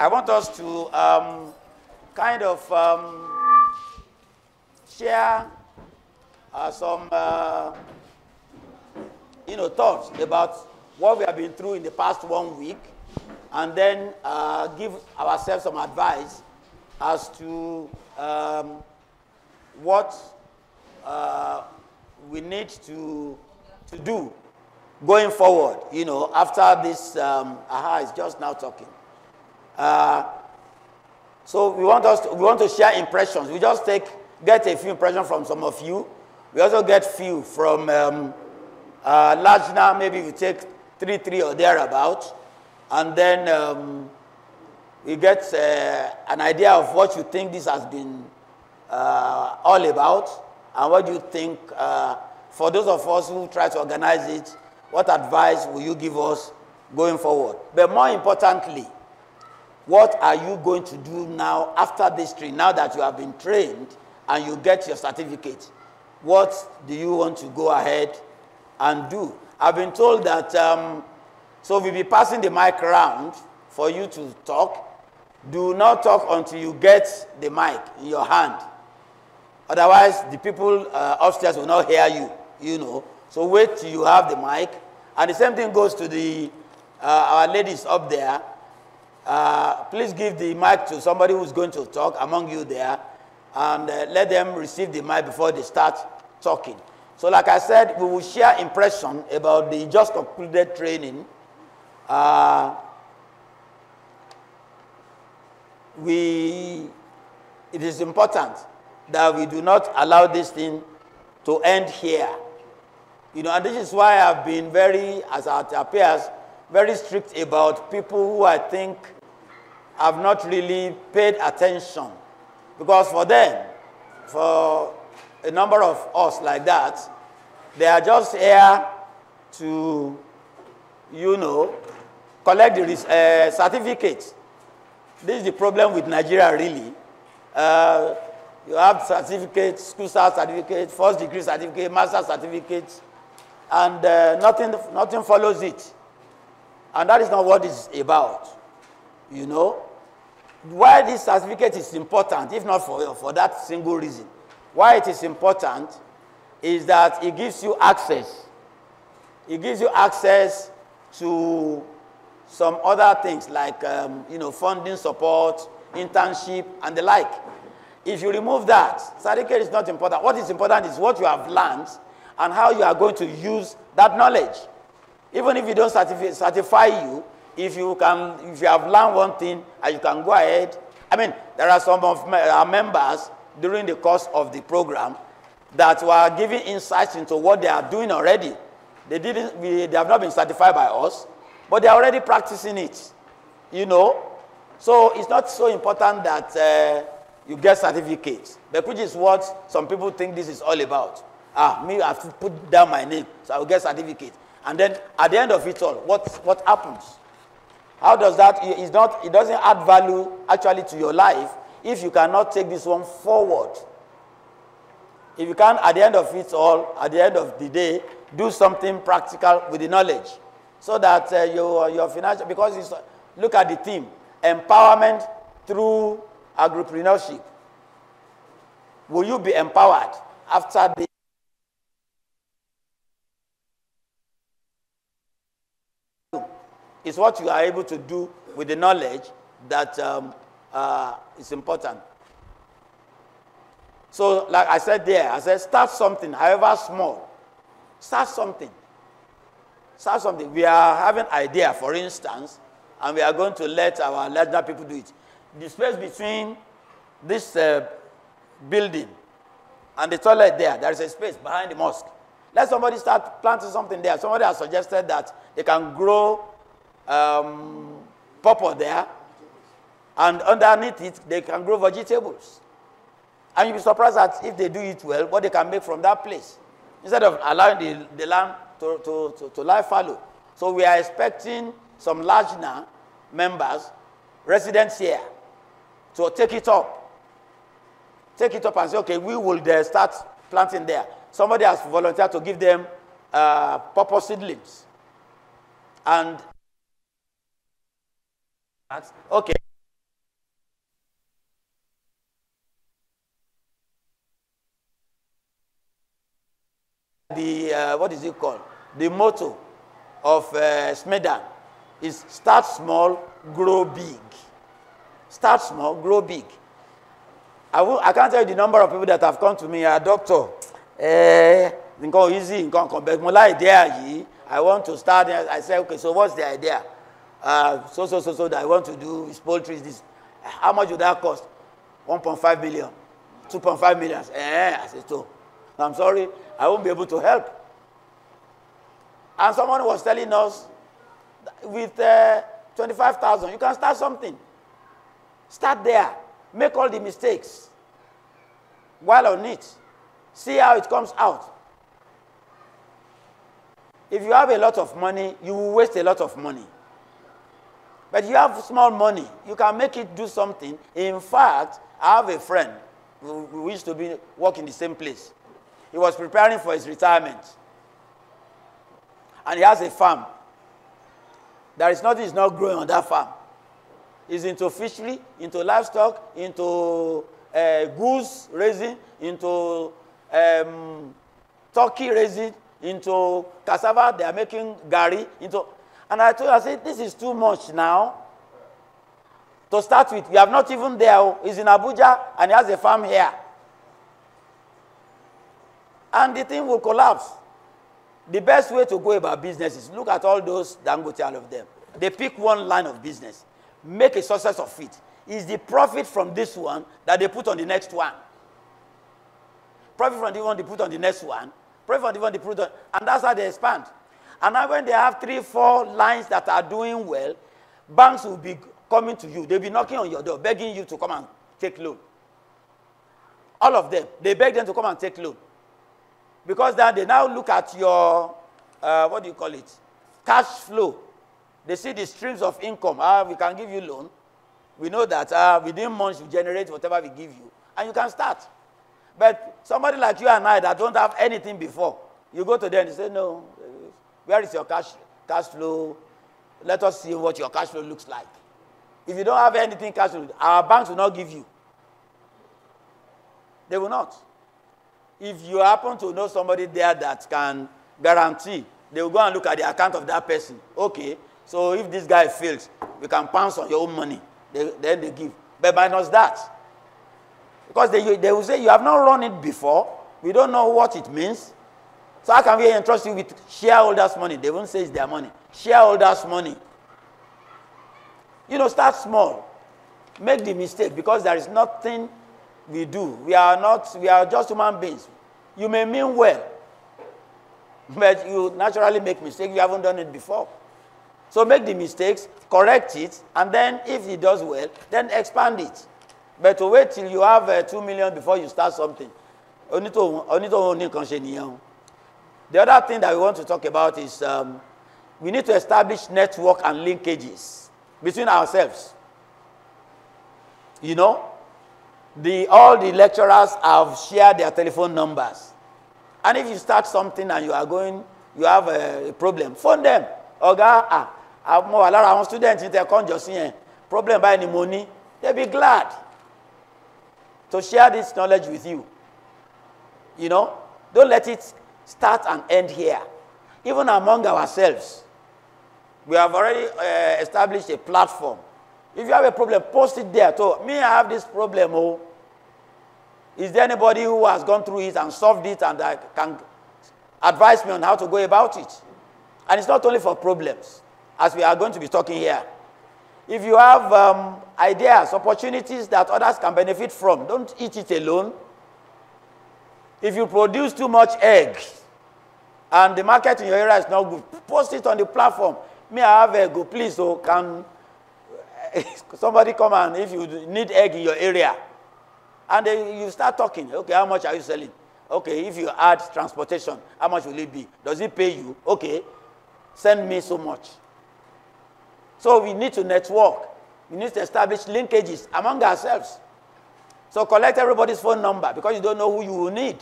I want us to um, kind of um, share uh, some, uh, you know, thoughts about what we have been through in the past one week, and then uh, give ourselves some advice as to um, what uh, we need to to do going forward. You know, after this, um, aha is just now talking. Uh, so we want us to, we want to share impressions. We just take get a few impressions from some of you. We also get few from um, uh, large now. Maybe we take three, three or thereabout, and then um, we get uh, an idea of what you think this has been uh, all about, and what you think. Uh, for those of us who try to organize it, what advice will you give us going forward? But more importantly what are you going to do now after this training? Now that you have been trained and you get your certificate, what do you want to go ahead and do? I've been told that, um, so we'll be passing the mic around for you to talk. Do not talk until you get the mic in your hand. Otherwise, the people uh, upstairs will not hear you, you know. So wait till you have the mic. And the same thing goes to the, uh, our ladies up there. Uh, please give the mic to somebody who's going to talk among you there and uh, let them receive the mic before they start talking. So, like I said, we will share impression about the just concluded training. Uh, we, it is important that we do not allow this thing to end here. You know, and this is why I've been very, as it appears, very strict about people who I think have not really paid attention. Because for them, for a number of us like that, they are just here to, you know, collect the uh, certificate. This is the problem with Nigeria, really. Uh, you have certificates, school start certificate, first degree certificate, master certificate, and uh, nothing, nothing follows it. And that is not what it's about, you know. why this certificate is important, if not for, for that single reason, why it is important is that it gives you access. It gives you access to some other things like um, you know funding support, internship, and the like. If you remove that, certificate is not important. What is important is what you have learned and how you are going to use that knowledge. Even if you don't certify, certify you, if you can, if you have learned one thing and you can go ahead. I mean, there are some of my, our members during the course of the program that were giving insights into what they are doing already. They didn't, we, they have not been certified by us, but they are already practicing it. You know, so it's not so important that uh, you get certificates, but which is what some people think this is all about. Ah, me, I have to put down my name, so I will get certificate. And then at the end of it all, what, what happens? How does that, it's not, it doesn't add value actually to your life if you cannot take this one forward. If you can, at the end of it all, at the end of the day, do something practical with the knowledge so that uh, your, your financial, because it's, look at the theme empowerment through agripreneurship. Will you be empowered after the what you are able to do with the knowledge that um, uh, is important. So, like I said there, I said start something, however small. Start something. Start something. We are having idea, for instance, and we are going to let our larger people do it. The space between this uh, building and the toilet there, there is a space behind the mosque. Let somebody start planting something there. Somebody has suggested that they can grow um, purple there, and underneath it, they can grow vegetables. And you'll be surprised that if they do it well, what they can make from that place. Instead of allowing the, the land to, to, to, to lie fallow. So we are expecting some larger members, residents here, to take it up. Take it up and say, okay, we will uh, start planting there. Somebody has volunteered to give them uh, purple seedlings. And Okay. The uh, what is it called? The motto of uh, Smedan is start small, grow big. Start small, grow big. I, will, I can't tell you the number of people that have come to me, uh, doctor, eh, nǹkan easy, nǹkan kan, but mo láì dé I want to start, I said, okay, so what's the idea? uh, so, so, so, so that I want to do is poultry this. How much would that cost? 1.5 million, 2.5 million. Eh, I said, so. I'm sorry, I won't be able to help. And someone was telling us, with uh, 25,000, you can start something. Start there. Make all the mistakes. While on it, see how it comes out. If you have a lot of money, you will waste a lot of money. But you have small money. You can make it do something. In fact, I have a friend who, who used to be work in the same place. He was preparing for his retirement. And he has a farm. There is nothing is not growing on that farm. He's into fishery, into livestock, into uh, goose raising, into um, turkey raising, into cassava. They are making gari. Into And I told her, I said, this is too much now. To start with, you have not even there. Oh. He's in Abuja and he has a farm here. And the thing will collapse. The best way to go about business is look at all those Dangote, all of them. They pick one line of business, make a success of it. It's the profit from this one that they put on the next one. Profit from the one they put on the next one. Profit from the one they put on, and that's how they expand. And now when they have three, four lines that are doing well, banks will be coming to you. They'll be knocking on your door, begging you to come and take loan. All of them. They beg them to come and take loan. Because then they now look at your, uh, what do you call it? Cash flow. They see the streams of income. Ah, we can give you loan. We know that uh, within months you generate whatever we give you. And you can start. But somebody like you and I that don't have anything before, you go to them and say, no, Where is your cash, cash flow? Let us see what your cash flow looks like. If you don't have anything cash flow, our banks will not give you. They will not. If you happen to know somebody there that can guarantee, they will go and look at the account of that person. Okay, so if this guy fails, we can pounce on your own money. They, then they give. But minus that. Because they, they will say, You have not run it before. We don't know what it means. So how can we entrust you with shareholders' money? They won't say it's their money. Shareholders' money. You know, start small. Make the mistake because there is nothing we do. We are not, we are just human beings. You may mean well, but you naturally make mistakes. You haven't done it before. So make the mistakes, correct it, and then if it does well, then expand it. But to wait till you have uh, two million before you start something. Onítòhun onítòhun ní nǹkan ṣe nìyẹn The other thing that we want to talk about is um, we need to establish network and linkages between ourselves. You know, the, all the lecturers have shared their telephone numbers. And if you start something and you are going, you have a, a problem, phone them. Ọ̀gá, ah, ah, mo wà lára àwọn students in their ìjọsìn Problem by any money. They'll be glad to share this knowledge with you. You know, don't let it start and end here. Even among ourselves, we have already uh, established a platform. If you have a problem, post it there. So, me, I have this problem. Oh, is there anybody who has gone through it and solved it and uh, can advise me on how to go about it? And it's not only for problems, as we are going to be talking here. If you have um, ideas, opportunities that others can benefit from, don't eat it alone. If you produce too much eggs and the market in your area is not good, post it on the platform. May I have a go, please, so oh, can somebody come and if you need egg in your area. And then you start talking. Okay, how much are you selling? Okay, if you add transportation, how much will it be? Does it pay you? Okay, send me so much. So we need to network. We need to establish linkages among ourselves. So collect everybody's phone number because you don't know who you will need.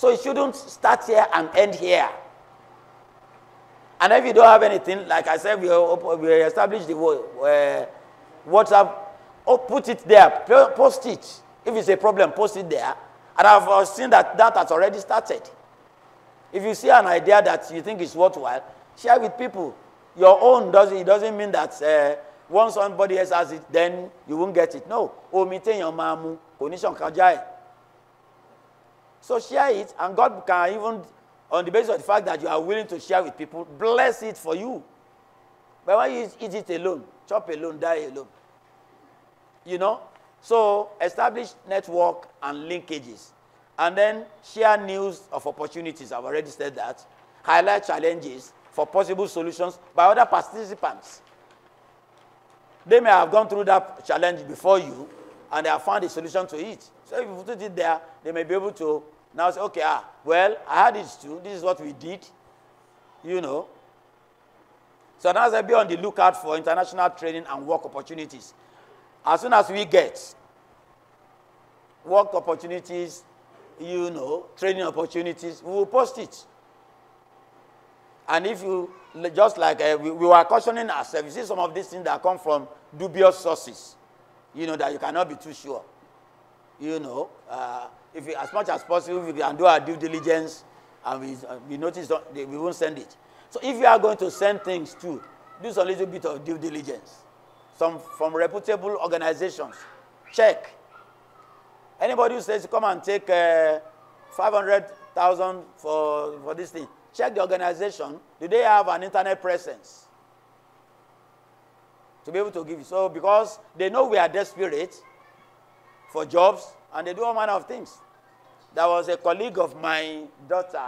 So it shouldn't start here and end here. And if you don't have anything, like I said, we, we established the uh, WhatsApp, or oh, put it there, post it. If it's a problem, post it there. And I've seen that that has already started. If you see an idea that you think is worthwhile, share with people. Your own doesn't, it doesn't mean that uh, once somebody else has it, then you won't get it. No. Omitin yan mamu, condition kajai. So share it, and God can even, on the basis of the fact that you are willing to share with people, bless it for you. But when you eat it alone, chop alone, die alone. You know? So establish network and linkages. And then share news of opportunities. I've already said that. Highlight challenges for possible solutions by other participants. They may have gone through that challenge before you and they have found a solution to it. So if you put it there, they may be able to now say, okay, ah, well, I had it too. This is what we did, you know. So now they be on the lookout for international training and work opportunities. As soon as we get work opportunities, you know, training opportunities, we will post it. And if you, just like uh, we, we were cautioning ourselves, you see some of these things that come from dubious sources, you know, that you cannot be too sure. you know, uh, if we, as much as possible, we can do our due diligence and we, uh, we notice we won't send it. So if you are going to send things to, do some little bit of due diligence. Some from reputable organizations. Check. Anybody who says, come and take uh, 500,000 for, for this thing, check the organization. Do they have an internet presence? To be able to give you. So because they know we are desperate, for jobs, and they do all manner of things. There was a colleague of my daughter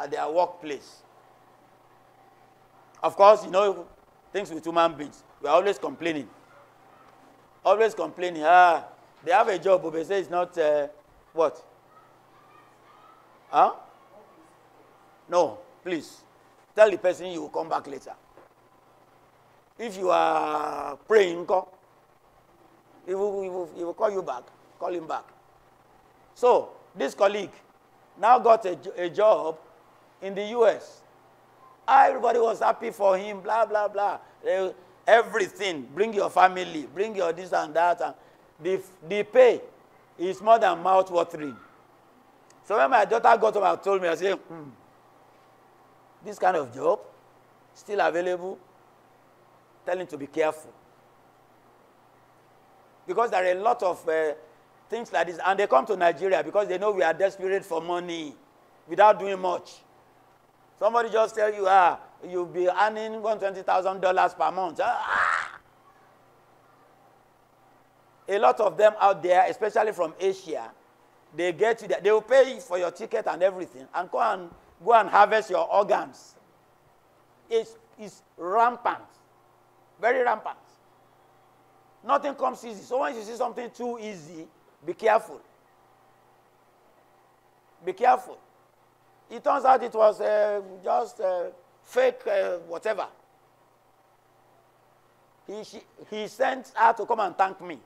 at their workplace. Of course, you know, things with human beings, We're always complaining. Always complaining. Ah, they have a job, but they say it's not uh, what? Huh? No, please. Tell the person you will come back later. If you are praying, call. He will, he will, he will call you back call him back. So this colleague now got a, a job in the US. Everybody was happy for him, blah, blah, blah. everything, bring your family, bring your this and that. And the, the pay is more than mouth watering. So when my daughter got home and told me, I said, hmm, this kind of job, still available, tell him to be careful. Because there are a lot of uh, things like this. And they come to Nigeria because they know we are desperate for money without doing much. Somebody just tell you, ah, you'll be earning $120,000 per month. Ah! A lot of them out there, especially from Asia, they get you there. They will pay for your ticket and everything and go and, go and harvest your organs. It's, it's rampant, very rampant. Nothing comes easy. So once you see something too easy, be careful. Be careful. It turns out it was uh, just uh, fake uh, whatever. He, she, he sent her to come and thank me.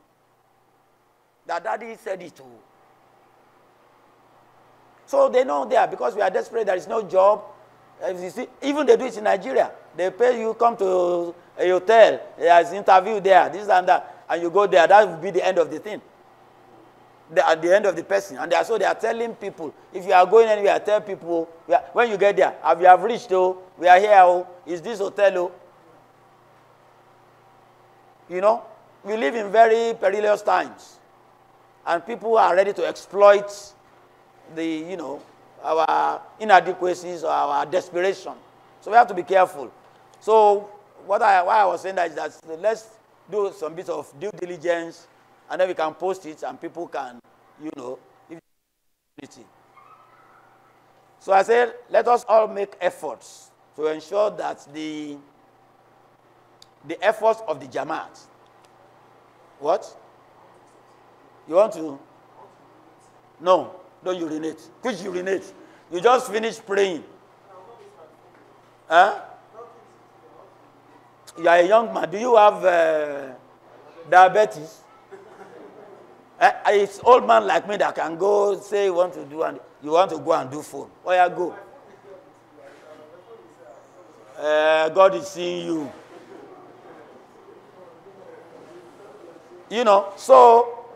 That daddy said it too. So they know there because we are desperate. There is no job. See, even they do it in Nigeria. They pay you come to a hotel. There's interview there. This and that, and you go there. That will be the end of the thing the, at the end of the person. And they are, so they are telling people, if you are going anywhere, tell people, are, when you get there, have you have reached, oh, we are here, oh, is this hotel, oh? You know, we live in very perilous times. And people are ready to exploit the, you know, our inadequacies or our desperation. So we have to be careful. So what I, why I was saying that is that let's do some bit of due diligence and then we can post it and people can, you know, if. So I said, let us all make efforts to ensure that the, the efforts of the Jamaat, what? You want to? No, don't urinate. Quit urinate. You just finished praying. Huh? You are a young man. Do you have uh, diabetes? Uh, it's old man like me that can go say you want to do and you want to go and do phone. Oh yeah, go. Uh, God is seeing you. You know, so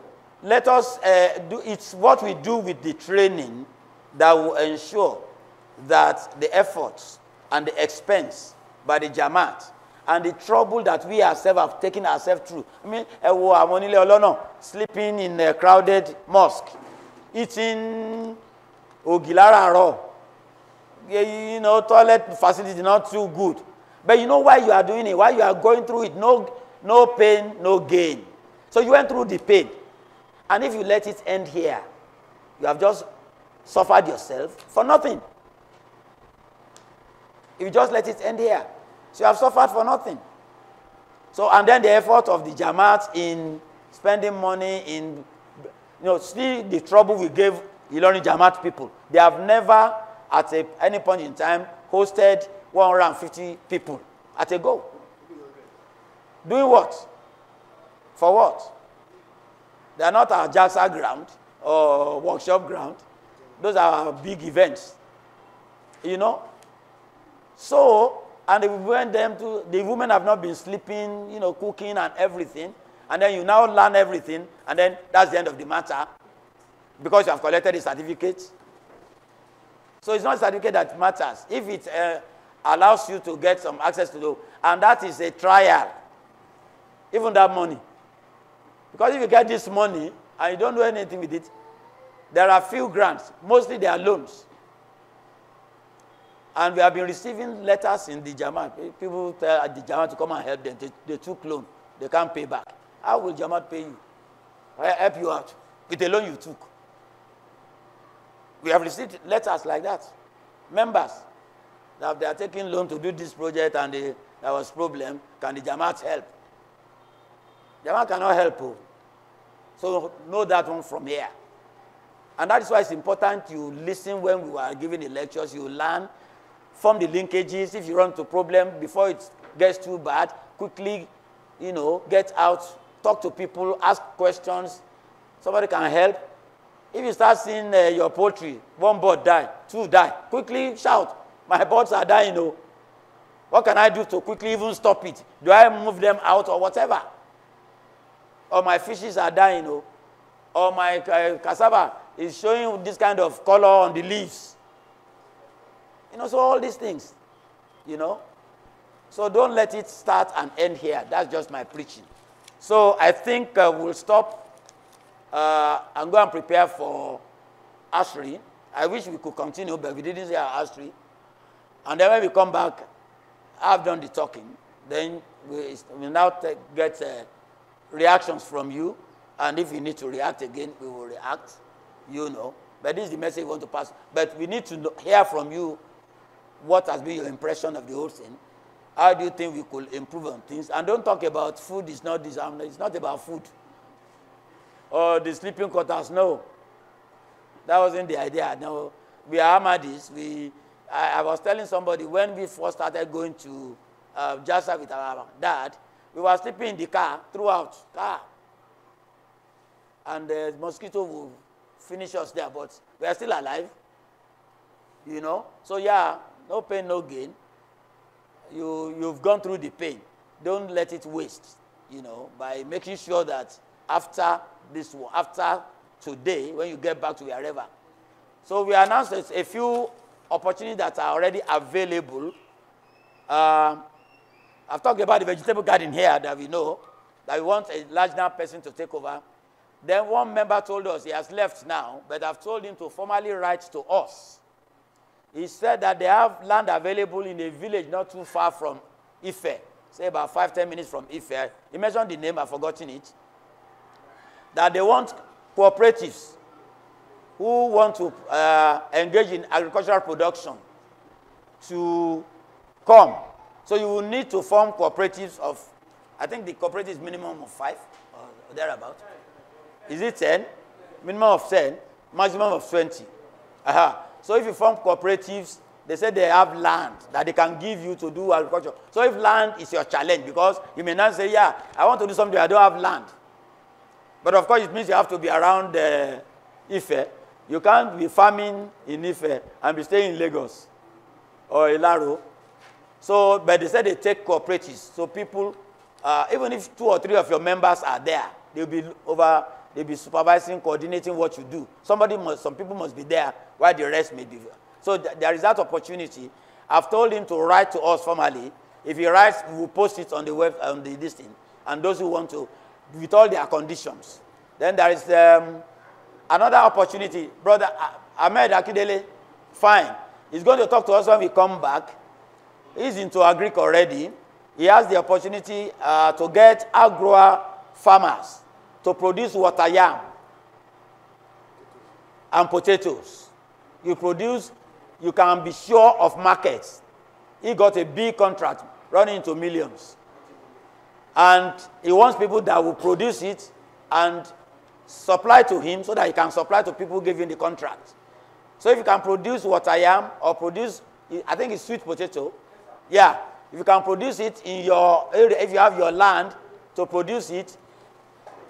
let us uh, do. It's what we do with the training that will ensure that the efforts and the expense by the Jamaat and the trouble that we ourselves have taken ourselves through. I mean, ẹ wo àwọn onílé sleeping in a crowded mosque, eating ògì raw, you know, toilet facility not too good. But you know why you are doing it, why you are going through it, no, no pain, no gain. So you went through the pain. And if you let it end here, you have just suffered yourself for nothing. If you just let it end here. So you have suffered for nothing. So, and then the effort of the Jamaat in spending money in, you know, see the trouble we gave Ilorin Jamaat people. They have never, at a, any point in time, hosted 150 people at a go. Doing what? For what? They are not our JAXA ground or workshop ground. Those are big events. You know? So, And they went them to, the women have not been sleeping, you know, cooking and everything. And then you now learn everything. And then that's the end of the matter. Because you have collected the certificate. So it's not certificate that matters. If it uh, allows you to get some access to the, and that is a trial. Even that money. Because if you get this money and you don't do anything with it, there are few grants. Mostly they are loans. And we have been receiving letters in the German. People tell the German to come and help them. They, they took loan. They can't pay back. How will German pay you? I help you out with the loan you took. We have received letters like that. Members that they are taking loan to do this project and they, there was problem. Can the Jamaat help? Jamaat cannot help you. Oh. So know that one from here. And that is why it's important you listen when we are giving the lectures. You learn form the linkages. If you run into problem before it gets too bad, quickly, you know, get out, talk to people, ask questions. Somebody can help. If you start seeing uh, your poultry, one bird die, two die, quickly shout, my birds are dying, you oh. know. What can I do to quickly even stop it? Do I move them out or whatever? Or my fishes are dying, you oh. know. Or my uh, cassava is showing this kind of color on the leaves. You know, so all these things, you know. So don't let it start and end here. That's just my preaching. So I think uh, we'll stop uh, and go and prepare for ashram. I wish we could continue, but we didn't hear ashram. And then when we come back, I've done the talking. Then we now take, get uh, reactions from you. And if you need to react again, we will react, you know. But this is the message we want to pass. But we need to know, hear from you what has been your impression of the whole thing? How do you think we could improve on things? And don't talk about food is not disarmed. it's not about food. Or the sleeping quarters, no. That wasn't the idea. No, we are Ahmadis. We, I, I, was telling somebody when we first started going to uh, Jasa with our dad, we were sleeping in the car throughout, car. And the uh, mosquito will finish us there, but we are still alive. You know? So, yeah, No pain, no gain. You, you've gone through the pain. Don't let it waste, you know, by making sure that after this after today, when you get back to wherever. So we announced a few opportunities that are already available. Uh, I've talked about the vegetable garden here that we know, that we want a large enough person to take over. Then one member told us he has left now, but I've told him to formally write to us he said that they have land available in a village not too far from Ife, say about five, ten minutes from Ife. He mentioned the name, I've forgotten it. That they want cooperatives who want to uh, engage in agricultural production to come. So you will need to form cooperatives of, I think the cooperative is minimum of five or thereabout. Is it 10? Minimum of 10, maximum of 20. Aha. So if you form cooperatives, they say they have land that they can give you to do agriculture. So if land is your challenge, because you may not say, yeah, I want to do something, I don't have land. But of course, it means you have to be around uh, Ife. You can't be farming in Ife and be staying in Lagos or Ilaro. So, but they said they take cooperatives. So people, uh, even if two or three of your members are there, they'll be over they be supervising, coordinating what you do. Somebody must, some people must be there while the rest may be. So th there is that opportunity. I've told him to write to us formally. If he writes, we will post it on the web, on the this thing. And those who want to, with all their conditions. Then there is um, another opportunity. Brother uh, Ahmed Akidele, fine. He's going to talk to us when we come back. He's into agric already. He has the opportunity uh, to get agro farmers to produce water yam and potatoes. You produce, you can be sure of markets. He got a big contract running into millions. And he wants people that will produce it and supply to him so that he can supply to people giving the contract. So if you can produce water yam or produce, I think it's sweet potato. Yeah. If you can produce it in your area, if you have your land to produce it,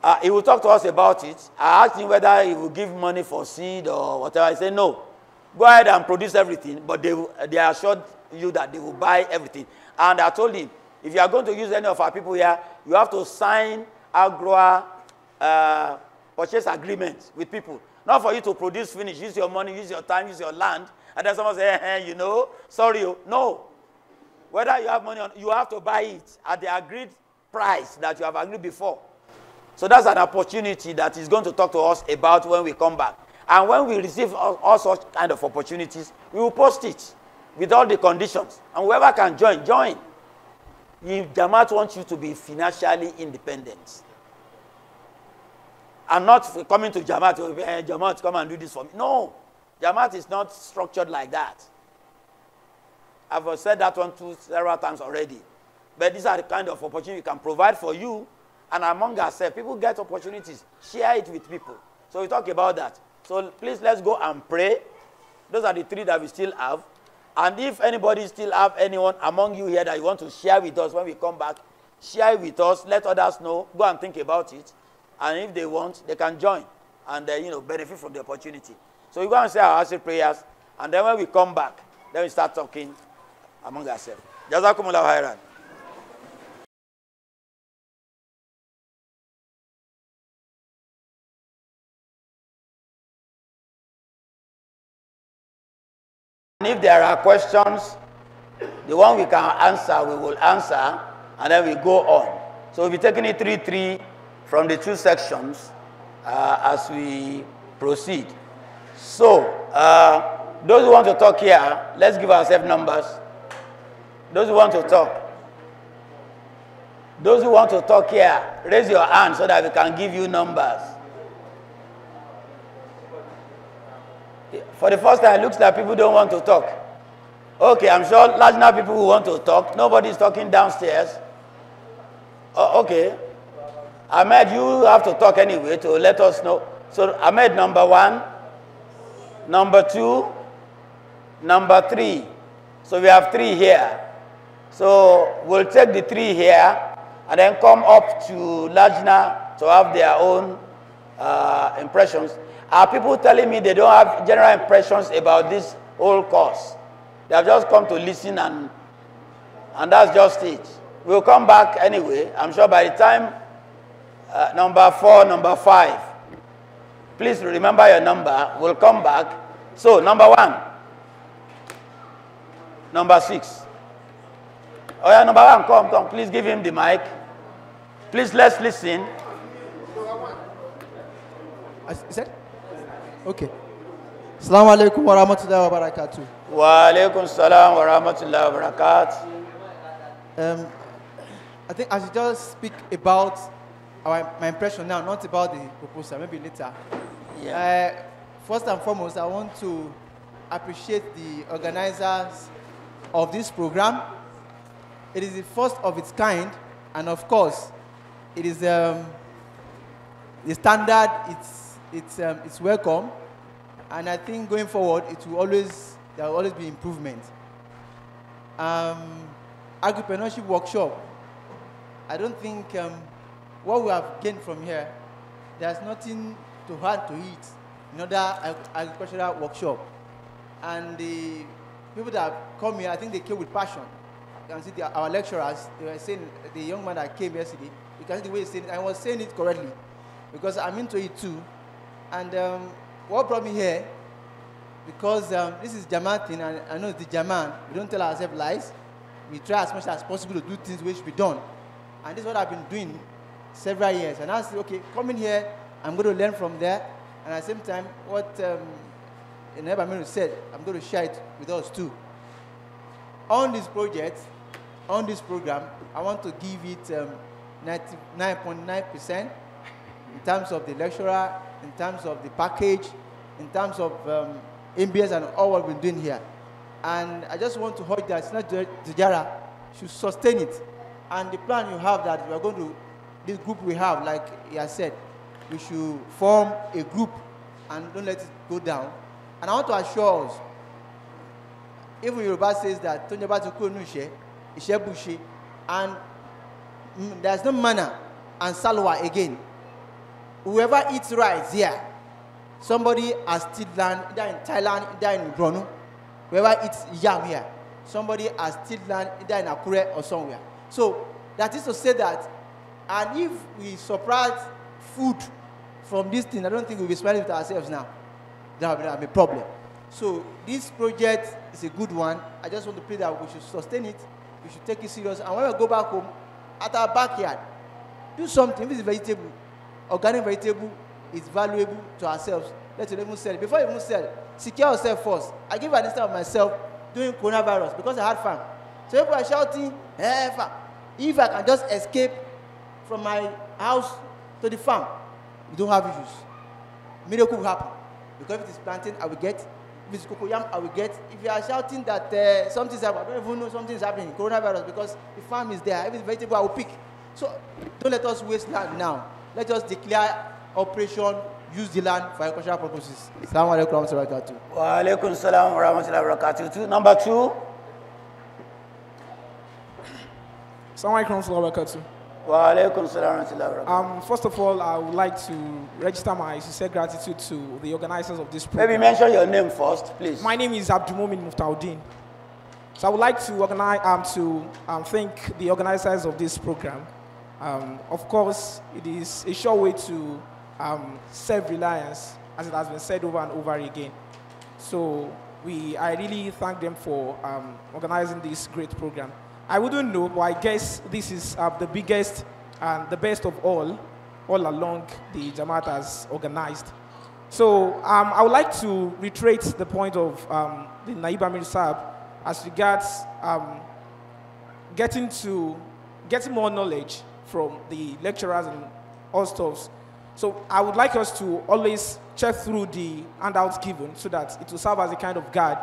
uh, he will talk to us about it. I asked him whether he will give money for seed or whatever. I said, no. Go ahead and produce everything, but they, they assured you that they will buy everything. And I told him, if you are going to use any of our people here, you have to sign agroa uh, purchase agreement with people. Not for you to produce, finish, use your money, use your time, use your land, and then someone say, hey, eh, eh, you know, sorry, oh, no. Whether you have money, on, you have to buy it at the agreed price that you have agreed before. So that's an opportunity that is going to talk to us about when we come back. And when we receive all, all such kind of opportunities, we will post it with all the conditions. And whoever can join, join. If Jamaat wants you to be financially independent. And not coming to Jamaat, hey, oh, eh, Jamaat, come and do this for me. No. Jamaat is not structured like that. I've said that one two several times already. But these are the kind of opportunities we can provide for you And among ourselves, people get opportunities. Share it with people. So we talk about that. So please let's go and pray. Those are the three that we still have. And if anybody still have anyone among you here that you want to share with us when we come back, share it with us. Let others know. Go and think about it. And if they want, they can join and uh, you know benefit from the opportunity. So we go and say our acid prayers, and then when we come back, then we start talking among ourselves. Jazakumullah khairan. if there are questions, the one we can answer, we will answer, and then we go on. So we'll be taking it 3-3 from the two sections uh, as we proceed. So, uh, those who want to talk here, let's give ourselves numbers. Those who want to talk. Those who want to talk here, raise your hand so that we can give you numbers. For the first time, it looks like people don't want to talk. Okay, I'm sure large number people who want to talk. Nobody's talking downstairs. Oh, okay. Ahmed, you have to talk anyway to let us know. So Ahmed, number one, number two, number three. So we have three here. So we'll take the three here and then come up to Lajna to have their own uh, impressions. Are people telling me they don't have general impressions about this whole course? They have just come to listen and, and that's just it. We'll come back anyway. I'm sure by the time uh, number four, number five, please remember your number. We'll come back. So, number one, number six. Oh yeah, number one, come, come. Please give him the mic. Please let's listen. Is said. Okay. Assalamu alaikum wa rahmatullahi wa barakatuh. Wa alaikum salam wa rahmatullahi wa barakatuh. Um, I think I should just speak about our, my impression now, not about the proposal, maybe later. Yeah. Uh, first and foremost, I want to appreciate the organizers of this program. It is the first of its kind, and of course, it is um, the standard, it's it's, um, it's welcome. And I think going forward, it will always, there will always be improvement. Um, agripreneurship workshop. I don't think um, what we have gained from here, there's nothing to hard to eat in other agricultural workshop. And the people that come here, I think they came with passion. You can see the, our lecturers, they were saying, the young man that came yesterday, you can see the way he's saying it, I was saying it correctly because I'm into it too. And um, what brought me here, because um, this is Jamaat thing, and I know it's the Jaman. We don't tell ourselves lies. We try as much as possible to do things which we don't. And this is what I've been doing several years. And I said, okay, coming here, I'm going to learn from there. And at the same time, what um, Nebamino said, I'm going to share it with us too. On this project, on this program, I want to give it 99.9%. Um, in terms of the lecturer, in terms of the package, in terms of um, MBS and all what we're doing here. And I just want to hope that Senate Tijara should sustain it. And the plan you have that we're going to, this group we have, like he has said, we should form a group and don't let it go down. And I want to assure us, even Yoruba says that Tonjaba to Kunushe, Ishebushi, and there's no manner and Salwa again. Whoever eats rice here, somebody has still land, either in Thailand, either in Brunei. Whoever eats yam here, somebody has still land, either in Akure or somewhere. So that is to say that, and if we surprise food from this thing, I don't think we'll be smiling with ourselves now. That will be a problem. So this project is a good one. I just want to pray that we should sustain it. We should take it serious. And when we go back home, at our backyard, do something. If it's vegetable, organic vegetable is valuable to ourselves. Let's even sell it. Before you even sell, secure yourself first. I give an instance of myself doing coronavirus because I had farm. So people are shouting, hey, eh, If I can just escape from my house to the farm, we don't have issues. Miracle will happen. Because if it is planting, I will get. If it's cocoyam, I will get. If you are shouting that uh, something's happening, I don't even know something's happening, coronavirus, because the farm is there. If it's vegetable, I will pick. So don't let us waste land now let us declare operation use the land for agricultural purposes. Assalamu alaikum warahmatullahi wabarakatuh. Wa alaikum salam warahmatullahi wabarakatuh. Two, number two. Assalamu alaikum warahmatullahi wabarakatuh. Wa alaikum salam warahmatullahi Um, first of all, I would like to register my sincere gratitude to the organizers of this program. Maybe mention your name first, please. My name is Abdulmumin Muftaudin. So I would like to organize, um, to um, thank the organizers of this program um, of course, it is a sure way to um, self-reliance, as it has been said over and over again. So we, I really thank them for um, organizing this great program. I wouldn't know, but I guess this is uh, the biggest and the best of all, all along the Jamaat has organized. So um, I would like to reiterate the point of um, the Naib Amir Saab as regards um, getting to getting more knowledge from the lecturers and all stuffs. So I would like us to always check through the handouts given so that it will serve as a kind of guide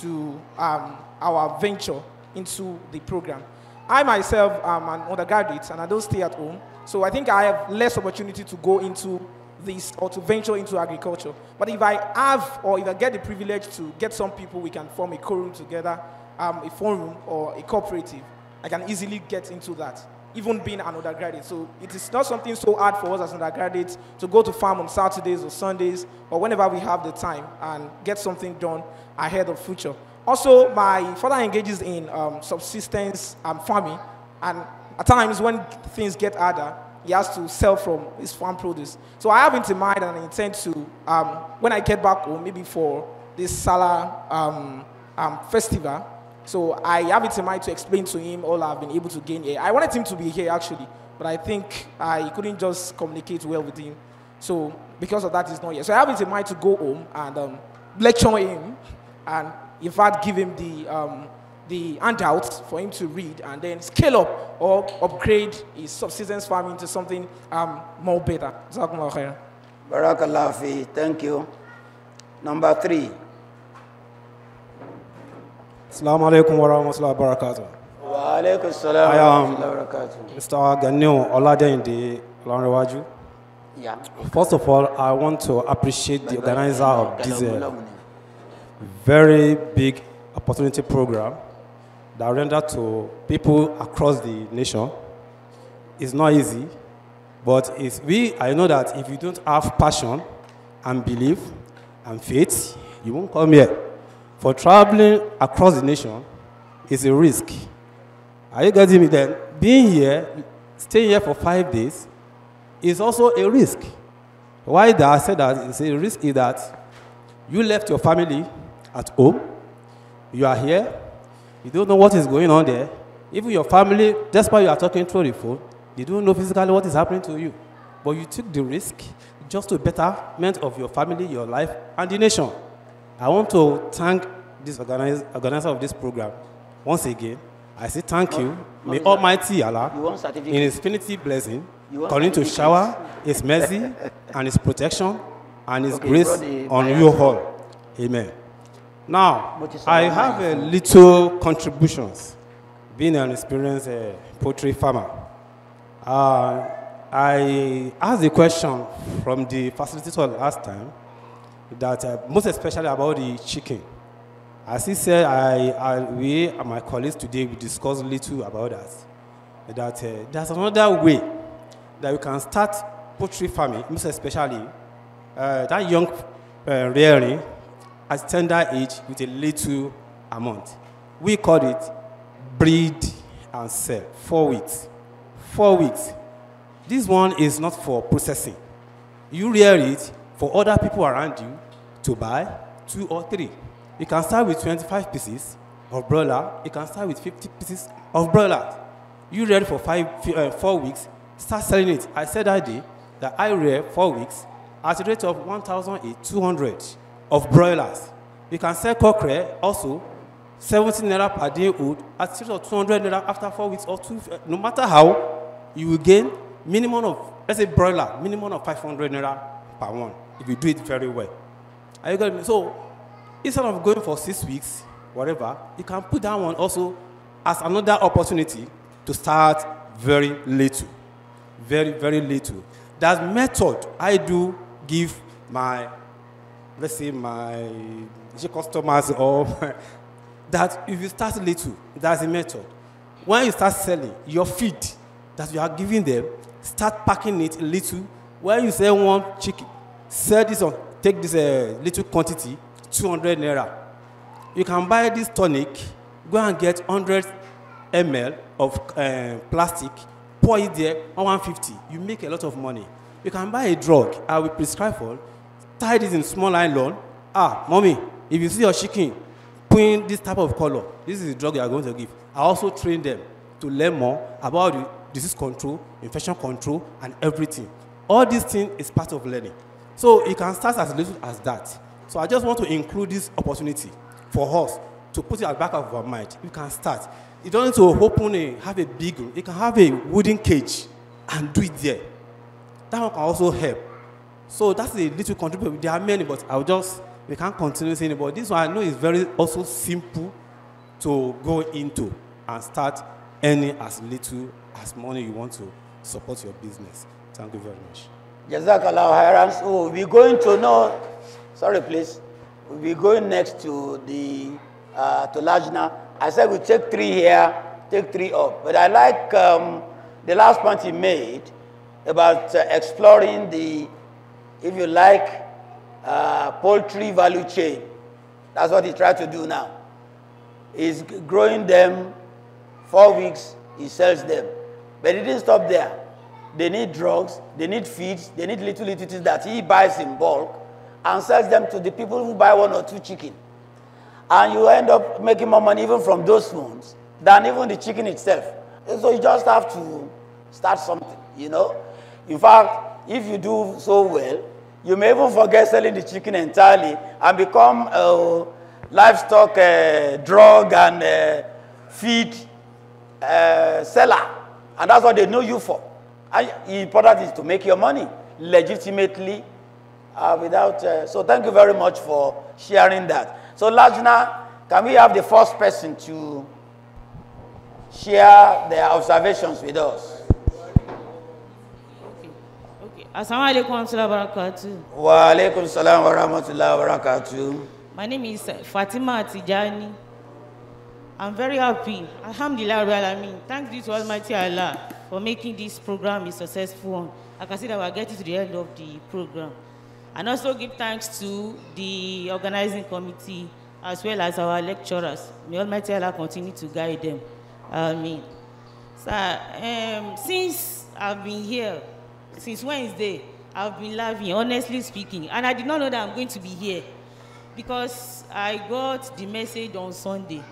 to um, our venture into the program. I myself am an undergraduate and I don't stay at home, so I think I have less opportunity to go into this or to venture into agriculture. But if I have or if I get the privilege to get some people, we can form a quorum together, um, a forum or a cooperative, I can easily get into that even being an undergraduate. So it is not something so hard for us as undergraduates to go to farm on Saturdays or Sundays or whenever we have the time and get something done ahead of future. Also, my father engages in um, subsistence and farming, and at times when things get harder, he has to sell from his farm produce. So I have it in mind and I intend to, um, when I get back home, maybe for this Salah um, um, festival, so I have it in mind to explain to him all I've been able to gain here. I wanted him to be here actually, but I think I couldn't just communicate well with him. So because of that, he's not here. So I have it in mind to go home and um, lecture him, and in fact give him the um, the handouts for him to read, and then scale up or upgrade his subsistence farming to something um, more better. Barakallah, thank you. Number three. Assalamu alaikum wa rahmatullahi wa barakatuh. Wa alaikum salam wa rahmatullahi wa barakatuh. Mr. Ganil Oladeyinde Olanrewaju. Yeah. First of all, I want to appreciate the organizer of this uh, very big opportunity program that rendered to people across the nation. It's not easy, but it's, we, I know that if you don't have passion and belief and faith, you won't come here for traveling across the nation is a risk. Are you getting me then? Being here, staying here for five days is also a risk. Why did I said that it's a risk is that you left your family at home, you are here, you don't know what is going on there. Even your family, despite you are talking through the phone, they don't know physically what is happening to you. But you took the risk just to betterment of your family, your life, and the nation. I want to thank this organize, organizer of this program once again. I say thank you. What May Almighty Allah, in His infinity blessing, continue to shower His mercy and His protection and His okay, grace on you all. Amen. Now, I have a little contributions, being an experienced uh, poultry farmer. Uh, I asked a question from the facilitator last time that uh, most especially about the chicken. As he said, I, I, we and my colleagues today, we discussed little about that. That uh, there's another way that we can start poultry farming, most especially uh, that young uh, rearing at tender age with a little amount. We call it breed and sell, four weeks. Four weeks. This one is not for processing. You rear it, for other people around you to buy two or three. You can start with 25 pieces of broiler. You can start with 50 pieces of broiler. You rear for five, uh, four weeks, start selling it. I said that day that I rear four weeks at a rate of 1,200 of broilers. You can sell cockre also 17 naira per day old at a rate of 200 naira after four weeks or two. Uh, no matter how, you will gain minimum of, let's say broiler, minimum of 500 naira per one if you do it very well. Are you getting me? So instead of going for six weeks, whatever, you can put that one also as another opportunity to start very little. Very, very little. That method I do give my, let's say, my customers or that if you start little, that's a method. When you start selling, your feed that you are giving them, start packing it a little. When you sell one chicken, sell this on, take this uh, little quantity, 200 naira. You can buy this tonic, go and get 100 ml of uh, plastic, pour it there 150. You make a lot of money. You can buy a drug I will prescribe for, tie this in small nylon. Ah, mommy, if you see your chicken, put this type of color. This is the drug you are going to give. I also train them to learn more about the disease control, infection control, and everything. All these things is part of learning. So it can start as little as that. So I just want to include this opportunity for us to put it at the back of our mind. You can start. You don't need to open a, have a big room. You can have a wooden cage and do it there. That one can also help. So that's a little contribution. There are many, but I'll just, we can't continue saying it. But this one I know is very also simple to go into and start earning as little as money you want to support your business. Thank you very much. Jazakallah So we are going to know, sorry please, we are going next to the, uh, to Lajna. I said we take three here, take three up. But I like um, the last point he made about uh, exploring the, if you like, uh, poultry value chain. That's what he tried to do now. He's growing them, four weeks, he sells them. But he didn't stop there. They need drugs, they need feeds. they need little little things that he buys in bulk and sells them to the people who buy one or two chicken. And you end up making more money even from those spoons than even the chicken itself. So you just have to start something, you know. In fact, if you do so well, you may even forget selling the chicken entirely and become a livestock eh, drug and eh, feed eh, seller. And that's what they know you for. important is to make your money legitimately uh, without. Uh, so thank you very much for sharing that. So Lajna, can we have the first person to share their observations with us? Okay. Assalamu alaikum wa barakatuh. Wa alaikum salam warahmatullahi wabarakatuh. My name is uh, Fatima Tijani. I'm very happy. Alhamdulillah, I mean, Thanks be to Almighty Allah. for making this program a successful one. I can see that we're getting to the end of the program. And also give thanks to the organizing committee as well as our lecturers. May Almighty Allah continue to guide them. Amen. So, um, since I've been here, since Wednesday, I've been laughing, honestly speaking. And I did not know that I'm going to be here because I got the message on Sunday.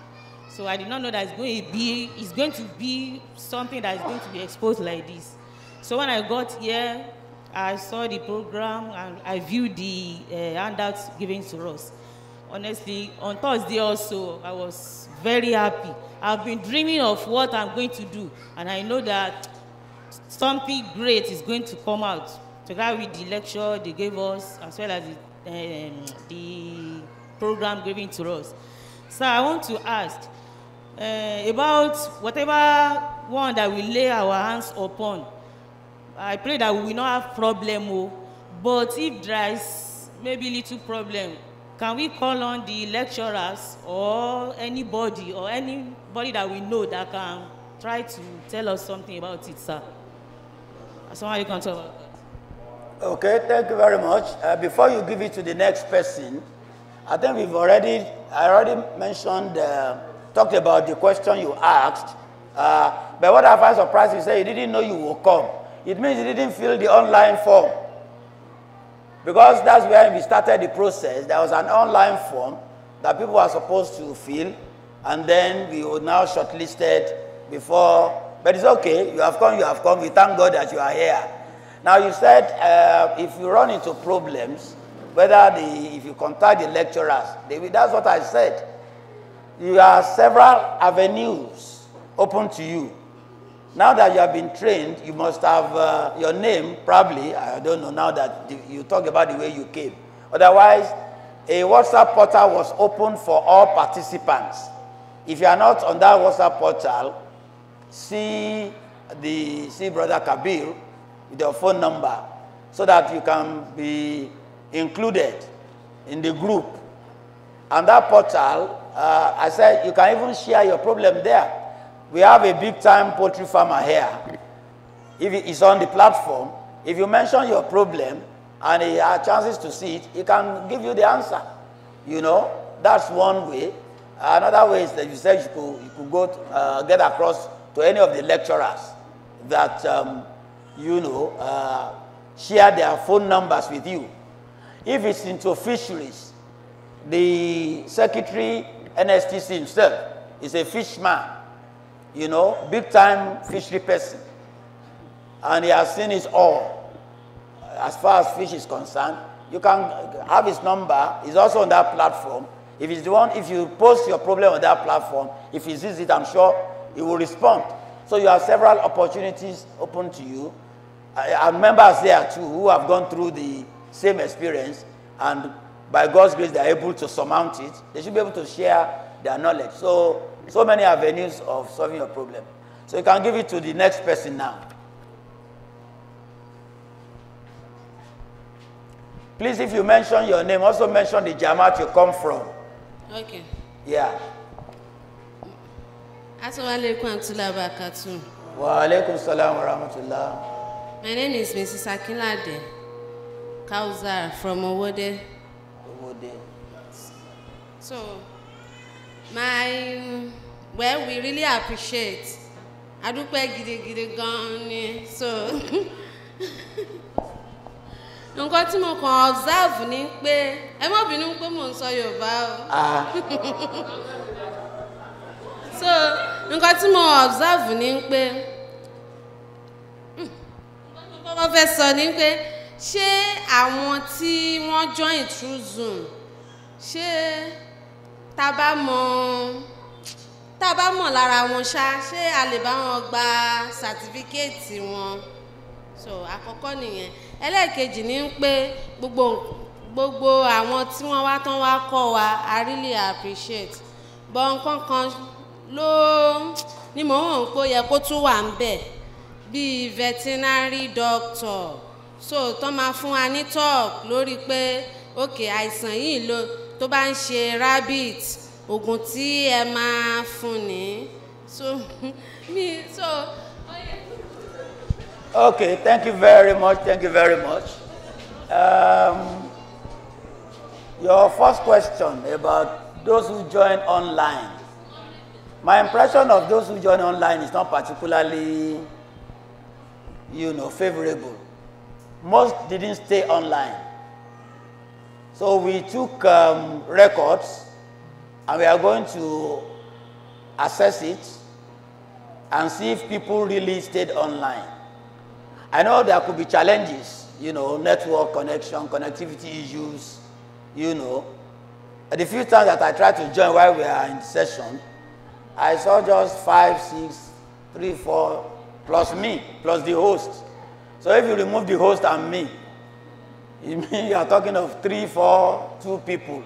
So I did not know that it's going to be it's going to be something that is going to be exposed like this. So when I got here, I saw the program and I viewed the uh, handouts given to us. Honestly, on Thursday also, I was very happy. I've been dreaming of what I'm going to do, and I know that something great is going to come out. Together with the lecture they gave us, as well as the, eh, um, the program given to us. So I want to ask, uh, about whatever one that we lay our hands upon. I pray that we will not have problem, oh. but if there is maybe little problem, can we call on the lecturers or anybody or anybody that we know that can try to tell us something about it, sir? you can talk about that. Okay, thank you very much. Uh, before you give it to the next person, I think we've already, I already mentioned uh, talked about the question you asked. Uh, but what I find surprising is that you didn't know you will come. It means you didn't fill the online form. Because that's where we started the process. There was an online form that people were supposed to fill, and then we were now shortlisted before. But it's okay, you have come, you have come. We thank God that you are here. Now, you said uh, if you run into problems, whether the, if you contact the lecturers, they, that's what I said you have several avenues open to you. Now that you have been trained, you must have uh, your name, probably. I don't know now that you talk about the way you came. Otherwise, a WhatsApp portal was open for all participants. If you are not on that WhatsApp portal, see the see Brother Kabir with your phone number so that you can be included in the group. And that portal uh, I said, you can even share your problem there. We have a big time poultry farmer here. If he's on the platform, if you mention your problem and he has chances to see it, he can give you the answer. You know, that's one way. Another way is that you said you could, you could go to, uh, get across to any of the lecturers that, um, you know, uh, share their phone numbers with you. If it's into fisheries, the secretary NSTC himself is a fishman, you know, big time fishery person. And he has seen his all as far as fish is concerned. You can have his number, he's also on that platform. If he's the one, if you post your problem on that platform, if he sees it, I'm sure he will respond. So you have several opportunities open to you. And members there too who have gone through the same experience and by God's grace, they are able to surmount it. They should be able to share their knowledge. So, so many avenues of solving your problem. So you can give it to the next person now. Please, if you mention your name, also mention the Jamaat you come from. Okay. Yeah. Assalamualaikum warahmatullahi wabarakatuh. salam wa rahmatullah. My name is Mrs. Akinlade Kauzar from Owode. So, my well, we really appreciate. I do pay gidi gidi gani. so. Nǹkan tí mo kàn observe ni pé ẹ má bínú pé mò ń sọ o. Ah. So, nǹkan tí mo observe ni pé hmm, nǹkan tí mo fẹ́ ni pé ṣé àwọn tí wọ́n join through Zoom ṣé tá a bá mọ tá a bá mọ̀ lára wọn ṣá ṣé a lè bá wọn gba sàtífíkẹ́ẹ̀tì wọn so àkọ́kọ́ nìyẹn ẹlẹ́ẹ̀kejì ni pé gbogbo gbogbo àwọn tí wọ́n wá tán wá kọ́ wa I really appreciate bọ́ nǹkan kan ló ni mò ń wọ̀n pé ó yẹ kó tún wà ń bẹ̀ bíi veterinary doctor so tó máa fún wa ní talk lórí pé òkè àìsàn yìí ló. Okay, tó bá ń ṣe rabbit oògùn tí ẹ máa fún ni so mi so. okay thank you very much thank you very much um, your first question about those who join online my impression of those who join online is not particularly you know favorable most didn't stay online So we took um, records and we are going to assess it and see if people really stayed online. I know there could be challenges, you know, network connection, connectivity issues, you know. At the few times that I tried to join while we are in session, I saw just five, six, three, four, plus me, plus the host. So if you remove the host and me, you mean you are talking of three, four, two people.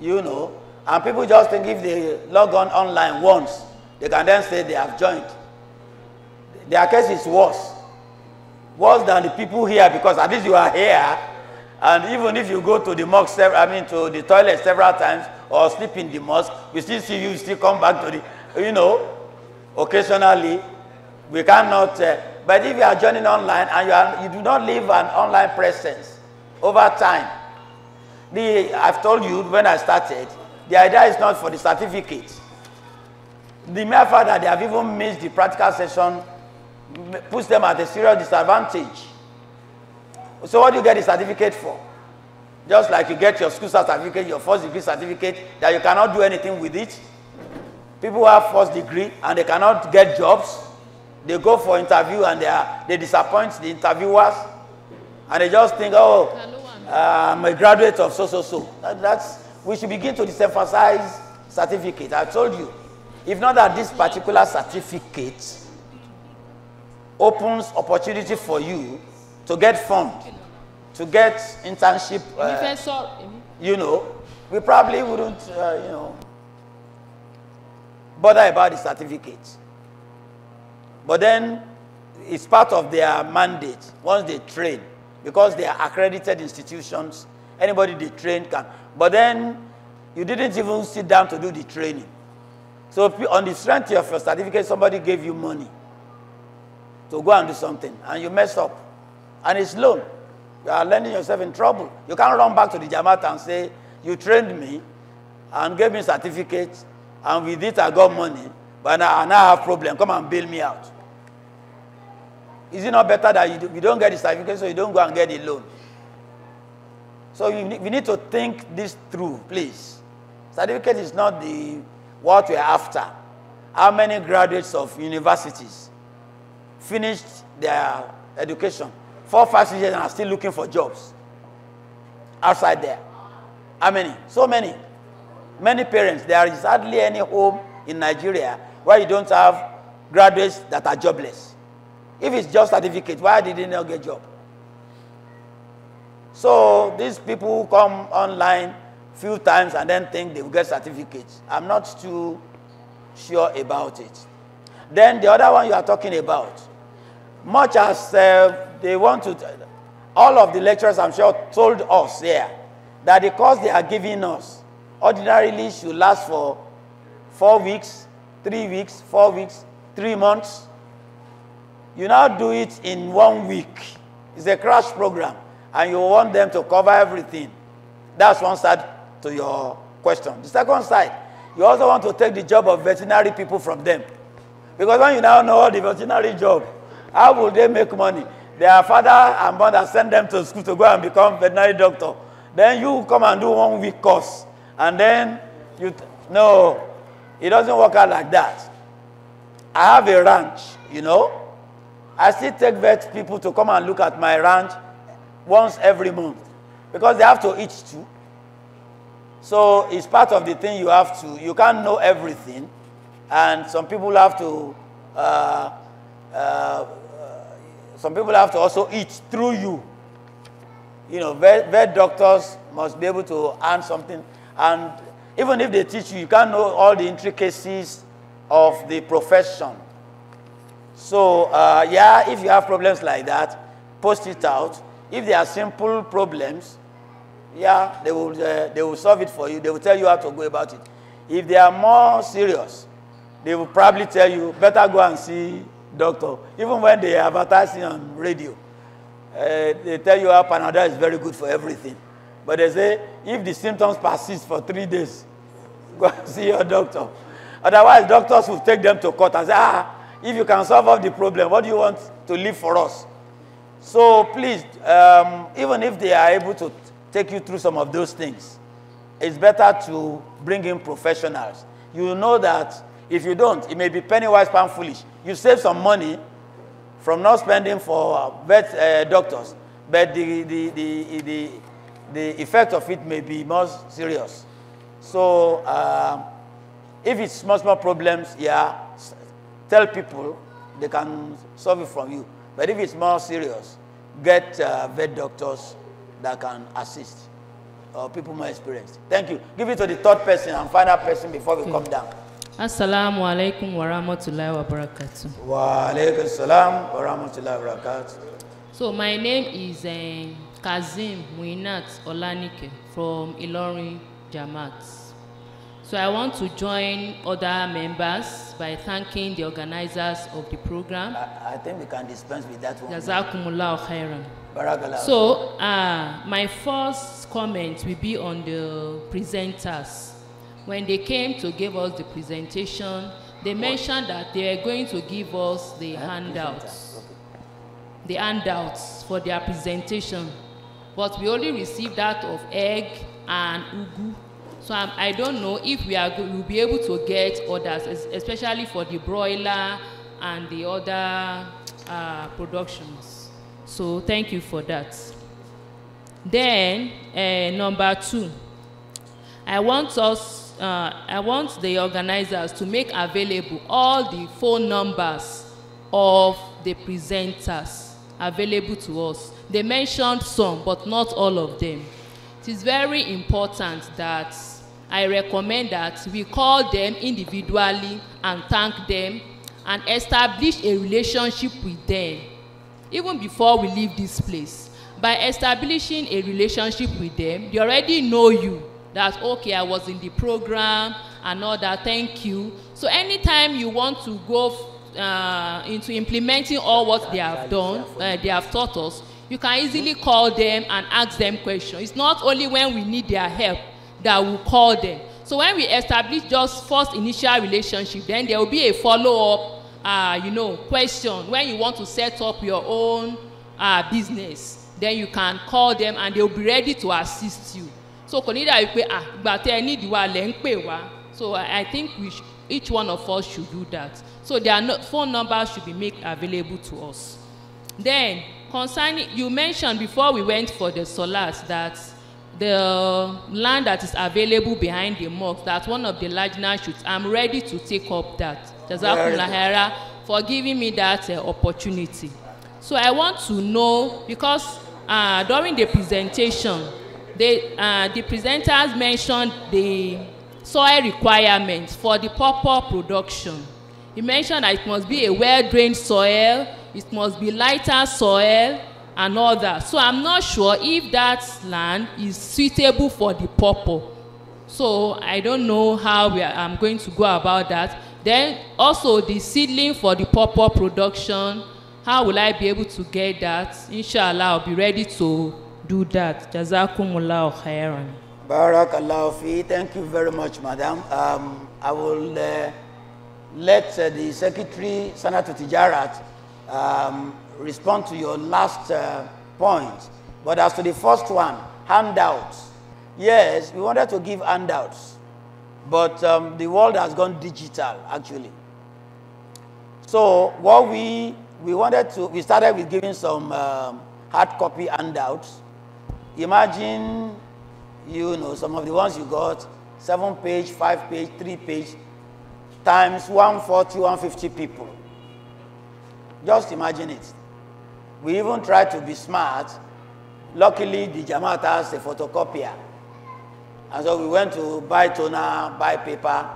You know. And people just think if they log on online once, they can then say they have joined. Their case is worse. Worse than the people here because at least you are here. And even if you go to the mosque, I mean to the toilet several times or sleep in the mosque, we still see you, still come back to the, you know, occasionally. We cannot uh, but if you are joining online and you, are, you do not leave an online presence over time, the, I've told you when I started, the idea is not for the certificate. The mere fact that they have even missed the practical session puts them at a serious disadvantage. So what do you get the certificate for? Just like you get your school certificate, your first degree certificate, that you cannot do anything with it. People have first degree and they cannot get jobs They go for interview and they, are, they disappoint the interviewers and they just think, oh, uh, I'm a graduate of so, so, so. That, that's, we should begin to disemphasize certificate. I told you, if not that this particular certificate opens opportunity for you to get fund, to get internship, uh, you know, we probably wouldn't, uh, you know, bother about the certificate. But then it's part of their mandate once they train, because they are accredited institutions. Anybody they train can. But then you didn't even sit down to do the training. So on the strength of your certificate, somebody gave you money to go and do something, and you mess up, and it's loan. You are landing yourself in trouble. You can't run back to the Jamaat and say, you trained me and gave me certificate, and with it I got money, but now I have problem. Come and bail me out. Is it not better that you, do, you don't get the certificate so you don't go and get the loan? So you, we need to think this through, please. Certificate is not the what we're after. How many graduates of universities finished their education? Four, five, six years and are still looking for jobs outside there. How many? So many. Many parents. There is hardly any home in Nigeria where you don't have graduates that are jobless. If it's just certificate, why did he not get job? So these people come online few times and then think they will get certificates. I'm not too sure about it. Then the other one you are talking about, much as uh, they want to, all of the lecturers I'm sure told us here that the course they are giving us ordinarily should last for four weeks, three weeks, four weeks, three months. You now do it in one week. It's a crash program, and you want them to cover everything. That's one side to your question. The second side, you also want to take the job of veterinary people from them. Because when you now know all the veterinary job, how will they make money? Their father and mother send them to school to go and become veterinary doctor. Then you come and do one week course. And then you, no, it doesn't work out like that. I have a ranch, you know. I still take vet people to come and look at my ranch once every month because they have to eat too. So it's part of the thing you have to, you can't know everything. And some people have to, uh, uh, some people have to also eat through you. You know, vet, vet doctors must be able to earn something. And even if they teach you, you can't know all the intricacies of the profession. So, uh, yeah, if you have problems like that, post it out. If they are simple problems, yeah, they will, uh, they will solve it for you. They will tell you how to go about it. If they are more serious, they will probably tell you, better go and see doctor. Even when they are advertising on radio, uh, they tell you how Panadol is very good for everything. But they say, if the symptoms persist for three days, go and see your doctor. Otherwise, doctors will take them to court and say, ah, if you can solve all the problem, what do you want to leave for us? So please, um, even if they are able to take you through some of those things, it's better to bring in professionals. You know that if you don't, it may be penny wise, pound foolish. You save some money from not spending for uh, vet uh, doctors, but the, the, the, the, the effect of it may be more serious. So um, if it's small, small problems, yeah, tell people, they can solve it from you. But if it's more serious, get uh, vet doctors that can assist or people more experienced. Thank you. Give it to the third person and final person before we okay. come down. Assalamu alaikum wa rahmatullahi wa barakatuh. Wa alaikum salam wa rahmatullahi wa barakatuh. So my name is um, eh, Kazim Muinat Olanike from Ilorin Jamaat. So I want to join other members by thanking the organizers of the program. I, I think we can dispense with that one. Jazakumullah khairan. Barakallah. So uh, my first comment will be on the presenters. When they came to give us the presentation, they mentioned that they are going to give us the handouts. Okay. The handouts for their presentation. But we only received that of egg and ugu. So I'm, I do not know if we are will be able to get orders, especially for the broiler and the other uh, productions. So thank you for that. Then uh, number two, I want us, uh, I want the organizers to make available all the phone numbers of the presenters available to us. They mentioned some, but not all of them. It is very important that I recommend that we call them individually and thank them and establish a relationship with them even before we leave this place. By establishing a relationship with them, they already know you that, okay, I was in the program and all that, thank you. So anytime you want to go uh, into implementing all what they have done, uh, they have taught us, you can easily call them and ask them questions. It's not only when we need their help that we call them. So when we establish just first initial relationship, then there will be a follow-up, uh, you know, question. When you want to set up your own uh, business, then you can call them and they'll be ready to assist you. So kò ní dàbí pé ah wá. So I think we each one of us should do that. So their no phone numbers should be made available to us. Then concerning, you mentioned before we went for the solars that the land that is available behind the mosque, that's one of the large nations. I'm ready to take up that. Jazakumullah yeah. for giving me that uh, opportunity. So I want to know, because uh, during the presentation, they, uh, the presenters mentioned the soil requirements for the proper production. He mentioned that it must be a well-drained soil, it must be lighter soil and all that. So I'm not sure if that land is suitable for the purple. So I don't know how we are, I'm going to go about that. Then also the seedling for the purple production, how will I be able to get that? Inshallah, I'll be ready to do that. Jazakumullah khairan. Barakallahu fi. Thank you very much, madam. Um, I will uh, let uh, the secretary, Senator Tijarat, um, respond to your last uh, point. But as to the first one, handouts. Yes, we wanted to give handouts, but um, the world has gone digital, actually. So what we we wanted to, we started with giving some um, hard copy handouts. Imagine, you know, some of the ones you got, seven page, five page, three page, times 140, 150 people. Just imagine it. We even tried to be smart. Luckily, the Jamaat has a photocopier. And so we went to buy toner, buy paper.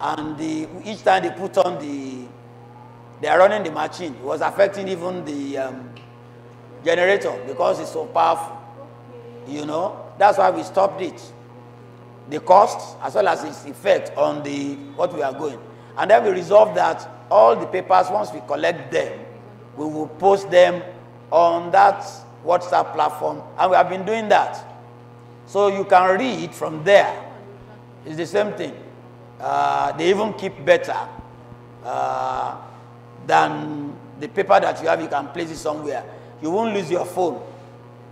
And the, each time they put on the, they are running the machine. It was affecting even the um, generator because it's so powerful. You know, that's why we stopped it. The cost as well as its effect on the what we are going. And then we resolved that all the papers, once we collect them, we will post them on that WhatsApp platform. And we have been doing that. So you can read from there. It's the same thing. Uh, they even keep better uh, than the paper that you have. You can place it somewhere. You won't lose your phone,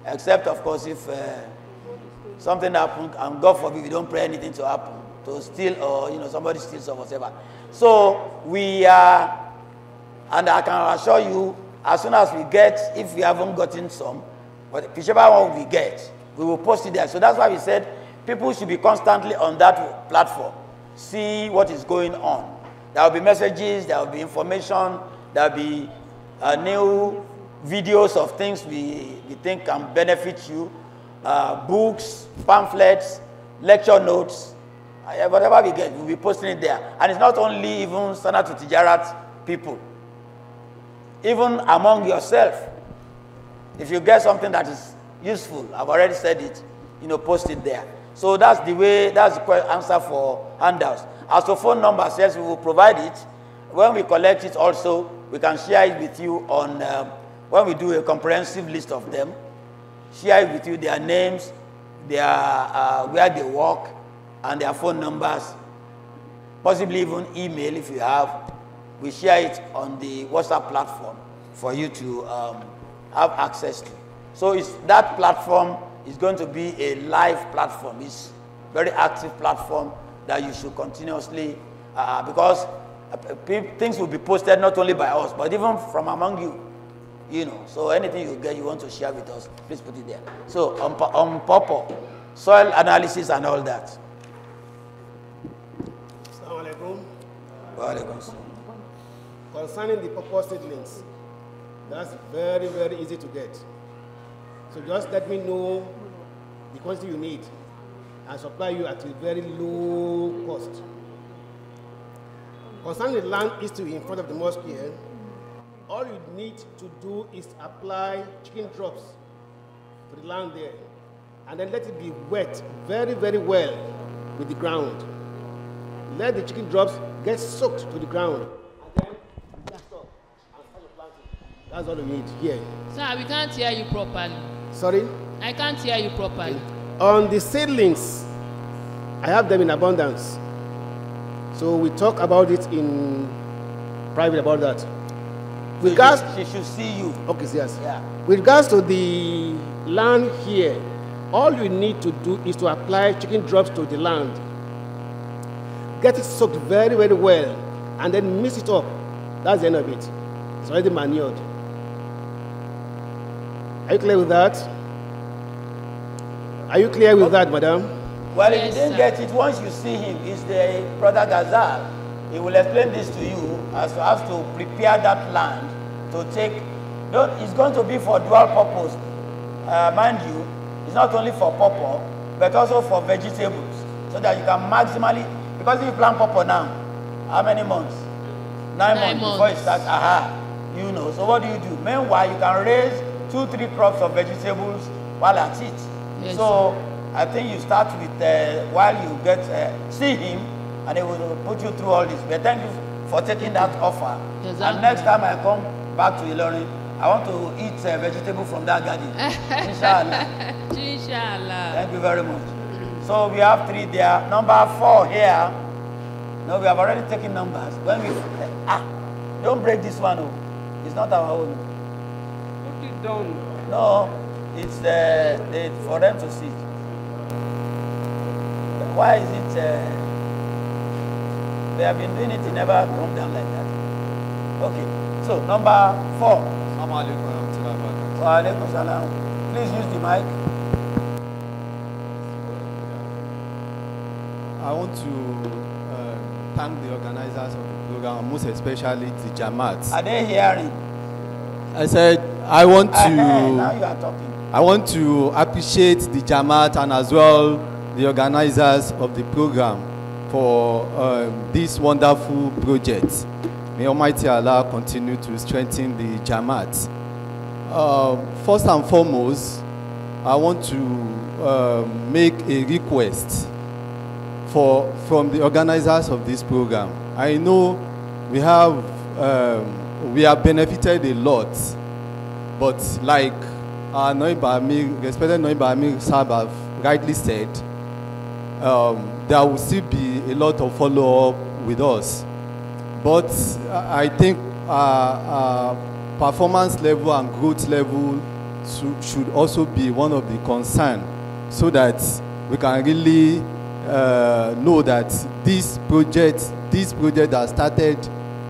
except, of course, if uh, something happens, and God forbid, you don't pray anything to happen, to steal or, you know, somebody steals or whatever. So we are, and I can assure you, as soon as we get, if we haven't gotten some, but whichever one we get, we will post it there. So that's why we said people should be constantly on that platform, see what is going on. There will be messages, there will be information, there will be uh, new videos of things we, we think can benefit you, uh, books, pamphlets, lecture notes, Eh, whatever we get, we'll be posting it there. And it's not only even standard to Tijarat people. Even among yourself, if you get something that is useful, I've already said it, you know, post it there. So that's the way, that's the answer for handouts. As for phone numbers, yes, we will provide it. When we collect it also, we can share it with you on, um, when we do a comprehensive list of them, share with you their names, their, uh, where they work, and their phone numbers, possibly even email if you have. We share it on the WhatsApp platform for you to um, have access to. So it's, that platform is going to be a live platform. It's very active platform that you should continuously, uh, because uh, things will be posted not only by us, but even from among you. You know, so anything you get, you want to share with us, please put it there. So on, on purple, soil analysis and all that. Concerning the purple seedlings, that's very, very easy to get. So just let me know the quantity you need and supply you at a very low cost. Concerning the land to in front of the mosque here, all you need to do is apply chicken drops to the land there and then let it be wet very, very well with the ground. Let the chicken drops Get soaked to the ground. That's all we need here. Sir, we can't hear you properly. Sorry? I can't hear you properly. On the seedlings, I have them in abundance. So we talk about it in private about that. With regards, she should see you. Okay, yes. Yeah. With regards to the land here, all you need to do is to apply chicken drops to the land get it soaked very, very well, and then mix it up. That's the end of it. It's already manured. Are you clear with that? Are you clear with okay. that, madam? Well, if you didn't get it, once you see him, it's the brother Gazal. He will explain this to you as to have to prepare that land to take. Don't, it's going to be for dual purpose. Uh, mind you, it's not only for purple, but also for vegetables, so that you can maximally because if you plant pepper now, how many months? Nine, Nine months, months, before it starts. Aha, you know. So what do you do? Meanwhile, you can raise two, three crops of vegetables while at it. Yes, so sir. I think you start with uh, while you get uh, see him, and he will put you through all this. But thank you for taking that offer. Exactly. And next time I come back to Ilorin, I want to eat a uh, vegetable from that garden. Inshallah. Inshallah. Thank you very much. So we have three there. Number four here. No, we have already taken numbers. When we ah, don't break this one. Oh. It's not our own. Put it down. No, it's uh, it, for them to see. Why is it? Uh, they have been doing it, it never come down like that. Okay. So number four. Please use the mic. I want to uh, thank the organizers of the program, most especially the Jamaat. Are they hearing? I said, I want to. now you are talking. I want to appreciate the Jamaat and as well the organizers of the program for um, this wonderful project. May Almighty Allah continue to strengthen the Jamaat. Uh, first and foremost, I want to uh, make a request for, from the organizers of this program. I know we have, um, we have benefited a lot, but like our Noibami, respected Noibami Sab rightly said, um, there will still be a lot of follow-up with us. But I think our, our performance level and growth level should also be one of the concern so that we can really uh, know that this project, this project that started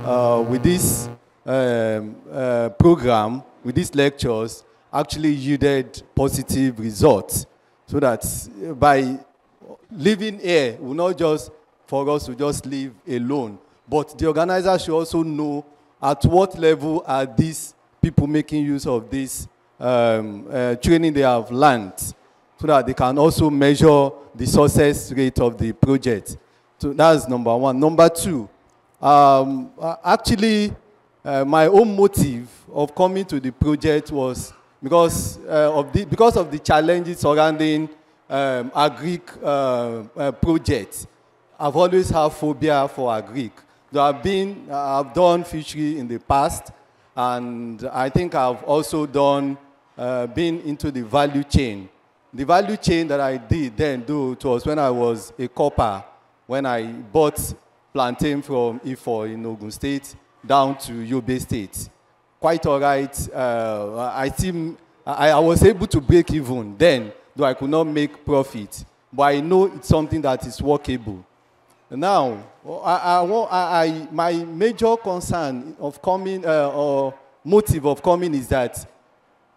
uh, with this um, uh, program, with these lectures, actually yielded positive results. So that by living here, will not just for us to just live alone, but the organizer should also know at what level are these people making use of this um, uh, training they have learned so that they can also measure the success rate of the project. So that's number one. Number two, um, actually, uh, my own motive of coming to the project was because, uh, of, the, because of the challenges surrounding um, agric uh, uh projects. I've always had phobia for agric. So I've, been, I've done fishery in the past, and I think I've also done, uh, been into the value chain. The value chain that I did then, do it was when I was a copper, when I bought plantain from Ifor in Ogun State down to Yobe State. Quite all right. Uh, I, think I, I was able to break even then, though I could not make profit. But I know it's something that is workable. Now, I, I, I, my major concern of coming uh, or motive of coming is that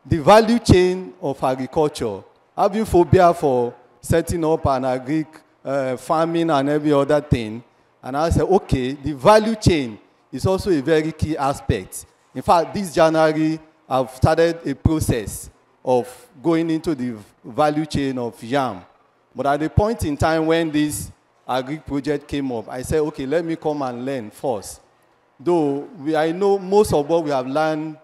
the value chain of agriculture having phobia for setting up an agri uh, farming and every other thing. And I said, okay, the value chain is also a very key aspect. In fact, this January, I've started a process of going into the value chain of yam. But at the point in time when this agri project came up, I said, okay, let me come and learn first. Though we, I know most of what we have learned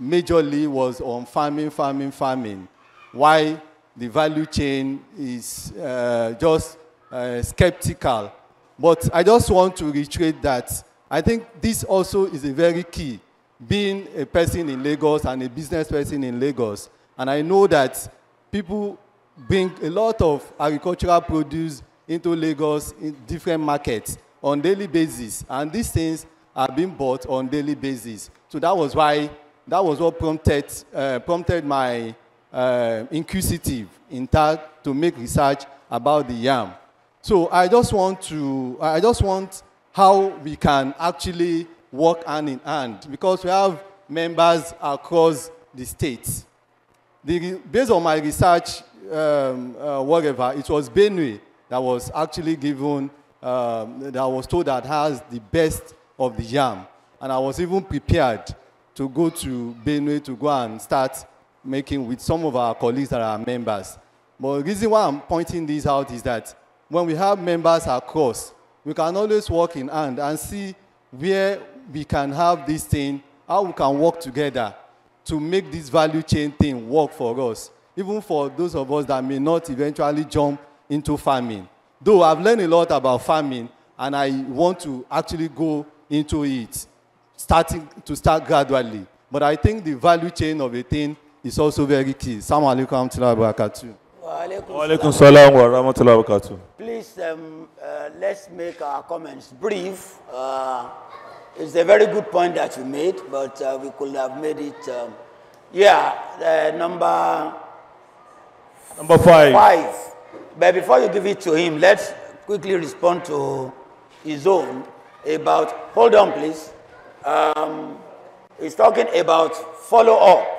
majorly was on farming, farming, farming. Why the value chain is uh, just uh, skeptical. But I just want to reiterate that I think this also is a very key, being a person in Lagos and a business person in Lagos. And I know that people bring a lot of agricultural produce into Lagos in different markets on daily basis. And these things are being bought on daily basis. So that was why, that was what prompted, uh, prompted my uh, inquisitive in that to make research about the yam. So I just want to, I just want how we can actually work hand in hand because we have members across the states. The, based on my research, um, uh, whatever, it was Benue that was actually given, um, that I was told that has the best of the yam. And I was even prepared to go to Benue to go and start making with some of our colleagues that are members. But the reason why I'm pointing this out is that when we have members across, we can always work in hand and see where we can have this thing, how we can work together to make this value chain thing work for us, even for those of us that may not eventually jump into farming. Though I've learned a lot about farming and I want to actually go into it, starting to start gradually. But I think the value chain of a thing is also very key. Assalamu alaikum wa salam wa rahmatullahi Please, um, uh, let's make our comments brief. Uh, it's a very good point that you made, but uh, we could have made it. Um, yeah, uh, number. Number five. Five. But before you give it to him, let's quickly respond to his own about. Hold on, please. Um, he's talking about follow up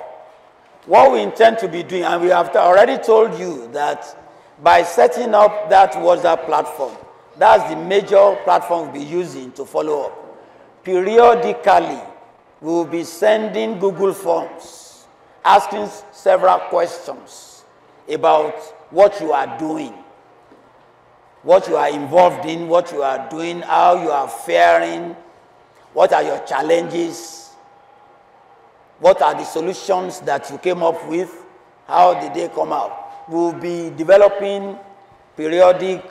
what we intend to be doing, and we have already told you that by setting up that WhatsApp platform, that's the major platform we'll be using to follow up. Periodically, we will be sending Google Forms, asking several questions about what you are doing, what you are involved in, what you are doing, how you are faring, what are your challenges, what are the solutions that you came up with? How did they come out? We'll be developing periodic,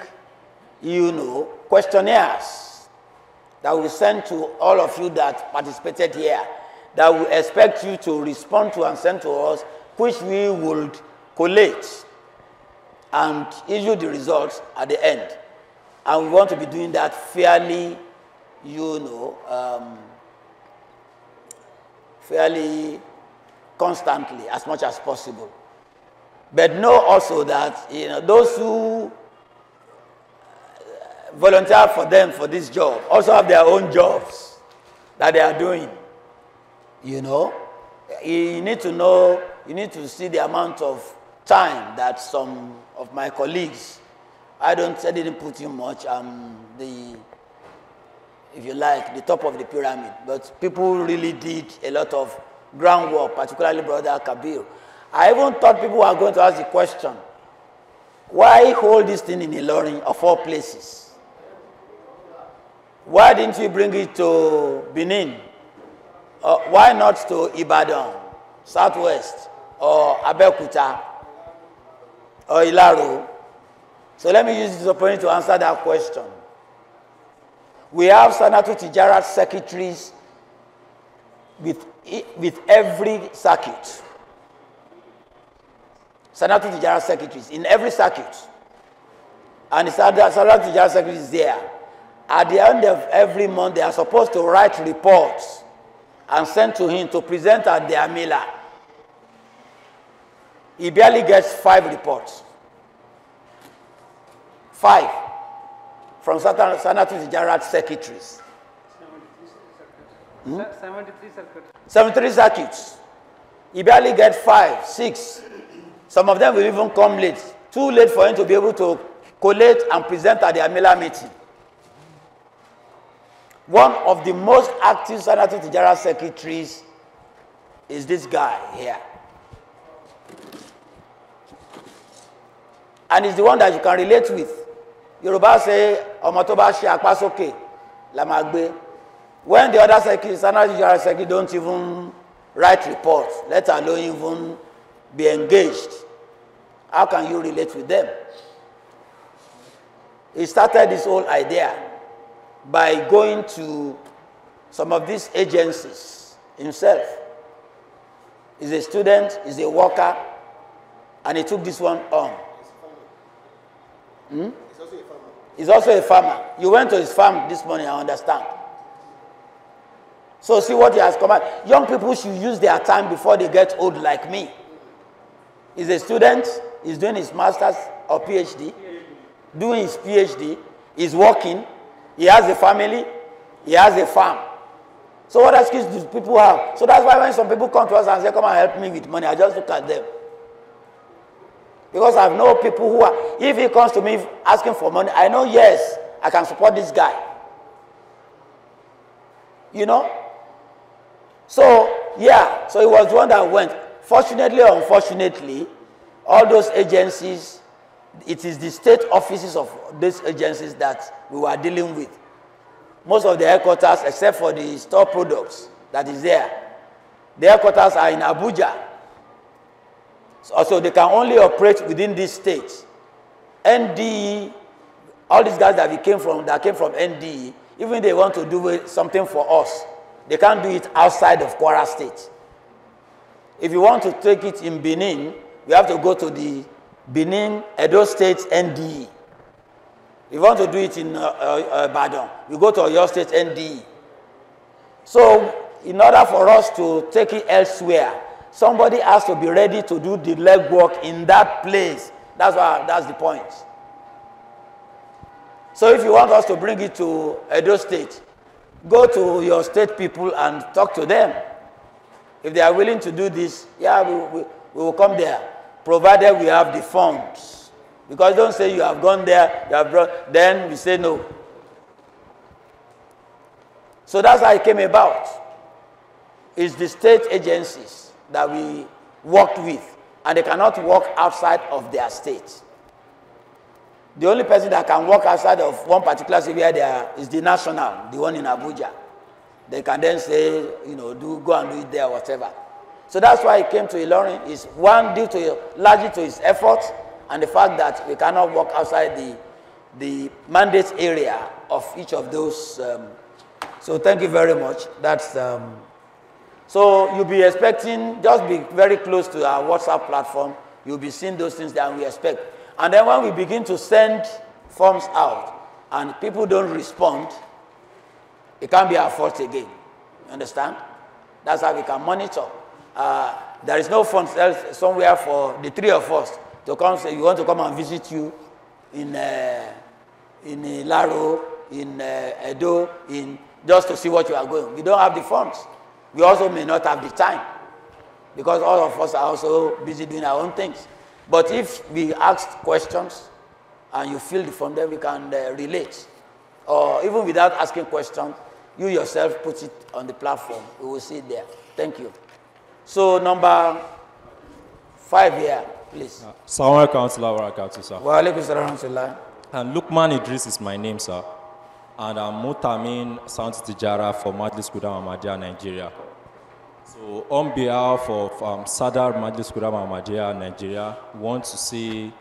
you know, questionnaires that will send to all of you that participated here that we expect you to respond to and send to us, which we would collate and issue the results at the end. And we want to be doing that fairly, you know, um, fairly constantly as much as possible. But know also that you know, those who uh, volunteer for them for this job also have their own jobs that they are doing. You know, you need to know, you need to see the amount of time that some of my colleagues, I don't, say didn't put in much. Um, the if you like, the top of the pyramid. But people really did a lot of groundwork, particularly Brother Kabir. I even thought people were going to ask the question, why hold this thing in Ilorin of all places? Why didn't you bring it to Benin? Uh, why not to Ibadan, Southwest, or Abeokuta, or Ilaro? So let me use this opportunity to answer that question. We have senator Tijara's secretaries with, with every circuit. Senator Tijara's secretaries in every circuit. And Sanatu Tijara secretaries there. At the end of every month, they are supposed to write reports and send to him to present at their amila. He barely gets five reports. Five from certain Sanatu secretaries. 73 circuits. Hmm? 73 circuits. He barely get five, six. Some of them will even come late. Too late for him to be able to collate and present at the Amila meeting. One of the most active Sanatu Tijara secretaries is this guy here. And he's the one that you can relate with. yorùbá ṣe ọmọ tó bá ṣe apá sókè la máa gbé when the other secretary standard general secretary don't even write report let alone even be engaged how can you relate with them he started this whole idea by going to some of these agencies himself he's a student he's a worker and he took this one on. Hmm? He's also a farmer. You went to his farm this morning, I understand. So see what he has commanded. Young people should use their time before they get old like me. He's a student, he's doing his master's or PhD, doing his PhD, he's working, he has a family, he has a farm. So what excuse do people have? So that's why when some people come to us and say, come and help me with money, I just look at them. Because I know people who are, if he comes to me asking for money, I know, yes, I can support this guy. You know? So, yeah, so it was one that went. Fortunately or unfortunately, all those agencies, it is the state offices of these agencies that we were dealing with. Most of the headquarters, except for the store products that is there, the headquarters are in Abuja. So, so they can only operate within these states. NDE, all these guys that we came from, that came from NDE, even they want to do something for us, they can't do it outside of Kwara State. If you want to take it in Benin, you have to go to the Benin, Edo State, NDE. If you want to do it in uh, uh, Badon, you go to your State, NDE. So, in order for us to take it elsewhere, Somebody has to be ready to do the legwork in that place. That's why that's the point. So if you want us to bring it to Edo State, go to your state people and talk to them. If they are willing to do this, yeah, we, we, we will come there, provided we have the funds. Because don't say you have gone there, you have brought, then we say no. So that's how it came about. It's the state agencies that we worked with, and they cannot work outside of their state. The only person that can work outside of one particular city where they are is the national, the one in Abuja. They can then say, you know, do go and do it there, whatever. So that's why he came to Ilorin. Is one due to largely to his efforts and the fact that we cannot work outside the the mandate area of each of those. Um, so thank you very much. That's. Um, so you'll be expecting, just be very close to our WhatsApp platform. You'll be seeing those things that we expect. And then when we begin to send forms out and people don't respond, it can be our fault again. You understand? That's how we can monitor. Uh, there is no funds somewhere for the three of us to come say, you want to come and visit you in, uh, in Laro, in uh, Edo, in, just to see what you are going. We don't have the funds. We also may not have the time because all of us are also busy doing our own things. But if we ask questions and you feel from them, we can uh, relate. Or even without asking questions, you yourself put it on the platform. We will see it there. Thank you. So number five here, please. Uh, Salaam alaikum wa barakatuh, sir. Wa alaikum And Lukman Idris is my name, sir. And I'm Mutamin Sound Tijara for Madlis Kudama Nigeria. So on behalf of um, Sadar Majlis Kurama Ahmadiyya Nigeria, we want to say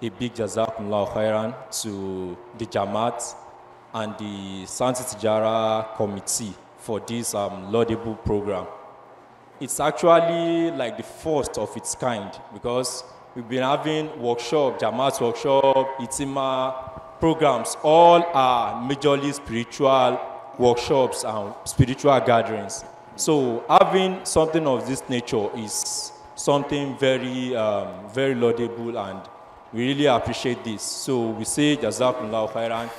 a big jazakumullah khairan to the Jamaat and the Santi Tijara Committee for this um, laudable program. It's actually like the first of its kind because we've been having workshop, Jamaat workshop, Itima programs. All are majorly spiritual workshops and spiritual gatherings. So having something of this nature is something very, um, very laudable and we really appreciate this. So we say Jazakumullah Khairan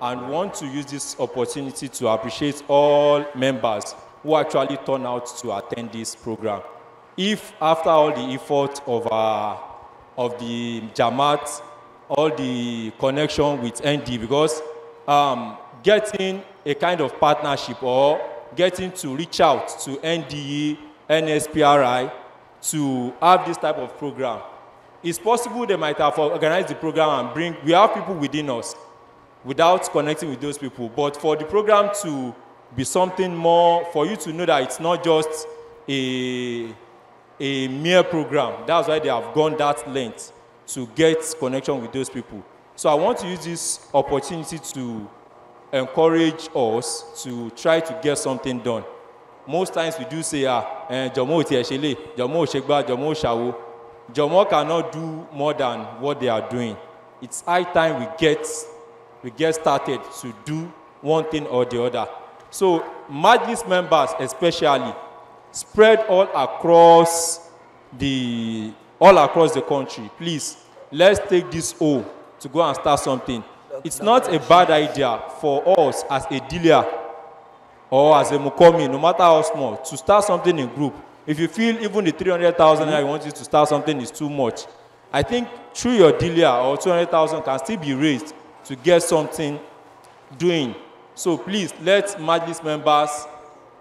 and want to use this opportunity to appreciate all members who actually turned out to attend this program. If after all the effort of, our, of the Jamaat, all the connection with ND, because um, getting a kind of partnership or getting to reach out to NDE, NSPRI to have this type of program. It's possible they might have organized the program and bring, we have people within us without connecting with those people. But for the program to be something more, for you to know that it's not just a, a mere program, that's why they have gone that length to get connection with those people. So I want to use this opportunity to encourage us to try to get something done. Most times we do say, ah, eh, Jomo Tieshele, Jomo Shegba, Jomo Shawo. Jomo cannot do more than what they are doing. It's high time we get, we get started to do one thing or the other. So, Majlis members especially, spread all across the, all across the country. Please, let's take this O to go and start something it's not a bad idea for us as a dealer or as a mukomi, no matter how small, to start something in group. If you feel even the 300,000 mm-hmm. you to start something is too much, I think through your dealer or 200,000 can still be raised to get something doing. So please let Majlis members,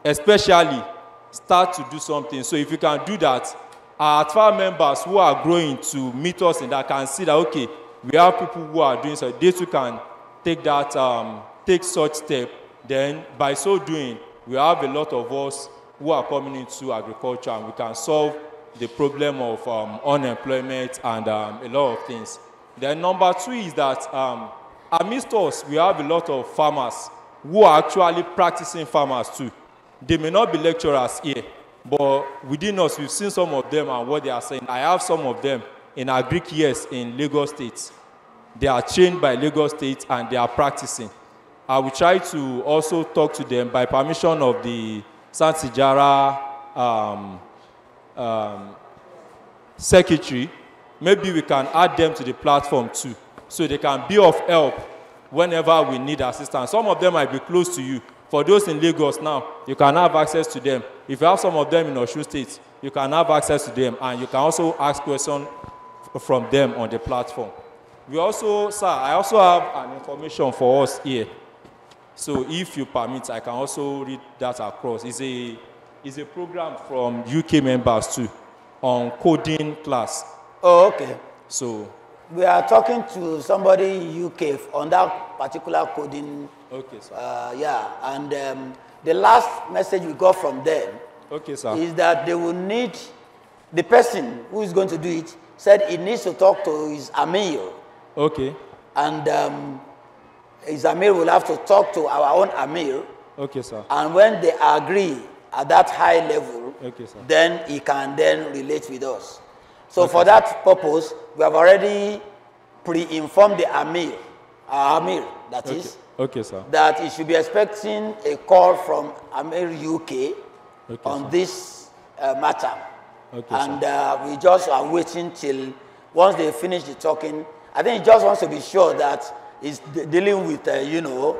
especially, start to do something. So if you can do that, our 12 members who are growing to meet us and that can see that, okay, we have people who are doing so. They too can take that, um, take such step. Then by so doing, we have a lot of us who are coming into agriculture and we can solve the problem of um, unemployment and um, a lot of things. Then number two is that um, amidst us, we have a lot of farmers who are actually practicing farmers too. They may not be lecturers here, but within us, we've seen some of them and what they are saying. I have some of them in our Greek years in Lagos State. They are trained by Lagos State and they are practicing. I will try to also talk to them by permission of the San Sijara um, um, secretary. Maybe we can add them to the platform too, so they can be of help whenever we need assistance. Some of them might be close to you. For those in Lagos now, you can have access to them. If you have some of them in Oshu State, you can have access to them and you can also ask questions from them on the platform. We also, sir, I also have an information for us here. So if you permit, I can also read that across. It's a, it's a program from UK members too on coding class. Oh, okay. So we are talking to somebody in UK on that particular coding. Okay, sir. Uh, yeah, and um, the last message we got from them okay, sir. is that they will need the person who is going to do it said he needs to talk to his Amir. Okay. And um, his Amir will have to talk to our own Amir. Okay, sir. And when they agree at that high level, okay, sir. then he can then relate with us. So okay. for that purpose, we have already pre-informed the Amir, our Amir, that okay. is, okay. sir. That he should be expecting a call from Amir UK okay, on sir. this uh, matter. Okay, and uh, we just are waiting till once they finish the talking. I think he just wants to be sure that he's dealing with, uh, you know,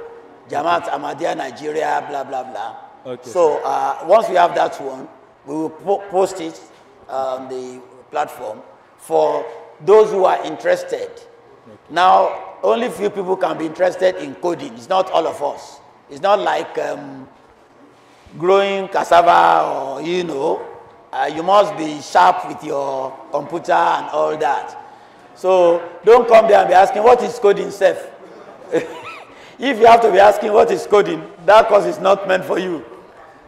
Jamaat Ahmadiyya Nigeria, blah, blah, blah. Okay, so uh, once we have that one, we will po post it on um, the platform for those who are interested. Okay. Now, only few people can be interested in coding. It's not all of us. It's not like um, growing cassava or, you know, uh, you must be sharp with your computer and all that. So don't come there and be asking, what is coding safe? if you have to be asking what is coding, that course is not meant for you.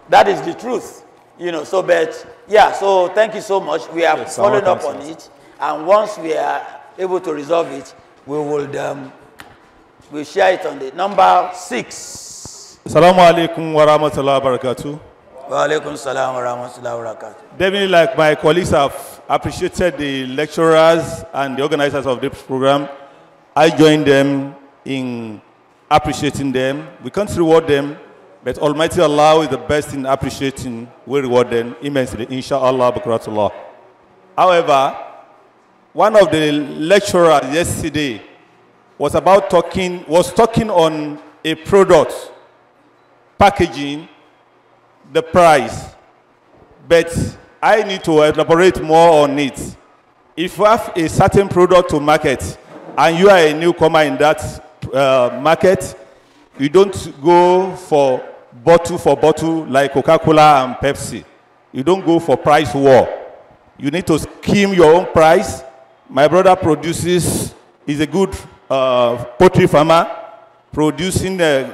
That is the truth. You know, so but yeah, so thank you so much. We are yes, following up on it. And once we are able to resolve it, we will um, we'll share it on the number six. Assalamu alaikum wa rahmatullahi wa barakatuh. Definitely, like my colleagues have appreciated the lecturers and the organizers of this program, I join them in appreciating them. We can't reward them, but Almighty Allah is the best in appreciating. We reward them immensely, inshallah, However, one of the lecturers yesterday was about talking, was talking on a product, packaging, the price, but I need to elaborate more on it. If you have a certain product to market and you are a newcomer in that uh, market, you don't go for bottle for bottle like Coca-Cola and Pepsi. You don't go for price war. You need to scheme your own price. My brother produces, is a good uh, poultry farmer, producing uh,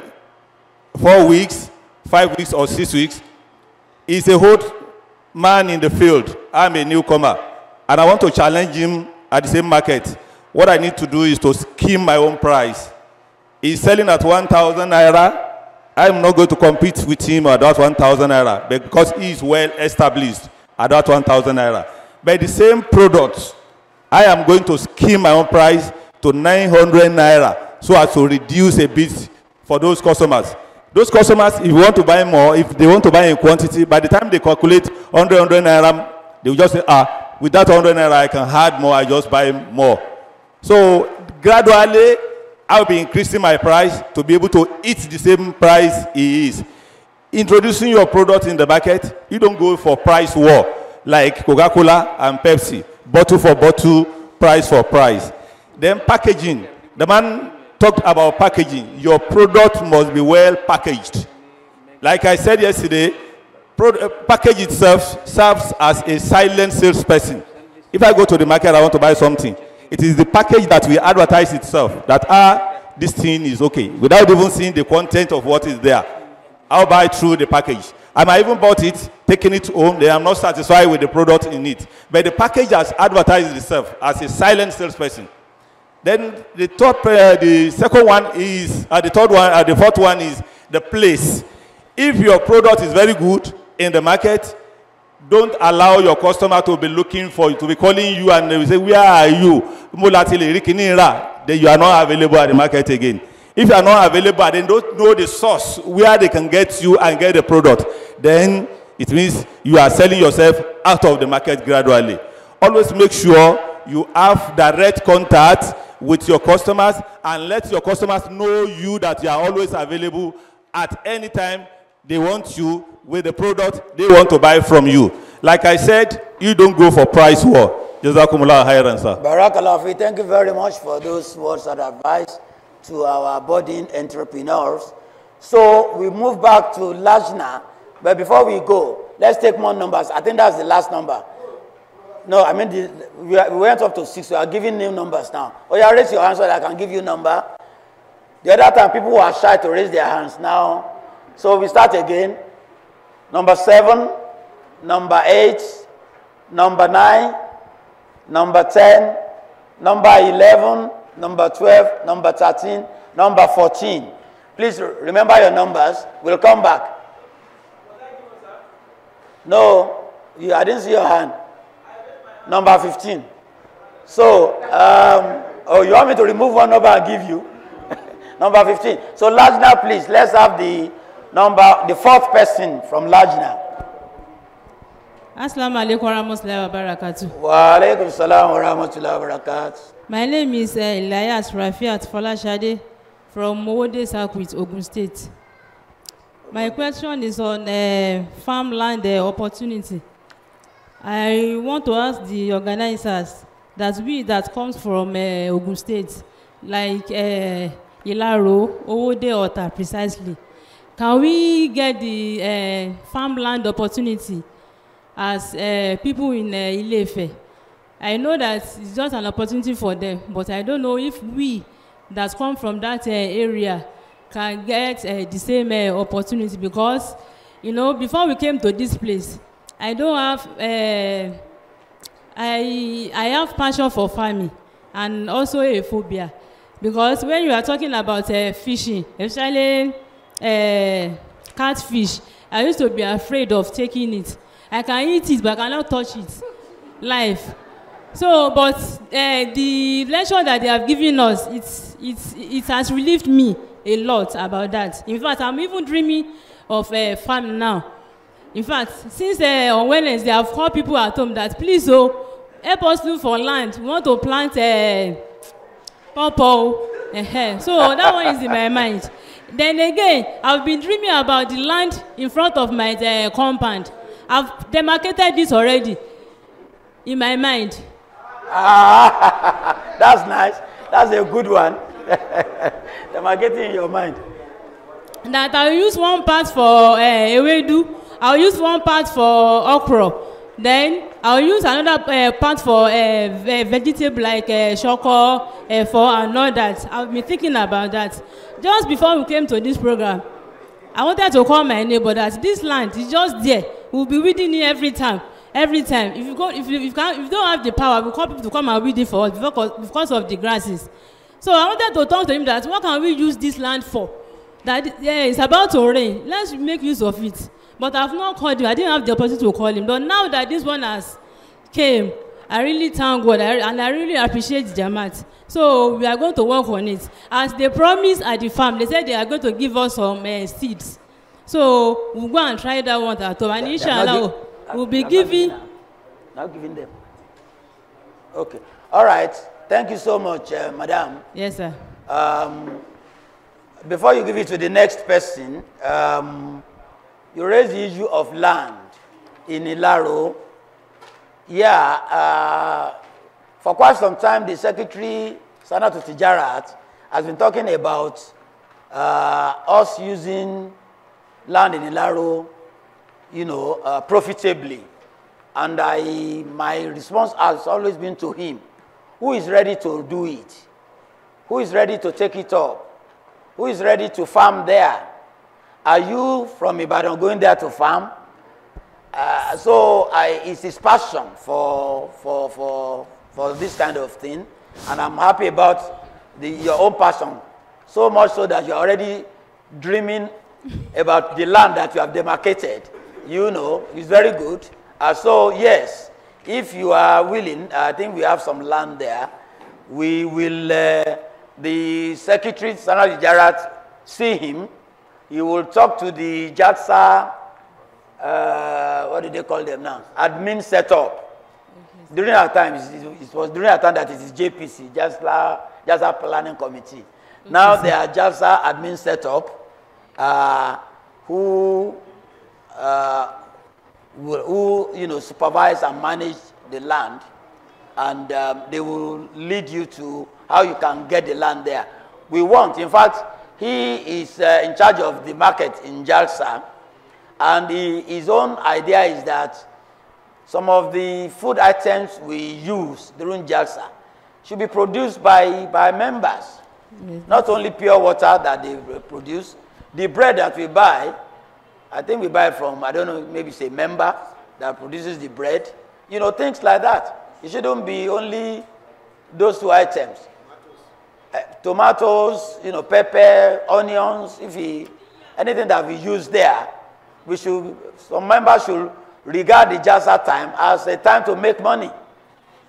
four weeks, five weeks or six weeks. He's a old man in the field. I'm a newcomer. And I want to challenge him at the same market. What I need to do is to skim my own price. He's selling at 1,000 naira. I'm not going to compete with him at that 1,000 naira because he is well established at that 1,000 naira. By the same product, I am going to skim my own price to 900 naira so as to reduce a bit for those customers. Those customers, if you want to buy more, if they want to buy in quantity, by the time they calculate 100, 100 naira, they will just say, ah, with that 100 naira, I can add more, I just buy more. So gradually, I'll be increasing my price to be able to eat the same price he is. Introducing your product in the market, you don't go for price war like Coca Cola and Pepsi, bottle for bottle, price for price. Then packaging. The man talked about packaging. Your product must be well packaged. Like I said yesterday, uh, package itself serves as a silent salesperson. If I go to the market, I want to buy something. It is the package that will advertise itself that, ah, this thing is okay, without even seeing the content of what is there. I'll buy through the package. I might even bought it, taking it home, then I'm not satisfied with the product in it. But the package has advertised itself as a silent salesperson. Then the third, uh, the second one is, uh, the third one, uh, the fourth one is the place. If your product is very good in the market, don't allow your customer to be looking for you, to be calling you and they will say, where are you? Then you are not available at the market again. If you are not available, then don't know the source where they can get you and get the product. Then it means you are selling yourself out of the market gradually. Always make sure you have direct contact with your customers and let your customers know you that you are always available at any time they want you with the product they want to buy from you. Like I said, you don't go for price war. Jazakumullah khairan, sir. Barakallah, thank you very much for those words of advice to our budding entrepreneurs. So we move back to Lajna, but before we go, let's take more numbers. I think that's the last number. No, I mean, the, we, are, we went up to six. We are giving new numbers now. Oh, yeah, raise your hands so I can give you number. The other time, people were shy to raise their hands now. So we start again. Number seven, number eight, number nine, number 10, number 11, number 12, number 13, number 14. Please remember your numbers. We'll come back. No, you, I didn't see your hand. number 15. So, um, oh, you want me to remove one number and give you? number 15. So, Lajna, please, let's have the number, the fourth person from Lajna. Assalamu alaikum warahmatullahi wabarakatuh. Wa alaikum salam warahmatullahi wabarakatuh. My name is uh, Elias Rafiat Folashade from Mowode Circuit, Ogun State. My question is on uh, farmland uh, opportunity. I want to ask the organizers that we that comes from uh, Ogun State, like uh, Ilaro, Owode, Ota, precisely, can we get the uh, farmland opportunity as uh, people in uh, Ilefe? I know that it's just an opportunity for them, but I don't know if we that come from that uh, area can get uh, the same uh, opportunity because, you know, before we came to this place, I don't have, uh, I, I have passion for farming and also a phobia. Because when you are talking about uh, fishing, especially uh, catfish, I used to be afraid of taking it. I can eat it, but I cannot touch it. Life. So, but uh, the lecture that they have given us, it's, it's, it has relieved me a lot about that. In fact, I'm even dreaming of uh, farm now in fact since uh, on wednesday I've called people at home that please oh, help us look for land we want to plant uh, pawpaw uh oh. -huh. so that one is in my mind then again I've been dreaming about the land in front of my uh, compound I've demarcated this already in my mind. ah that's nice that's a good one demarcating in your mind. that i use one part for uh, ewedu I'll use one part for okra. Then I'll use another uh, part for uh, ve vegetable like uh, shoko, uh, for and all that. I've been thinking about that. Just before we came to this program, I wanted to call my neighbor that this land is just there. We'll be weeding it every time. Every time. If you go, if you, if you, can, if you don't have the power, we'll call people to come and weed it for us because, because of the grasses. So I wanted to talk to him that what can we use this land for? That yeah, it's about to rain. Let's make use of it. But I've not called him. I didn't have the opportunity to call him. But now that this one has came, I really thank God I, and I really appreciate jamat. So we are going to work on it. As they promised at the farm, they said they are going to give us some uh, seeds. So we'll go and try that one at home. And inshallah, we'll be giving. Now giving them. Okay. All right. Thank you so much, uh, madam. Yes, sir. Um, before you give it to the next person, um, you raise the issue of land in Ilaro. Yeah, uh, for quite some time, the secretary, Senator Tijarat, has been talking about uh, us using land in Ilaro, you know, uh, profitably. And I, my response has always been to him, who is ready to do it? Who is ready to take it up? Who is ready to farm there? Are you from Ibadan going there to farm? Uh, so I, it's his passion for, for, for, for this kind of thing. And I'm happy about the, your own passion. So much so that you're already dreaming about the land that you have demarcated. You know, it's very good. Uh, so, yes, if you are willing, I think we have some land there. We will, uh, the secretary, Sanali Jarrett see him you will talk to the JAXA, uh, what do they call them now? Admin setup. During our time, it, was during our time that it is JPC, JAXA, JAXA Planning Committee. Mm-hmm. Now they are JAXA admin setup, uh, who, uh, who you know supervise and manage the land, and um, they will lead you to how you can get the land there. We want, in fact, he is uh, in charge of the market in Jalsa. And he, his own idea is that some of the food items we use during Jalsa should be produced by, by members. Mm -hmm. Not only pure water that they produce, the bread that we buy, I think we buy from, I don't know, maybe say member that produces the bread. You know, things like that. It shouldn't be only those two items. Eh, tomatoes, you know, pepper, onions, if we, anything that we use there, we should, some members should regard the Jaza time as a time to make money,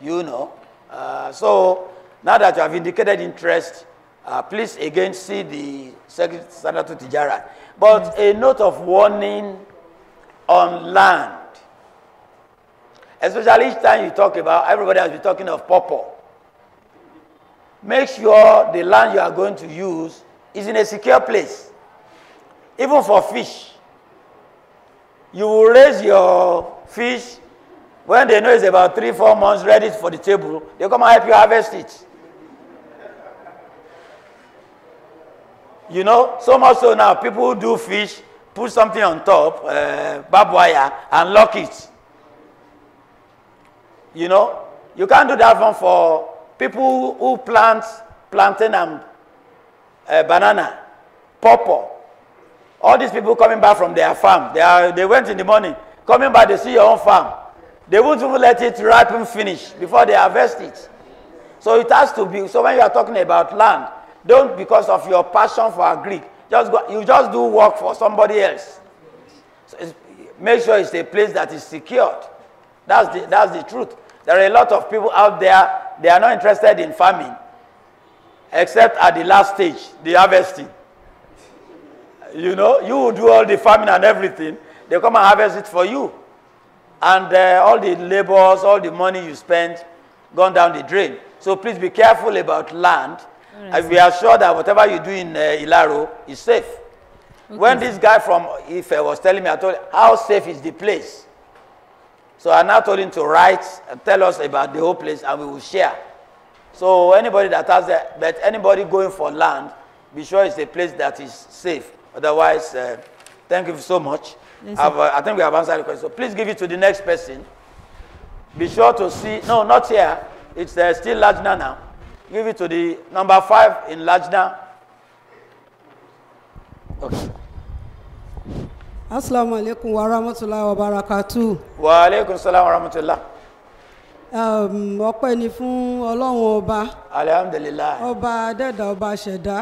you know. Uh, so now that you have indicated interest, uh, please again see the Secretary Standard to Tijara. But a note of warning on land, especially each time you talk about, everybody has been talking of purple. make sure the land you are going to use is in a secure place. Even for fish, you will raise your fish when they know it's about three, four months ready for the table. They come and help you harvest it. You know, so much so now, people who do fish put something on top, uh, barbed wire, and lock it. You know, you can't do that one for People who plant plantain and uh, banana, pawpaw, all these people coming back from their farm, they, are, they went in the morning, coming back, they see your own farm. They won't even let it ripen finish before they harvest it. So it has to be, so when you are talking about land, don't because of your passion for a Greek, just go, you just do work for somebody else. So make sure it's a place that is secured. That's the, that's the truth. There are a lot of people out there they are not interested in farming, except at the last stage, the harvesting. You know, you do all the farming and everything. They come and harvest it for you. And uh, all the labors, all the money you spent, gone down the drain. So please be careful about land. I mm. And we are sure that whatever you do in uh, Ilaro is safe. Okay. When this guy from Ife was telling me, I told him, how safe is the place? So I now told him to write and tell us about the whole place and we will share. So anybody that has that, but anybody going for land, be sure it's a place that is safe. Otherwise, uh, thank you so much. Yes, uh, i think we have answered the question. So please give it to the next person. Be sure to see, no, not here. It's uh, still Lajna now. Give it to the number five in Lajna. Okay. asalaamu aleykum wa rahmatulahi wa barakatu. wa aleykum salaam wa rahmatulah. Um, ọpẹ́ ni fún ọlọ́run ọba. alihamudulilayi. ọba adẹ́dà ọba ṣẹ̀dá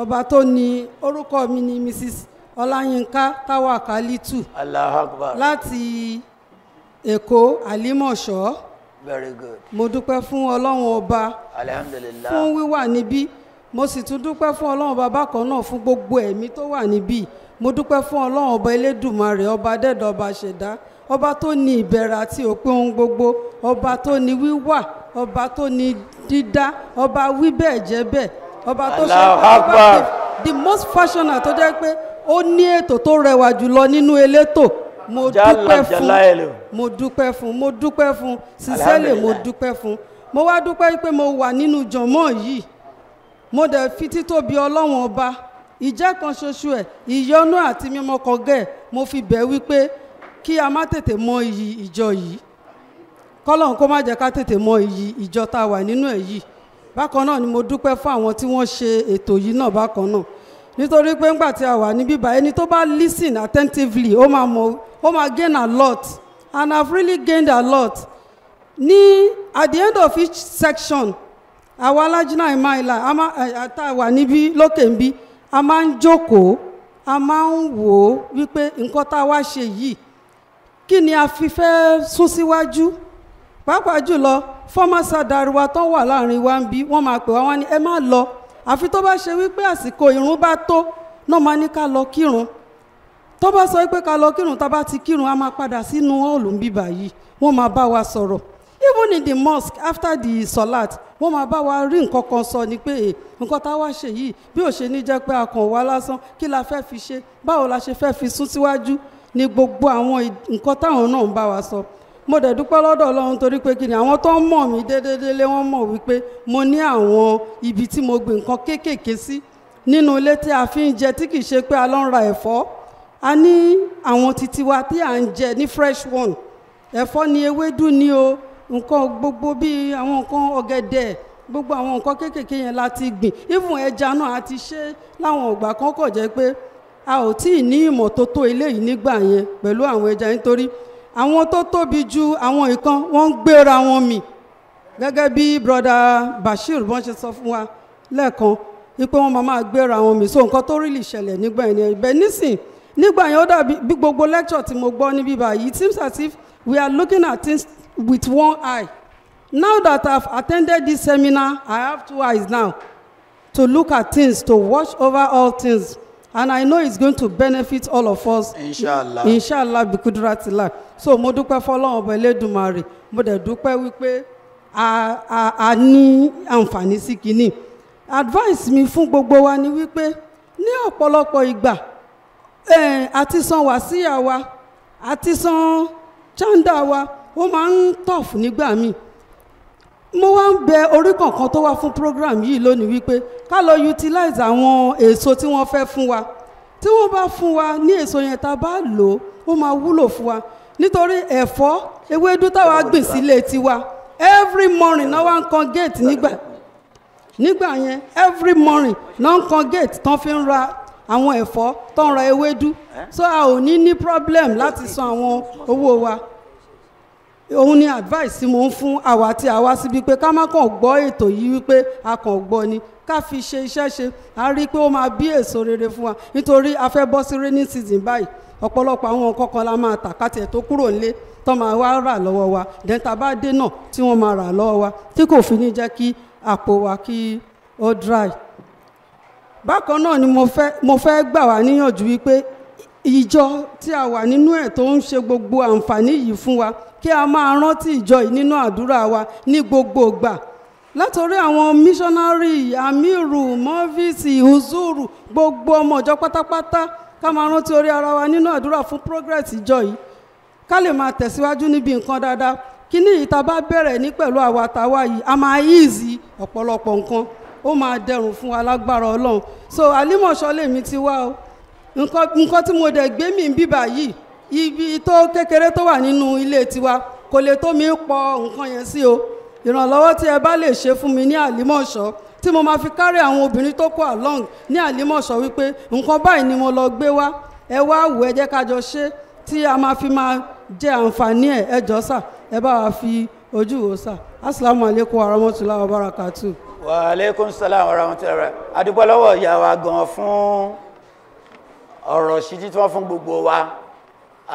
ọba tó ní orúkọ mi ni mrs ọláyínká táwákálítù. Allahu Akbar. láti èkó àlímọ̀ṣọ́. very good. mo dúpẹ́ fún ọlọ́run ọba. alihamudulilayi. fún wíwà níbí mo sì tún dúpẹ́ fún ọlọ́run bàbá kan náà fún gbogbo ẹ̀mí tó wà níbí mo dúpẹ́ fún ọlọ́run ọba elédùmarè ọba dẹ́dọ̀ ọba ṣẹ̀dá ọba tó ní ìbẹ̀rẹ̀ àti òpin ohun gbogbo ọba tó ní wíwà ọba tó ní dídá ọba wí bẹ́ẹ̀ jẹ́ bẹ́ẹ̀ ọba tó ṣe ọba the most fashioner tó jẹ́ pé ó ní ètò tó rẹwà jùlọ nínú elétò mo dúpẹ́ fún mo dúpẹ́ fún mo dúpẹ́ fún sísẹ́lẹ̀ mo dúpẹ́ fún mo wá dúpẹ́ pé mo wà nínú jọ̀mọ́ yìí mo dẹ̀ fi títóbi ọlọ́run ọba ìjẹ́ kan ṣoṣo ẹ̀ ìyọ́nú àti mímọ́ kan gẹ̀ mo fi bẹ̀ wípé kí a má tètè mọ iyì ìjọ yìí kọ́lọ́hún kó má jẹ́ ká tètè mọ iyì ìjọ tá a wà nínú ẹ̀ yìí bákan náà ni mo dúpẹ́ fún àwọn tí wọ́n ṣe ètò yìí náà bákan náà nítorí pé ńgbà tí a wà níbí báyìí ẹni tó bá listen attentively ó máa mọ ó máa gain a lot and I've really gained a lot ní at the end of each section àwa alájínà ìmáìlà àtàwà níbí lókè ń bí a máa ń jókòó a máa ń wò ó wípé nǹkan tá a wá ṣe yìí kí ni a fi fẹ́ sún síwájú pàápàá jùlọ former sadari wa tán wà láàrin wa ń bí wọ́n máa pè wá wọ́n ní ẹ má lọ àfi tó bá ṣe wípé àsìkò ìrun bá tó náà máa ní ká lọ kírun tó bá sọ pé ká lọ kírun tá a bá ti kírun a máa padà sínú hall ń bíbà yìí wọ́n máa bá wa sọ̀rọ̀ even in the mosque after the salat wọ́n máa bá wa rí nǹkan kan sọ ni pé nǹkan tá a wá ṣe yìí bí ò ṣe ní jẹ́ pé a kàn wá lásán kí la fẹ́ fi ṣe báwo la ṣe fẹ́ fi sún síwájú ni gbogbo àwọn nǹkan táwọn náà ń bá wa sọ mo dẹ̀ dúpẹ́ lọ́dọ̀ ọlọ́run torí pé kí ni àwọn tó ń mọ̀ mí déédéédéé wọ́n mọ̀ wípé mo ní àwọn ibi tí mo gbé nǹkan kéékèèké sí nínú ilé tí a fi ń jẹ tí kì ṣe pé a lọ ń ra ẹ̀fọ́ a ní àwọn titiwa tí à ń jẹ ní fresh one ẹ̀fọ́ ni ewédú ni o nǹkan gbogbo bíi àwọn nǹkan ọ̀gẹ̀dẹ̀ gbogbo àwọn nǹkan kéékèèké yẹn la ti gbìn even ẹja náà a ti ṣe láwọn ọgbà kan kò jẹ́ pé a ò tí ì ní ìmọ̀ tó tó eléyìí nígbà yẹn pẹ̀lú àwọn ẹja nítorí àwọn tó tóbi ju àwọn ìkan wọ́n ń gbéra wọn mì gẹ́gẹ́ bí broda Bashir bọ́n ṣe sọ fún wa lẹ́ẹ̀kan wípé wọ́n máa gbéra wọn mì so nǹkan tó rí lè ṣẹlẹ̀ nígbà yẹn ibẹ̀ nísìn nígbà yẹn ó dàbí gbogbo lecture tí mo gbọ́ níbí báyìí it seems as if we are looking at things with one eye. Now that I've attended this seminar, I have two eyes now to look at things, to watch over all things. And I know it's going to benefit all of us. Inshallah. Inshallah bí kudratillah. So modupe dúpẹ́ fọlọ́run ọba Elédùmarè. Mo dẹ̀ dúpẹ́ a a a ní àǹfààní sí kínní. Advice mi fún gbogbo wa ni wípé ní ọ̀pọ̀lọpọ̀ ìgbà eh, àti san wàsíyà wa àti san chanda wa. Eh, ó máa ń tough nígbà míì mo wá ń bẹ orí kọ̀ọ̀kan tó wá fún program yìí lónìí wípé ká lọ utilize àwọn èso tí wọ́n fẹ́ fún wa tí wọ́n bá fún wa ní èso yẹn tá a bá lò ó máa wúlò fún wa nítorí ẹ̀fọ́ ewédú táwa gbìn sílé tiwa every morning náà wá ń kan gate nígbà nígbà yẹn every morning náà ń kan gate tán fi ń ra àwọn ẹ̀fọ́ tán ra ewédú so a ò ní ní problem láti san àwọn owó wa òun ni advice tí mo ń fún àwa tí a wá síbi pé ká má kàn gbọ́ ètò yìí wípé a kàn gbọ́ ni ká fi ṣe iṣẹ́ ṣe à ń rí i pé ó máa bí èso rere fún wa nítorí a fẹ́ bọ́ sí rainy season báyìí ọ̀pọ̀lọpọ̀ àwọn nǹkan la máa tà káti tó kúrò nílé tó máa wá rà lọ́wọ́ wa dẹ́ńtà bá dé náà tí wọ́n máa rà lọ́wọ́ wa tí kò fi ní jẹ́ kí àpò wa kí ó dry. bákan náà ni mo fẹ́ gbà wá níyànjú wípé ìjọ tí a wà nínú ẹ̀ tó ń ṣe gbogbo àǹfààní yìí fún wa kí a máa rántí ìjọ yìí nínú àdúrà wa ní gbogbo ìgbà látọ̀rí àwọn míṣọ́nárì amiru mọ́fíìsì uzuru gbogbo ọmọ ìjọ pátápátá ká máa rántí orí ara wa nínú àdúrà fún progress ìjọ yìí ká lè máa tẹ̀síwájú níbi nǹkan dáadáa kíní yìí tá a bá bẹ̀rẹ̀ ní pẹ̀lú àwa tàwa yìí a máa yíìsì ọ̀pọ̀lọpọ̀ nǹkan ó máa dẹrùn fún alágbára ọlọ́run so àlímọ̀ṣọ́ lèmi ti wá o nǹkan tí mo dẹ̀ gbé mi bíbà yìí ibi tó kékeré tó wà nínú ilé tiwa kò lè tó mi pọ nǹkan yẹn sí o ìrànlọ́wọ́ tí ẹ bá lè ṣe fún mi ní àlímọ̀ṣọ́ tí mo máa fi kárí àwọn obìnrin tó kó along ní àlímọ̀ṣọ́ wípé nǹkan báyìí ni mo lọ gbé wá ẹ wá wò ẹ jẹ́ ká jọ ṣe tí a máa fi máa jẹ àǹfààní ẹ ẹ jọ sà ẹ bá wa fi ojú wo sà asalaamu aleykum wa rahmatulahi wa barakatu. wa aleykum salaam wa rahmatulahi wa barakatu. adúpọ̀ gan fún ọ̀rọ̀ ṣíjí tí wọ́n fún gbogbo wa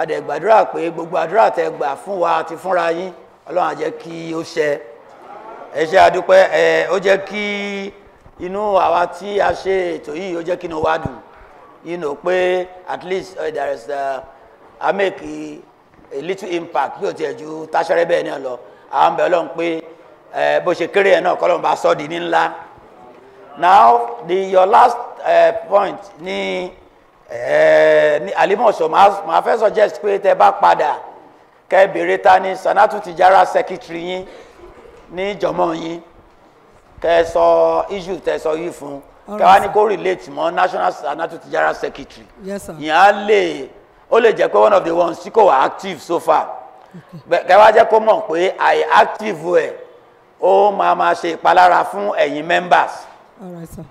adẹ̀gbàdúrà pé gbogbo àdúrà tẹ fún wa àti fúnra yín ọlọ́run á jẹ́ kí ó ṣẹ ẹ adúpẹ́ ẹ ó jẹ́ kí inú àwa tí a ṣe ètò yìí ó jẹ́ kí inú wa dùn you know pé at least uh, there is uh, I make a, little impact bí o tiẹ̀ ju táṣẹ́rẹ́ bẹ́ẹ̀ náà lọ àwọn bẹ̀rẹ̀ lọ́n pé bó ṣe kéré ẹ̀ náà kọ́lọ́n bá sọ́ di ní ńlá now the your last uh, point ní. Ni ní alimọ̀sọ̀ máa fẹ́ suggest pé tẹ bá padà kẹ́ bèrè ta ni sanatu tijara secretary yín ní jọmọ yín kẹ́ sọ issue tẹ sọ yìí fún kẹ́ wá ní kó relate mọ́ national sanatu tijara secretary yẹn á lè ó lè jẹ́ pé one of the ones tí kò wá active so far kẹ́ wá jẹ́ kó mọ̀ pé àì active ẹ̀ ó máa máa ṣe ìpalára fún ẹ̀yin members. All right, sir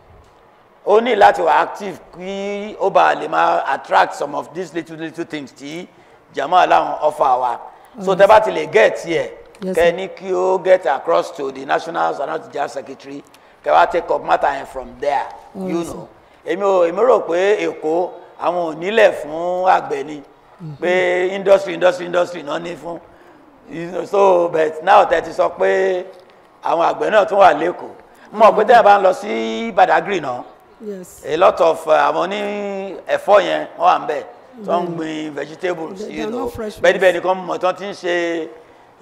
ó ní láti wà active kí ó bá lè máa attract some of these little little things tí jama aláwọn offer wa so tẹ bá ti lè get here kẹ ní kí ó get across to the national sanat general secretary kẹ wá take up matter yẹn from there oh, you know èmi ò èmi rò pé èkó àwọn ò nílẹ̀ fún àgbẹ̀ ni mm-hmm. pé industry industry industry náà ní fún so but now tẹ ti sọ pé àwọn àgbẹ̀ náà tún wà lẹ́kọ̀ọ́ mọ̀ pé mm-hmm. tẹ́ ẹ bá ń lọ sí badagry náà yes. a lot of uh, àwọn ní ẹ̀fọ́ yẹn wọ́n wà ń bẹ̀ tó ń mm. gbin vegetables you know bẹ́ẹ̀ bẹ́ẹ̀ nìkan mọ̀ tán ti ń ṣe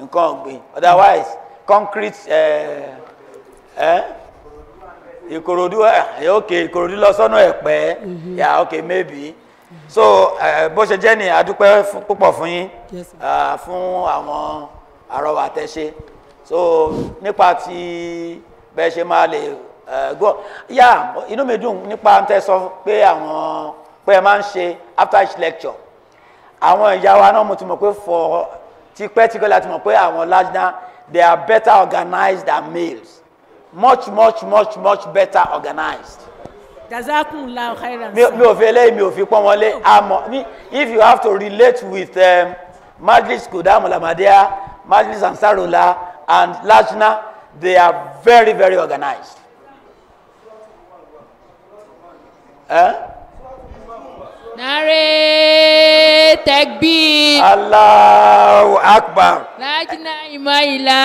nǹkan ọ̀gbìn otherwise concrete eh, eh, ìkòròdú ẹ̀ eh, ok ìkòròdú lọ sọ́nà ẹ̀pẹ́ mm-hmm. yeah ok maybe so bó ṣe jẹ́ ni adúpẹ́ púpọ̀ fún yín ah, fún àwọn àrọwà tẹ́ ṣe so nípa ti bẹ́ẹ̀ ṣe máa lè Eh, gọ yá inú mi dùn nípa tẹ sọ pé àwọn pé ẹ máa ń ṣe after each lecture àwọn ìyá wa náà mo ti mọ̀ pé for tipẹ́tipẹ́ láti mọ̀ pé àwọn lajna they are better organized than males much much much much better organized. jazakun la khairan. mi ò fi eléyìí mi ò fi pọ́n wọlé àmọ́ if you have to relate with um, majlis kudamu lamadia majlis ansarula and lajna they are very very organized. Eh? Nare takbir. Allahu akbar. Lájínà ìmọ̀ ìlà.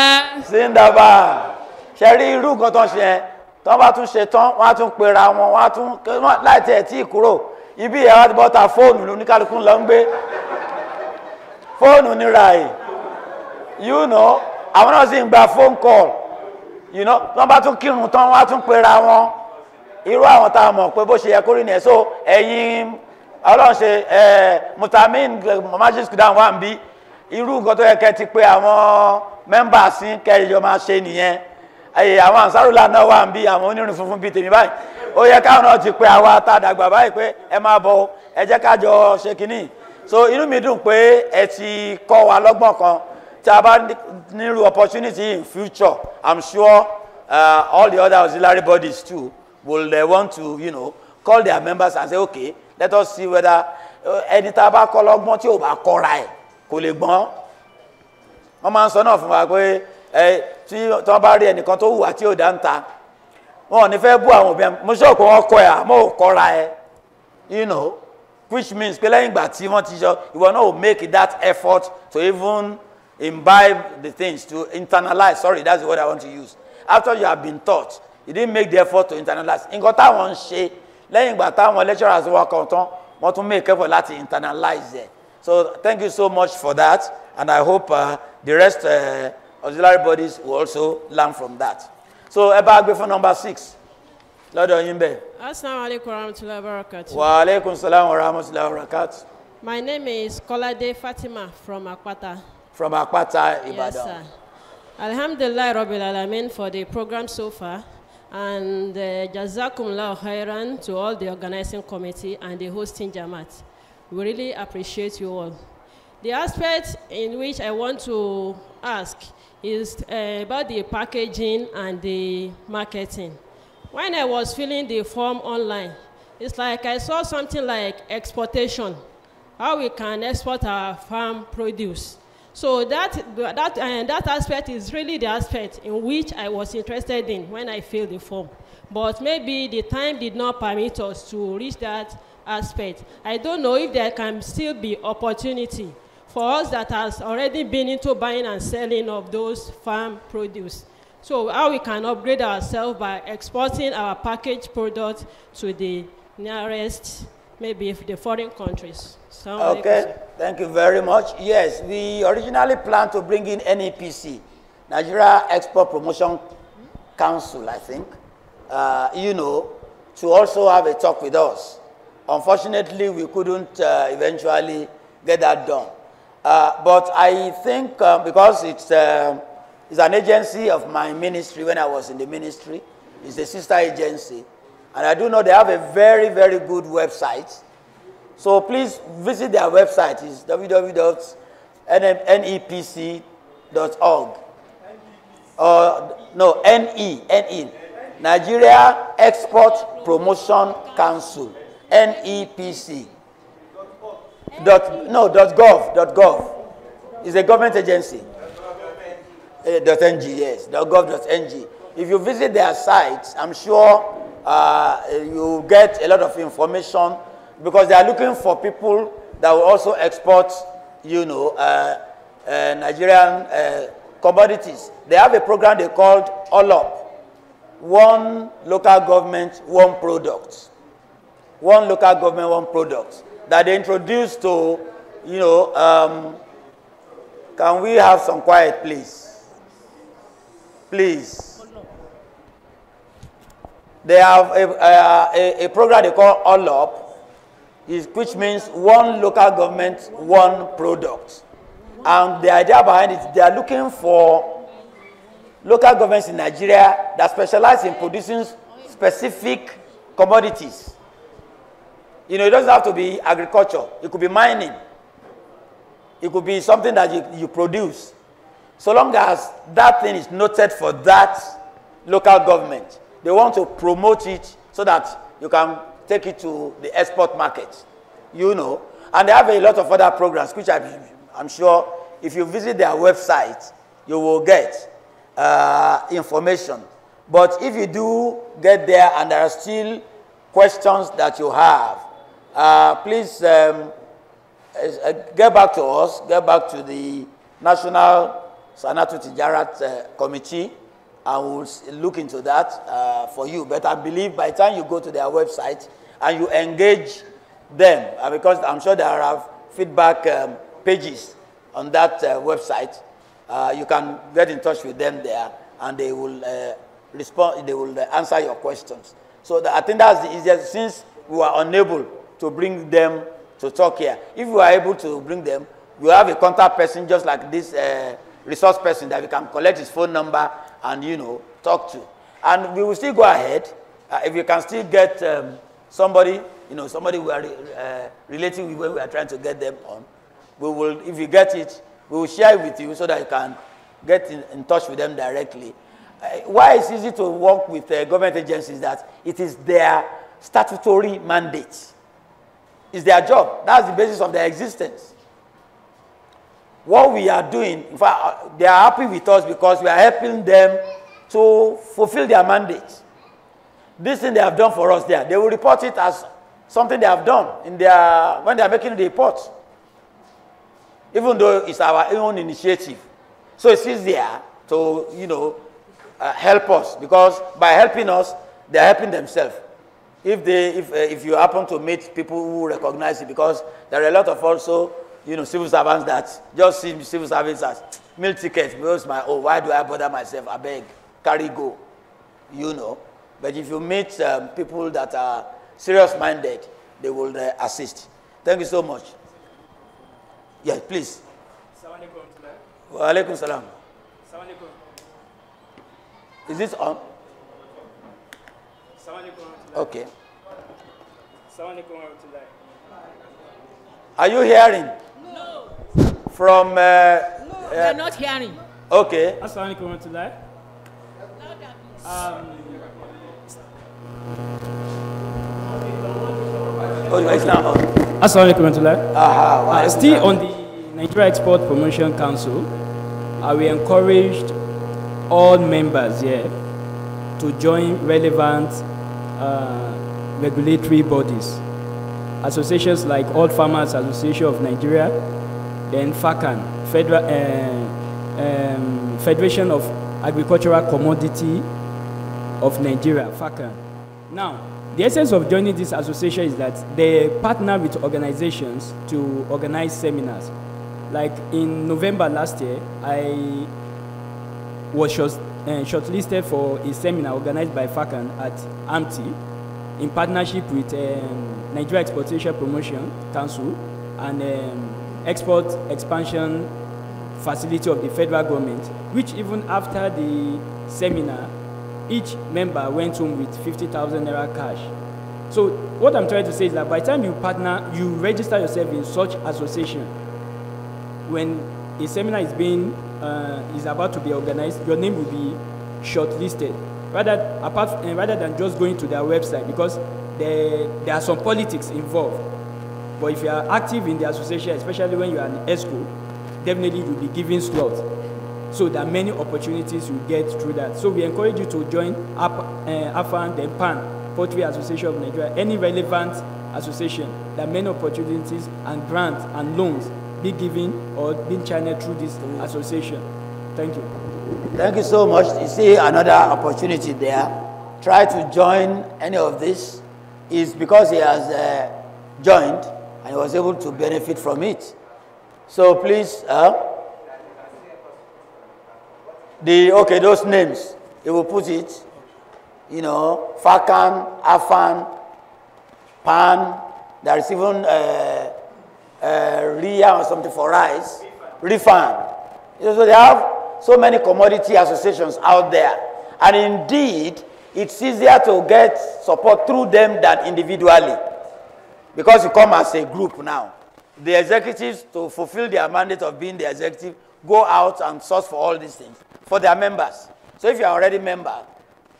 Síndàbà. Ṣẹ̀rí irú nǹkan tó ń ṣe yẹn, tó bá tún ṣe tán, wọ́n á tún pera wọn, wọ́n á tún láti ẹ̀ tí ì kúrò. Ibi ìyàwó àti bọ́ta fóònù lóníkálukú lọ ń gbé. Fóònù ni ràì. You know, àwọn náà sì ń gba phone call. You know, tó bá tún kírun tán, wọ́n á tún pera wọn irú àwọn tá mọ̀ pé bó ṣe yẹ kórìí nìyẹn so ẹ̀yin ọlọ́run mutamin magic wà ń bí irú nǹkan tó yẹ ti pé àwọn mẹ́mbà sí kẹ́yọ máa ṣe nìyẹn àwọn ànsárùlà náà wà ń bí àwọn onírun funfun bíi tèmi báyìí ó yẹ káwọn náà ti pé àwa tá dàgbà báyìí pé ẹ máa bọ ẹ jẹ́ ká jọ ṣe kínní so inú mi dùn pé ẹ ti kọ́ wa lọ́gbọ̀n kan tí a bá nílò opportunity in future i'm sure uh, all the other auxiliary bodies too will they want to you know call their members and say okay let us see whether uh, ẹni tá a bá kọ́ lọ́gbọ́n tí ò bá kọ́ra ẹ̀ kò lè gbọ́n wọ́n máa ń sọ náà fún wa pé ẹ tí wọ́n bá rí ẹnìkan tó hùwà tí ò dá ń ta wọn ò ní fẹ́ bú àwọn òbí ẹ mo sọ pé kọ́ ẹ àmọ́ ò kọ́ra ẹ you know which means pé lẹ́yìn ìgbà tí wọ́n ti yọ ìwọ náà ò make that effort to even imbibe the things to internalize sorry that's the word i want to use after you have been taught he didn't make the effort to internalize nǹkan táwọn ń ṣe lẹ́yìn ìgbà táwọn lecturers wọ ọkàn tán wọ́n tún make effort láti internalize ẹ̀ so thank you so much for that and I hope uh, the rest uh, auxiliary bodies will also learn from that so ẹ bá gbé fún number six lọ́dọ̀ yín bẹ́ẹ̀. asalaamualeykum warahmatulahi wabarakatuh. wa aleykum salaam warahmatulahi wabarakatuh. My name is Kolade Fatima from Akpata. From Akpata, Ibadan. Yes, sir. Alhamdulillah Rabbil Alamin for the program so far. And uh, Jazakumullah khairan to all the organizing committee and the hosting Jamaat. We really appreciate you all. The aspect in which I want to ask is uh, about the packaging and the marketing. When I was filling the form online, it's like I saw something like exportation, how we can export our farm produce. So that, that, uh, that aspect is really the aspect in which I was interested in when I filled the form. But maybe the time did not permit us to reach that aspect. I don't know if there can still be opportunity for us that has already been into buying and selling of those farm produce. So how we can upgrade ourselves by exporting our packaged products to the nearest maybe if the foreign countries. okay, thank you very much. Yes, we originally planned to bring in NEPC, Nigeria Export Promotion Council, I think, uh, you know, to also have a talk with us. Unfortunately, we couldn't uh, eventually get that done. Uh, but I think uh, because it's, uh, it's an agency of my ministry when I was in the ministry, it's a sister agency. And I do know they have a very, very good website. So please visit their website. It's www.nepc.org. Uh, no, n e n e Nigeria Export Promotion Council, NEPC. Dot, no, dot gov, dot gov. It's a government agency. Uh, dot NG, yes, dot gov, dot NG. If you visit their sites, I'm sure uh, you get a lot of information because they are looking for people that will also export, you know, uh, uh, Nigerian uh, commodities. They have a program they called All Up, one local government, one product. One local government, one product that they introduced to, you know, um, can we have some quiet, please? Please. They have a, a, a, program they call All Up, which means one local government, one product. And the idea behind it, they are looking for local governments in Nigeria that specialize in producing specific commodities. You know, it doesn't have to be agriculture. It could be mining. It could be something that you, you produce. So long as that thing is noted for that local government they want to promote it so that you can take it to the export market. You know. And they have a lot of other programs, which I, I'm sure if you visit their website, you will get uh, information. But if you do get there and there are still questions that you have, uh, please um, uh, get back to us, get back to the National Sanatu Tijarat uh, Committee I will look into that uh, for you. But I believe by the time you go to their website and you engage them, uh, because I'm sure there are feedback um, pages on that uh, website, uh, you can get in touch with them there and they will uh, respond, they will uh, answer your questions. So the, I think that's the easiest since we are unable to bring them to talk here. If we are able to bring them, you have a contact person just like this resource person that we can collect his phone number and, you know, talk to. And we will still go ahead. Uh, if you can still get um, somebody, you know, somebody we are uh, relating with when we are trying to get them on, we will, if you get it, we will share it with you so that you can get in, in touch with them directly. Uh, why it's easy to work with uh, government agencies that it is their statutory mandate. It's their job. That's the basis of their existence what we are doing, in fact, uh, they are happy with us because we are helping them to fulfill their mandate. This thing they have done for us there, they will report it as something they have done in their, when they are making the report. Even though it's our own initiative. So it's easier to, you know, uh, help us because by helping us, they're helping themselves. If, they, if, uh, if you happen to meet people who recognize it, because there are a lot of also you know, civil servants that just see civil servants as meal tickets because my, oh, why do I bother myself? I beg, carry go, you know. But if you meet um, people that are serious minded, they will uh, assist. Thank you so much. Yes, please. Wa alaikum salam. Is this on? Okay. Are you hearing? From. Uh, no, uh, are not hearing. Okay. Assalamu alaikum wa um, Oh, it's now. Assalamu alaikum wa ah, ah, uh, Still on the Nigeria Export Promotion Council, uh, we encouraged all members here to join relevant uh, regulatory bodies. Associations like All Farmers Association of Nigeria, then FACAN, Federal, uh, eh, um, Federation of Agricultural Commodity of Nigeria, FACAN. Now, the essence of joining this association is that they partner with organizations to organize seminars. Like in November last year, I was short, uh, shortlisted for a seminar organized by FACAN at AMTI in partnership with um, Nigeria Exportation Promotion Council and um, export expansion facility of the federal government, which even after the seminar, each member went home with 50,000 naira cash. So what I'm trying to say is that by the time you partner, you register yourself in such association, when a seminar is being uh, is about to be organized, your name will be shortlisted. Rather, apart, eh, rather than just going to their website, because there, there are some politics involved. But if you are active in the association, especially when you are an ESCO, definitely you'll be given slots. So there are many opportunities you get through that. So we encourage you to join up uh, eh, AFAN, the PAN, Poultry Association of Nigeria, any relevant association. There are many opportunities and grants and loans be given or being channeled through this association. Thank you. Thank you so much. You see another opportunity there. Try to join any of this is because he has uh, joined and he was able to benefit from it. So please, uh, the okay, those names, they will put it, you know, Fakan, Afan, Pan, there is even uh, uh, Ria or something for rice, Refan. So they have so many commodity associations out there. And indeed, it's easier to get support through them than individually. Because you come as a group now. The executives, to fulfill their mandate of being the executive, go out and source for all these things for their members. So if you are already member,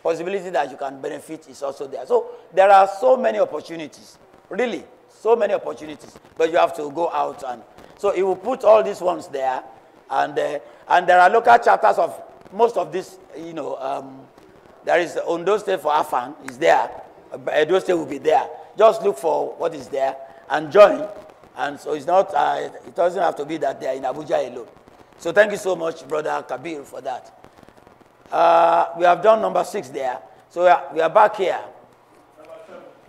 possibility that you can benefit is also there. So there are so many opportunities, really, so many opportunities. But you have to go out and so it will put all these ones there, and uh, and there are local chapters of most of this. You know, um, there is Ondo State for Afan is there. Edo State will be there. Just look for what is there and join. And so it's not, uh, it doesn't have to be that they're in Abuja alone. So thank you so much, Brother Kabir, for that. Uh, we have done number six there. So we are, we are back here.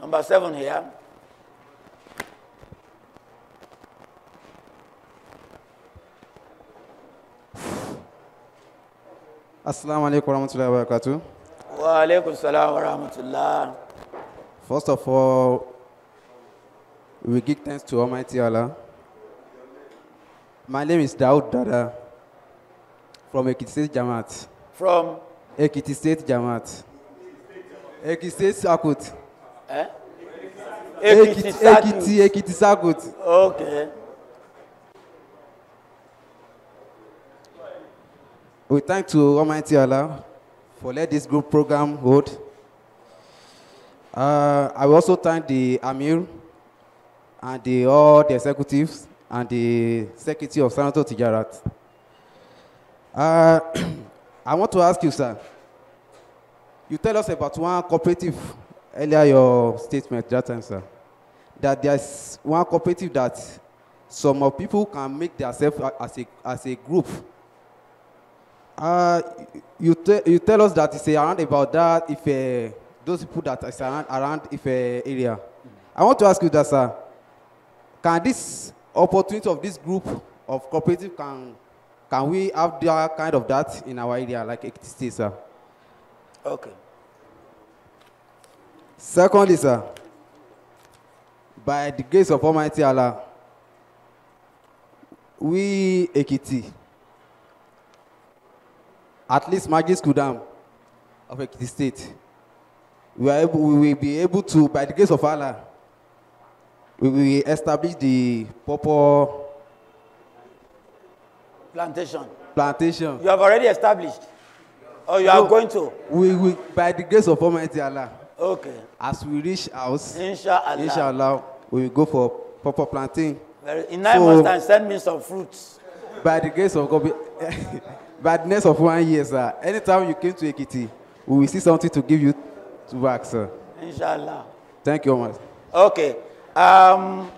Number seven, here. Assalamu alaikum warahmatullahi wabarakatuh. Wa alaikum salam wa rahmatullah. First of all, we give thanks to Almighty Allah. My name is Daoud Dada from Ekiti State Jamaat. From? Ekiti State Jamaat. Ekiti State Circuit. Eh? Ekiti Circuit. Ekiti, Ekiti Circuit. Okay. We thank to Almighty Allah for let this group program hold. Uh, I will also thank the Amir and the, all the executives and the Secretary of Senator Tijarat. Uh, I want to ask you, sir. You tell us about one cooperative earlier your statement that time, sir. That there's one cooperative that some of people can make themselves as a, as a group. Uh, you, te you tell us that it's around about that if a uh, those people are around, around Ife area. I want to ask you that, sir. Can this opportunity of this group of cooperative can can we have that kind of that in our area, like it is, sir? Okay. Secondly, sir, by the grace of Almighty Allah, we Ekiti, at least Magic Kudam of Ekiti State, we, are able, we will be able to, by the grace of Allah, we will establish the proper plantation. Plantation. You have already established, or you no, are going to. We will, by the grace of Almighty Allah. Okay. As we reach house, inshallah, inshallah, we will go for proper planting. Very, in nine so, months time, send me some fruits. By the grace of God, by the next of one year, sir. Anytime you came to Ekiti, we will see something to give you to work, sir. Inshallah. Thank you much. Okay. Um,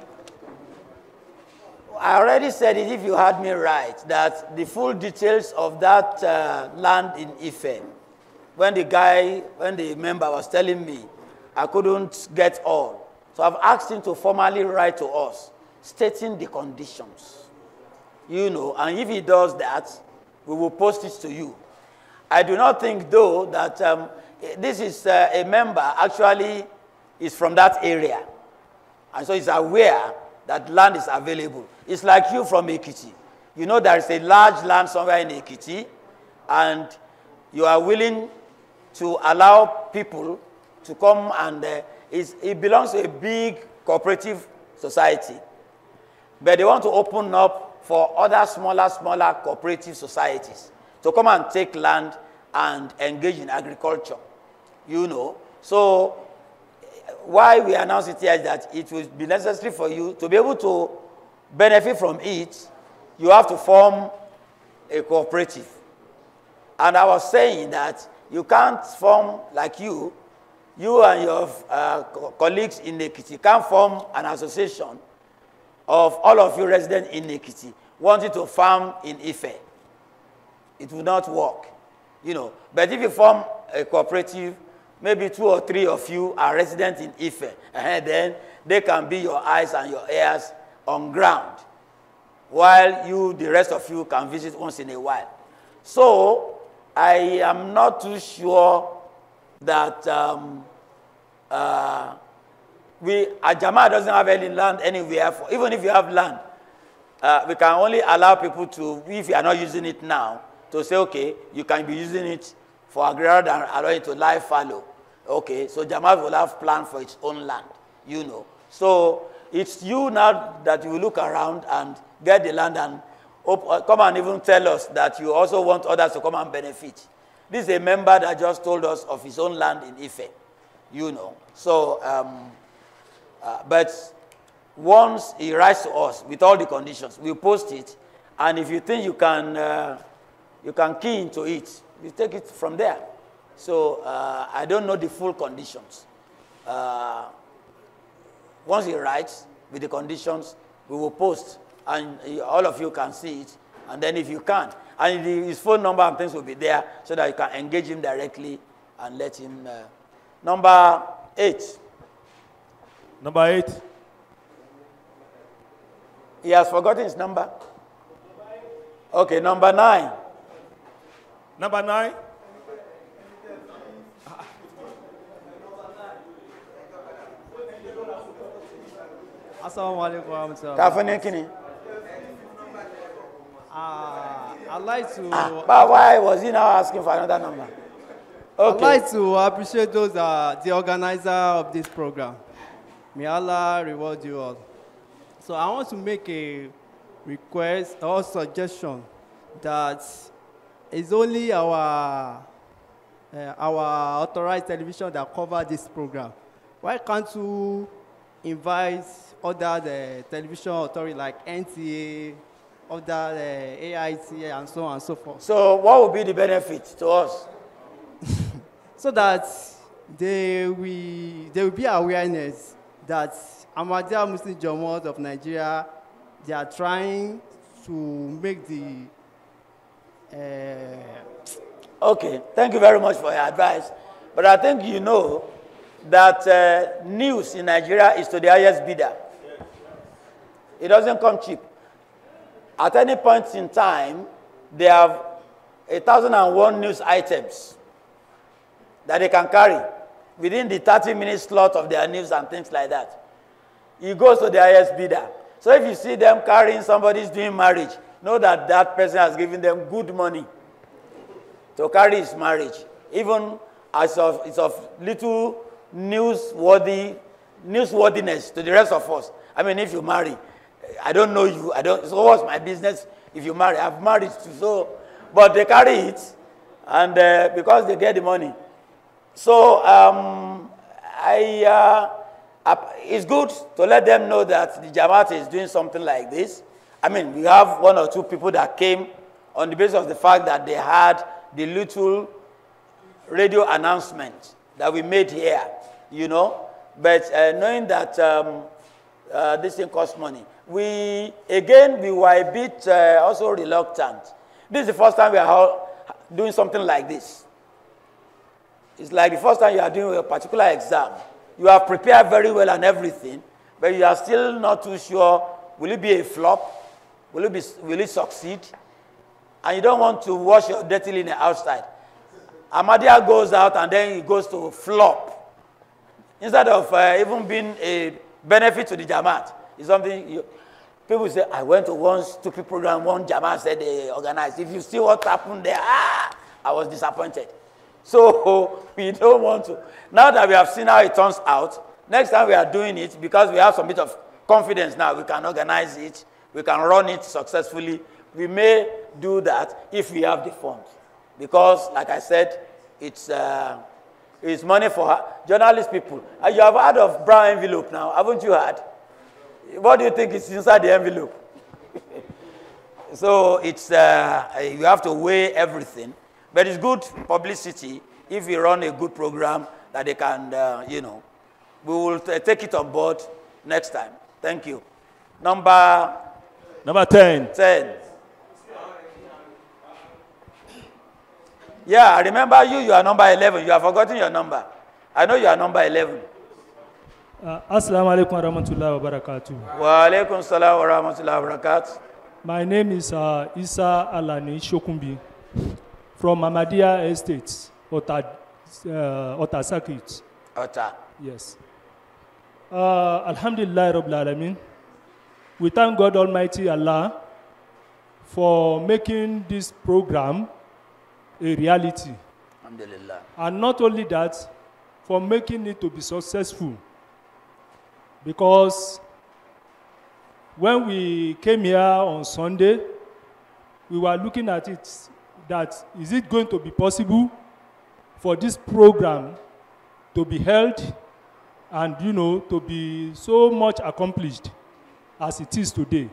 I already said it, if you heard me right, that the full details of that uh, land in Ife, when the guy, when the member was telling me, I couldn't get all. So I've asked him to formally write to us, stating the conditions. You know, and if he does that, we will post it to you. I do not think, though, that um, this is uh, a member, actually, is from that area. And so he's aware that land is available. It's like you from Ekiti. You know there is a large land somewhere in Ekiti, and you are willing to allow people to come and uh, it belongs to a big cooperative society. But they want to open up for other smaller, smaller cooperative societies to come and take land and engage in agriculture you know. So why we announce it here is that it will be necessary for you to be able to benefit from it, you have to form a cooperative. And I was saying that you can't form like you, you and your uh, colleagues in Nekiti can't form an association of all of you residents in Nekiti wanting to farm in Ife. It will not work, you know. But if you form a cooperative, maybe two or three of you are resident in Ife, and uh-huh, then they can be your eyes and your ears on ground, while you, the rest of you, can visit once in a while. So I am not too sure that um, uh, we Ajama doesn't have any land anywhere. For, even if you have land, uh, we can only allow people to, if you are not using it now, to say, okay, you can be using it for agrarian and allow it to lie fallow. Okay, so Jamaat will have plan for its own land, you know. So it's you now that you look around and get the land and uh, come and even tell us that you also want others to come and benefit. This is a member that just told us of his own land in Ife, you know. So, um, uh, but once he writes to us with all the conditions, we post it, and if you think you can, uh, you can key into it, you take it from there. So uh, I don't know the full conditions. Uh, once he writes with the conditions, we will post and all of you can see it. And then if you can't, and his phone number and things will be there so that you can engage him directly and let him. Uh. Number eight. Number eight. He has forgotten his number. Okay, number nine. Number nine. Assalamu alaikum wa rahmatullahi. Ta fún ní kíni? Ah, I'd like to. Ah, but why was he now asking for another number? Okay. I'd like to appreciate those uh, the organizer of this program. May Allah reward you all. So I want to make a request or suggestion that it's only our uh, our authorized television that cover this program. Why can't you? invite other uh, television authority like NTA, other uh, AIT, and so on and so forth. So what would be the benefit to us? so that they will, there will be awareness that Ahmadiyya Muslim Jamaat of Nigeria, they are trying to make the uh, Okay, thank you very much for your advice. But I think you know that uh, news in Nigeria is to the highest bidder. It doesn't come cheap. At any point in time, they have 1,001 news items that they can carry within the 30 minute slot of their news and things like that. It goes to the highest bidder. So if you see them carrying somebody's doing marriage, know that that person has given them good money to carry his marriage, even as of, it's of little newsworthy, newsworthiness to the rest of us. I mean, if you marry, I don't know you. I don't. So what's my business if you marry? I've married too, so, but they carry it, and uh, because they get the money. So um, I, uh, it's good to let them know that the Jamaat is doing something like this. I mean, we have one or two people that came on the basis of the fact that they had the little radio announcement that we made here you know. But uh, knowing that um, uh, this thing costs money, we again we were a bit uh, also reluctant. This is the first time we are doing something like this. It's like the first time you are doing a particular exam. You are prepared very well and everything, but you are still not too sure will it be a flop? Will it, be, will it succeed? And you don't want to wash your dirty linen outside. Amadia goes out and then he goes to flop. Instead of uh, even being a benefit to the Jamaat, it's something you, people say, I went to one stupid program, one Jamaat said they organized. If you see what happened there, ah, I was disappointed. So we don't want to. Now that we have seen how it turns out, next time we are doing it, because we have some bit of confidence now, we can organize it, we can run it successfully. We may do that if we have the funds. Because, like I said, it's. Uh, it's money for her. Journalist people, uh, you have heard of brown envelope now, haven't you heard? What do you think is inside the envelope? so it's, uh, uh, you have to weigh everything. But it's good publicity if we run a good program that they can, uh, you know, we will take it on board next time. Thank you. Number, Number 10. 10. Yeah, I remember you. You are number 11. You have forgotten your number. I know you are number 11. Uh, Assalamu alaikum warahmatullahi wabarakatuh. Wa alaikum salam warahmatullahi wabarakatuh. My name is uh, Isa Alani Shokumbi from Amadia Estate, Ota, uh, Ota Circuit. Ota. Yes. Uh, Alhamdulillah Rabbil Alamin. We thank God Almighty Allah for making this program a reality. And not only that, for making it to be successful. Because when we came here on Sunday, we were looking at it that is it going to be possible for this program to be held and you know to be so much accomplished as it is today.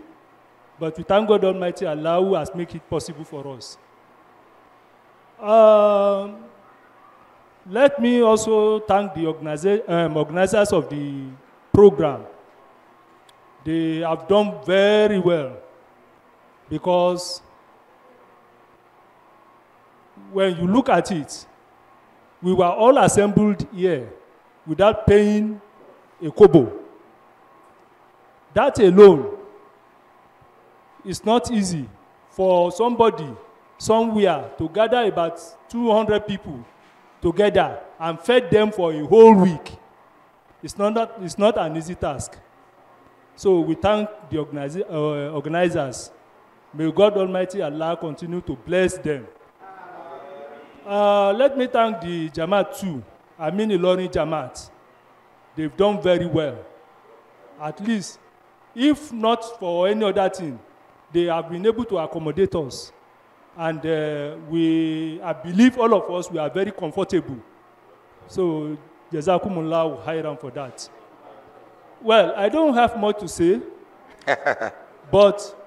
But we thank God Almighty Allah who has made it possible for us. Um, let me also thank the um, organizers of the program. They have done very well because when you look at it, we were all assembled here without paying a kobo. That alone is not easy for somebody somewhere to gather about 200 people together and fed them for a whole week. It's not, that, it's not an easy task. So we thank the organize, uh, organizers. May God Almighty Allah continue to bless them. Uh, let me thank the Jamaat too. I mean the Ilorin Jamaat. They've done very well. At least, if not for any other thing, they have been able to accommodate us. And uh, we, I believe all of us, we are very comfortable. So, Jazakumullah them for that. Well, I don't have much to say, but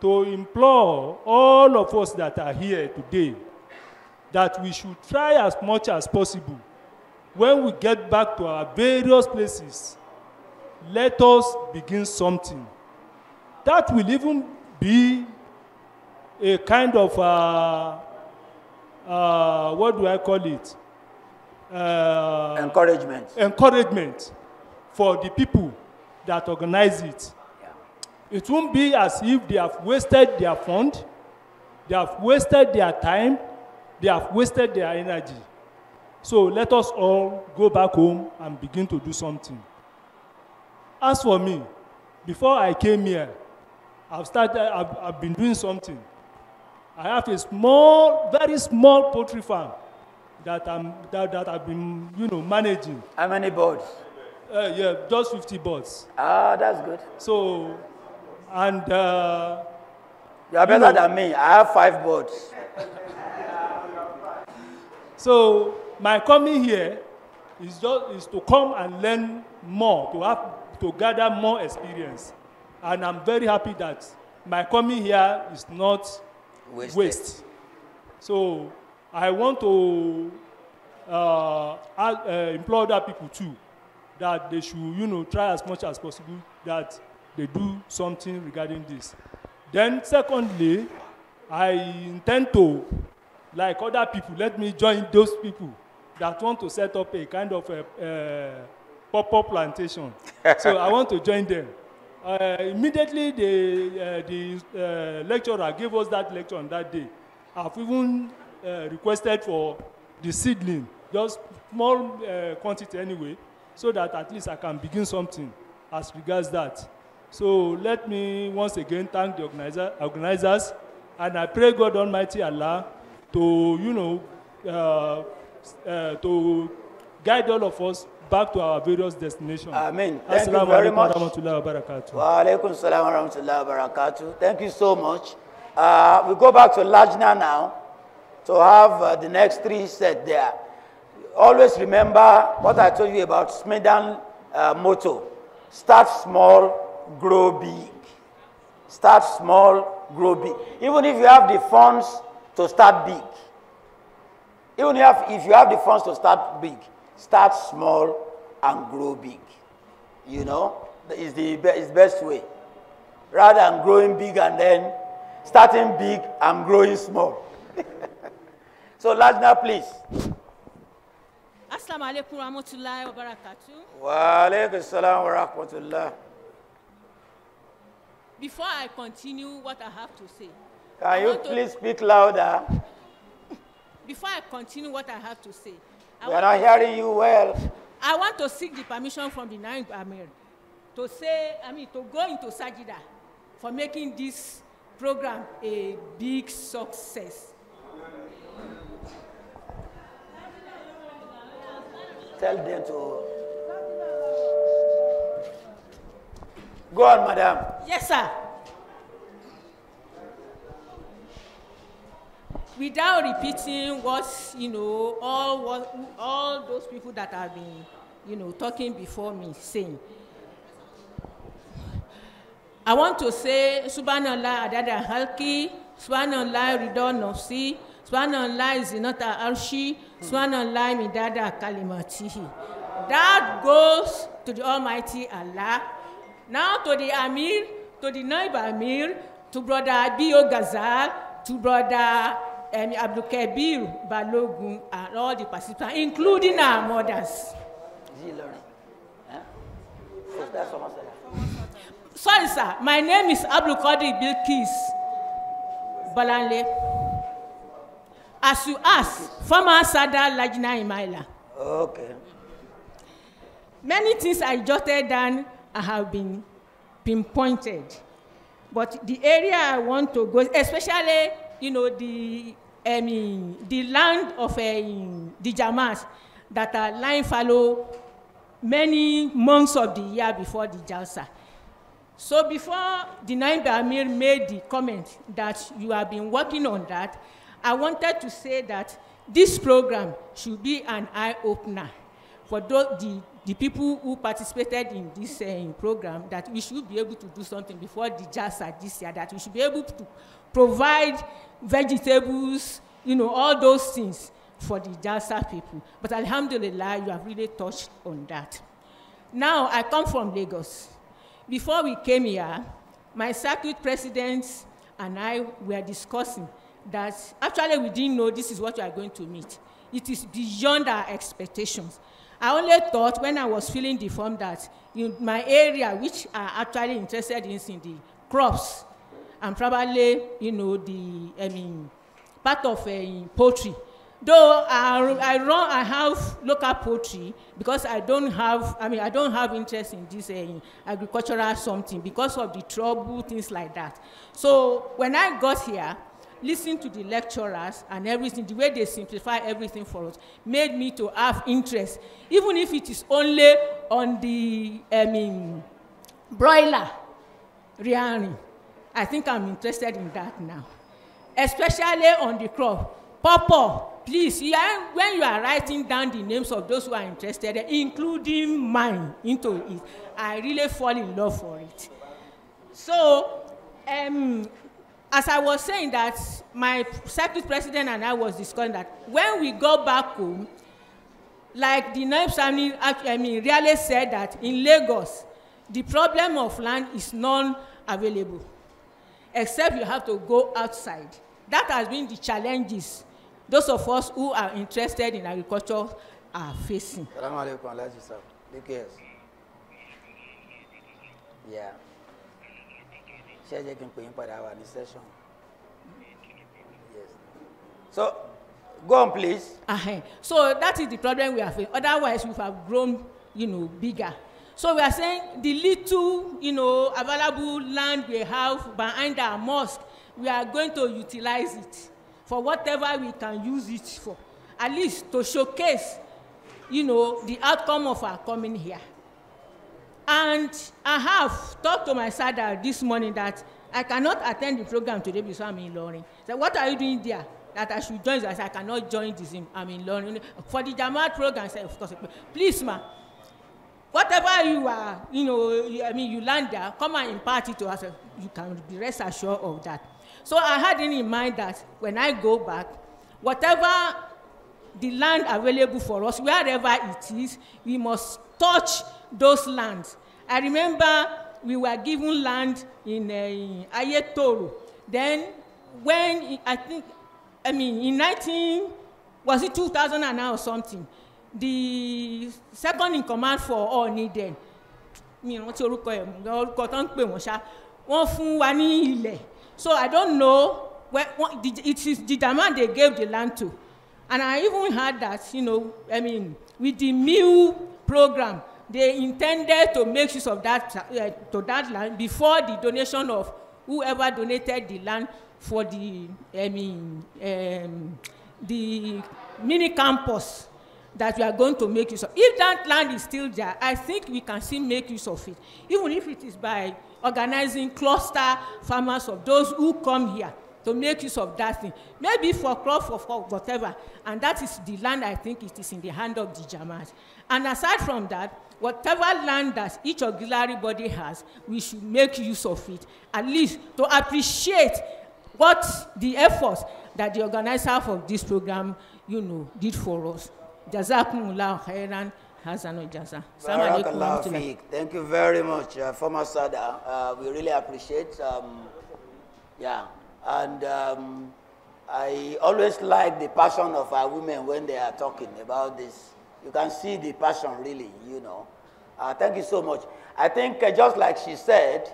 to implore all of us that are here today that we should try as much as possible when we get back to our various places, let us begin something. That will even be a kind of, uh, uh, what do I call it? Uh, encouragement. Encouragement for the people that organize it. Yeah. It won't be as if they have wasted their fund, they have wasted their time, they have wasted their energy. So let us all go back home and begin to do something. As for me, before I came here, I've started, I've, I've been doing something. I have a small, very small poultry farm that, I'm, that, that I've been, you know, managing. How many birds? Uh, yeah, just 50 birds. Ah, that's good. So, and... Uh, you are better you know, than me. I have five birds. so, my coming here is just is to come and learn more, to have to gather more experience. And I'm very happy that my coming here is not waste. waste. So I want to uh, uh, implore other people too that they should, you know, try as much as possible that they do something regarding this. Then secondly, I intend to, like other people, let me join those people that want to set up a kind of a, a pop-up plantation. so I want to join them. Uh, immediately the, uh, the uh, lecturer gave us that lecture on that day. I've even uh, requested for the seedling, just small uh, quantity anyway, so that at least I can begin something as regards that. So let me once again thank the organizer, organizers, and I pray God Almighty Allah to, you know, uh, uh, to guide all of us back to our various destinations. Amen. Thank As-salamu you very much. Wa alaikum salam wa rahmatullahi wa barakatuh. Thank you so much. Uh, we go back to Lajna now to have uh, the next three set there. Always remember what I told you about Smedan uh, motto. Start small, grow big. Start small, grow big. Even if you have the funds to start big. Even if, if you have the funds to start big. Start small and grow big. You know, is the be is best way. Rather than growing big and then starting big and growing small. so, Lajna, please. Assalamu alaikum warahmatullahi wabarakatuh. Wa alaikum salam wa rahmatullah. Before I continue what I have to say. Can I you please to... speak louder? Before I continue what I have to say, We are not hearing you well. I want to seek the permission from the Nine Amir to say, I mean, to go into Sajida for making this program a big success. Tell them to. Go on, madam. Yes, sir. without repeating what you know all what all those people that have been you know talking before me saying i want to say subhanallah adada halki subhanallah ridon nafsi subhanallah zinata arshi subhanallah midada kalimatihi that goes to the almighty allah now to the amir to the naib amir to brother abiyo gazal to brother um, Abdulkabir Balogun and all the participants, including our mothers. Sorry, sir. My name is Abdulkadir Bilkis Balanle. As you ask, former Sada Lajna Imaila. Okay. Many things I jotted down have been pinpointed. But the area I want to go, especially, you know, the um, the land of um, the Jamas that are lying fallow many months of the year before the Jalsa. So before the Naim Amir made the comment that you have been working on that, I wanted to say that this program should be an eye-opener for those, the, the people who participated in this uh, program that we should be able to do something before the jalsa this year, that we should be able to provide vegetables, you know, all those things for the Jasa people. But alhamdulillah, you have really touched on that. Now, I come from Lagos. Before we came here, my circuit president and I were discussing that actually we didn't know this is what we are going to meet. It is beyond our expectations. I only thought when I was filling the form that in my area, which are actually interested in, in the crops, and probably you know the I mean, part of uh, poultry. Though I, I run, I have local poultry because I don't have, I mean, I don't have interest in this uh, agricultural something because of the trouble, things like that. So when I got here, listening to the lecturers and everything, the way they simplify everything for us, made me to have interest, even if it is only on the, I mean, broiler rearing. I think I'm interested in that now, especially on the crop. Pawpaw, please, yeah, when you are writing down the names of those who are interested, including mine into it, I really fall in love for it. So, um, as I was saying that my circuit president and I was discussing that when we go back home, like the Naib Sami I mean, really said that in Lagos, the problem of land is non-available except you have to go outside. That has been the challenges those of us who are interested in agriculture are facing. Salaam alaikum Alhaji sir. DKS. Yeah. Ṣé ẹ jẹ́ kí n pè yín padà wá ní session? Yes. So go on please. Uh -huh. So that is the problem we are facing. Otherwise we have grown you know, bigger. So we are saying the little, you know, available land we have behind our mosque, we are going to utilize it for whatever we can use it for, at least to showcase, you know, the outcome of our coming here. And I have talked to my sada this morning that I cannot attend the program today because I'm in Ilorin. So what are you doing there? That I should join. I said, I cannot join the this. I'm in Ilorin. For the Jamaat program, I said, of course, please, ma, whatever you are, you know, I mean, you land there, come and impart it to us. You can be rest assured of that. So I had in mind that when I go back, whatever the land available for us, wherever it is, we must touch those lands. I remember we were given land in, uh, eh, in Ayetoro. Then when I think, I mean, in 19, was it 2009 or something? the second in command for Ọọ̀ni then mi rántí orúkọ ẹ̀ orúkọ tó ń pè wọ́n ṣá wọ́n fún wa ní ilẹ̀ so I don't know where what, it is the demand they gave the land to and I even heard that you know I mean with the meal program they intended to make use of that uh, to that land before the donation of whoever donated the land for the I mean um, the mini campus that we are going to make use of. If that land is still there, I think we can still make use of it, even if it is by organizing cluster farmers of those who come here to make use of that thing. Maybe for crop, for, for whatever. And that is the land I think it is in the hand of the Jamaat. And aside from that, whatever land that each auxiliary body has, we should make use of it, at least to appreciate what the efforts that the organizer of this program, you know, did for us. Jazakumullah khairan. Thank you very much, uh, former Sada. Uh, we really appreciate. Um, yeah, and um, I always like the passion of our women when they are talking about this. You can see the passion, really. You know. Uh, thank you so much. I think uh, just like she said,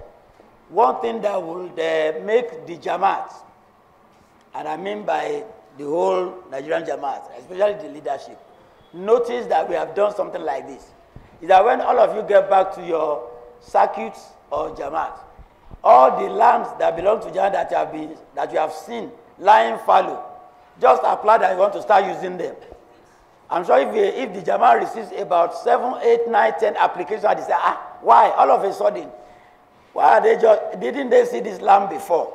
one thing that would uh, make the Jamaat, and I mean by the whole Nigerian Jamaat, especially the leadership, notice that we have done something like this is that when all of you get back to your circuits or Jamaat, all the lambs that belong to Jamaat that you have, been, that you have seen lying fallow, just apply that you want to start using them. I'm sure if, you, if the Jamaat receives about 7, 8, 9, 10 applications, they say, ah, why? All of a sudden, why are they just, didn't they see this lamb before?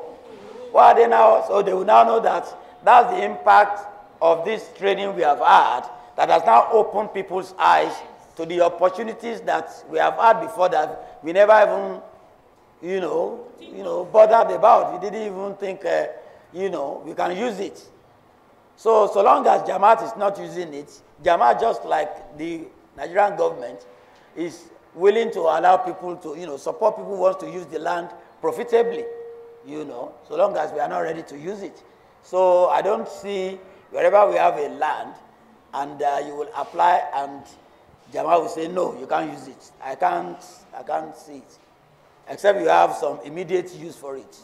Why are they now, so they will now know that that's the impact of this training we have had that has now opened people's eyes to the opportunities that we have had before that we never even, you know, you know, bothered about. We didn't even think, uh, you know, we can use it. So, so long as Jamaat is not using it, Jamaat, just like the Nigerian government, is willing to allow people to, you know, support people who want to use the land profitably, you know, so long as we are not ready to use it. So I don't see wherever we have a land, and uh, you will apply and Jama will say, no, you can't use it. I can't, I can't see it. Except you have some immediate use for it.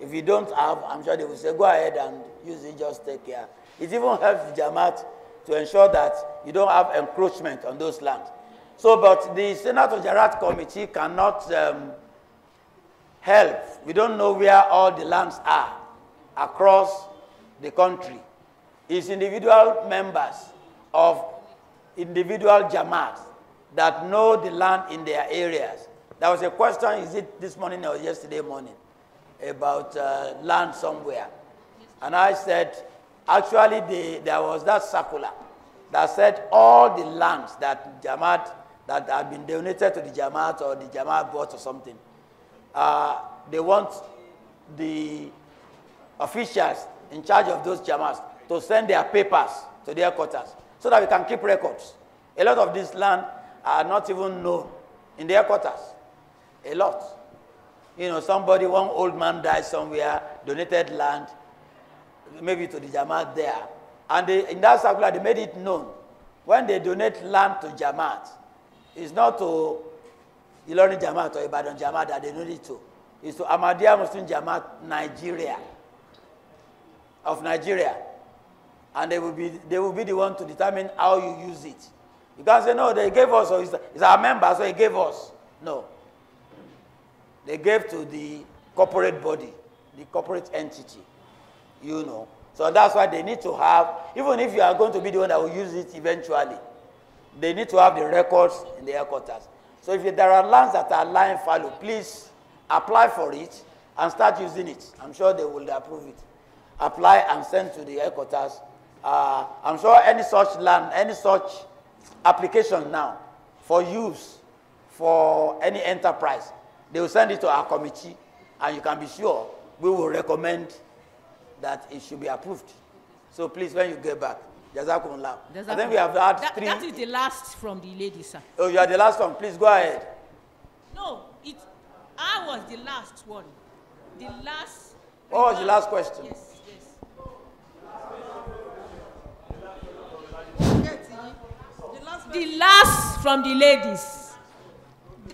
If you don't have, I'm sure they will say, go ahead and use it, just take care. It even helps the Jamaat to ensure that you don't have encroachment on those lands. So, but the Senate of Jarat Committee cannot um, help. We don't know where all the lands are across the country. It's individual members of individual jamaats that know the land in their areas. There was a question, is it this morning or yesterday morning, about uh, land somewhere. And I said, actually, the, there was that circular that said all the lands that Jamaat, that had been donated to the Jamaat or the Jamaat bought or something, uh, they want the officials in charge of those Jamaats to send their papers to their quarters. so that we can keep records. A lot of this land are not even known in their quarters. A lot. You know, somebody, one old man died somewhere, donated land, maybe to the Jamaat there. And they, in that circular, they made it known. When they donate land to Jamaat, it's not to Ilorin Jamaat or Ibadan Jamaat that they need it to. It's to Ahmadiyya Muslim Jamaat Nigeria, of Nigeria and they will be they will be the one to determine how you use it. You can't say no, they gave us, so it's, our members, so they gave us. No, they gave to the corporate body, the corporate entity. You know, so that's why they need to have. Even if you are going to be the one that will use it eventually, they need to have the records in the headquarters. So if there are lands that are lying fallow, please apply for it and start using it. I'm sure they will approve it. Apply and send to the headquarters Uh, I'm sure any such land, any such application now for use for any enterprise, they will send it to our committee, and you can be sure we will recommend that it should be approved. So please, when you get back, Jazakumullah. Jazakum. I we have had that, three. That is the last from the lady, sir. Oh, you are the last one. Please go ahead. No, it. I was the last one. The last. What was the last question? Yes. the last from the ladies.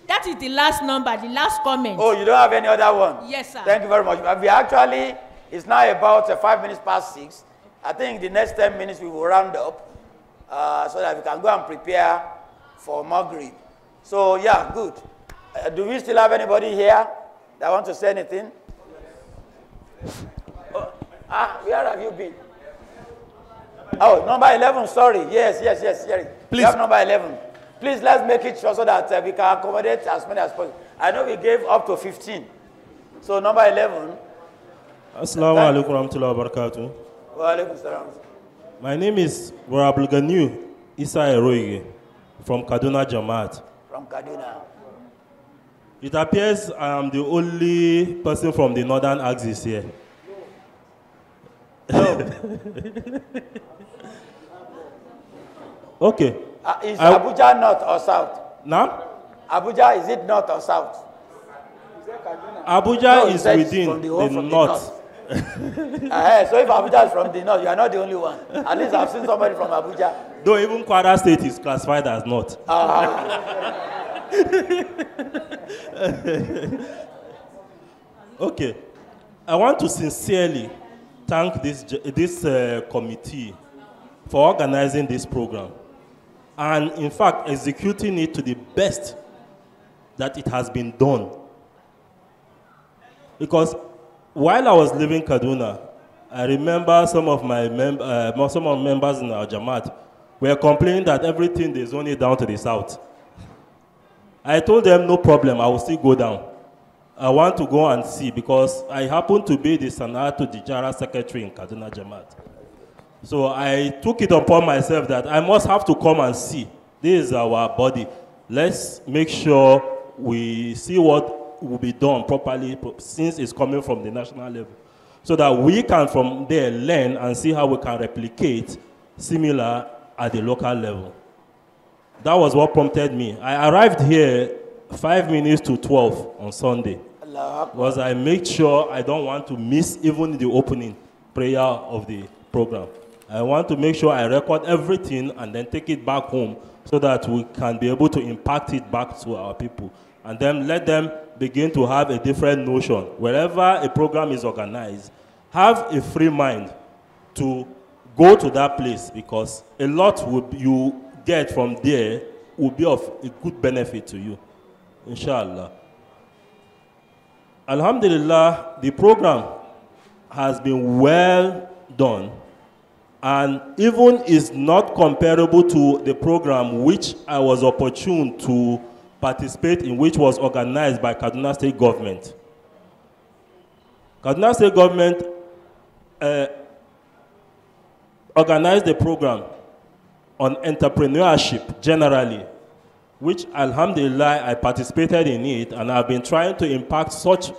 That is the last number, the last comment. Oh, you don't have any other one? Yes, sir. Thank you very much. We actually, it's now about uh, five minutes past six. I think the next 10 minutes we will round up uh, so that we can go and prepare for Maghrib. So, yeah, good. Uh, do we still have anybody here that wants to say anything? Oh, ah, where have you been? Oh, number 11, sorry. Yes, yes, yes, yes. Please. We have number 11. Please, let's make it sure so that uh, we can accommodate as many as possible. I know we gave up to 15. So, number 11. Assalamu alaikum warahmatullahi wabarakatuh. Wa alaikum salam. My name is Warabul Ganu Isa Eroige from Kaduna Jamaat. From Kaduna. It appears I am the only person from the northern axis here. No. Okay. Uh, is I, Abuja north or south? Now? Abuja, is it north or south? Abuja no, is within the, the, the north. north. uh, so if Abuja is from the north, you are not the only one. At least I've seen somebody from Abuja. Though even Kwara State is classified as north. Uh, okay. I want to sincerely thank this, this uh, committee for organizing this program and in fact executing it to the best that it has been done. Because while I was living Kaduna, I remember some of my mem uh, some of members in our Jamaat were complaining that everything is only down to the south. I told them, no problem, I will still go down. I want to go and see because I happen to be the to Dijara secretary in Kaduna Jamaat. So I took it upon myself that I must have to come and see. This is our body. Let's make sure we see what will be done properly since it's coming from the national level. So that we can from there learn and see how we can replicate similar at the local level. That was what prompted me. I arrived here five minutes to 12 on Sunday. Because I make sure I don't want to miss even the opening prayer of the program. I want to make sure I record everything and then take it back home so that we can be able to impact it back to our people. And then let them begin to have a different notion. Wherever a program is organized, have a free mind to go to that place because a lot will, you get from there will be of a good benefit to you. Inshallah. Alhamdulillah, the program has been well done and even is not comparable to the program which I was opportune to participate in, which was organized by Kaduna State government. Kaduna State government uh, organized the program on entrepreneurship generally, which alhamdulillah I participated in it and I've been trying to impact such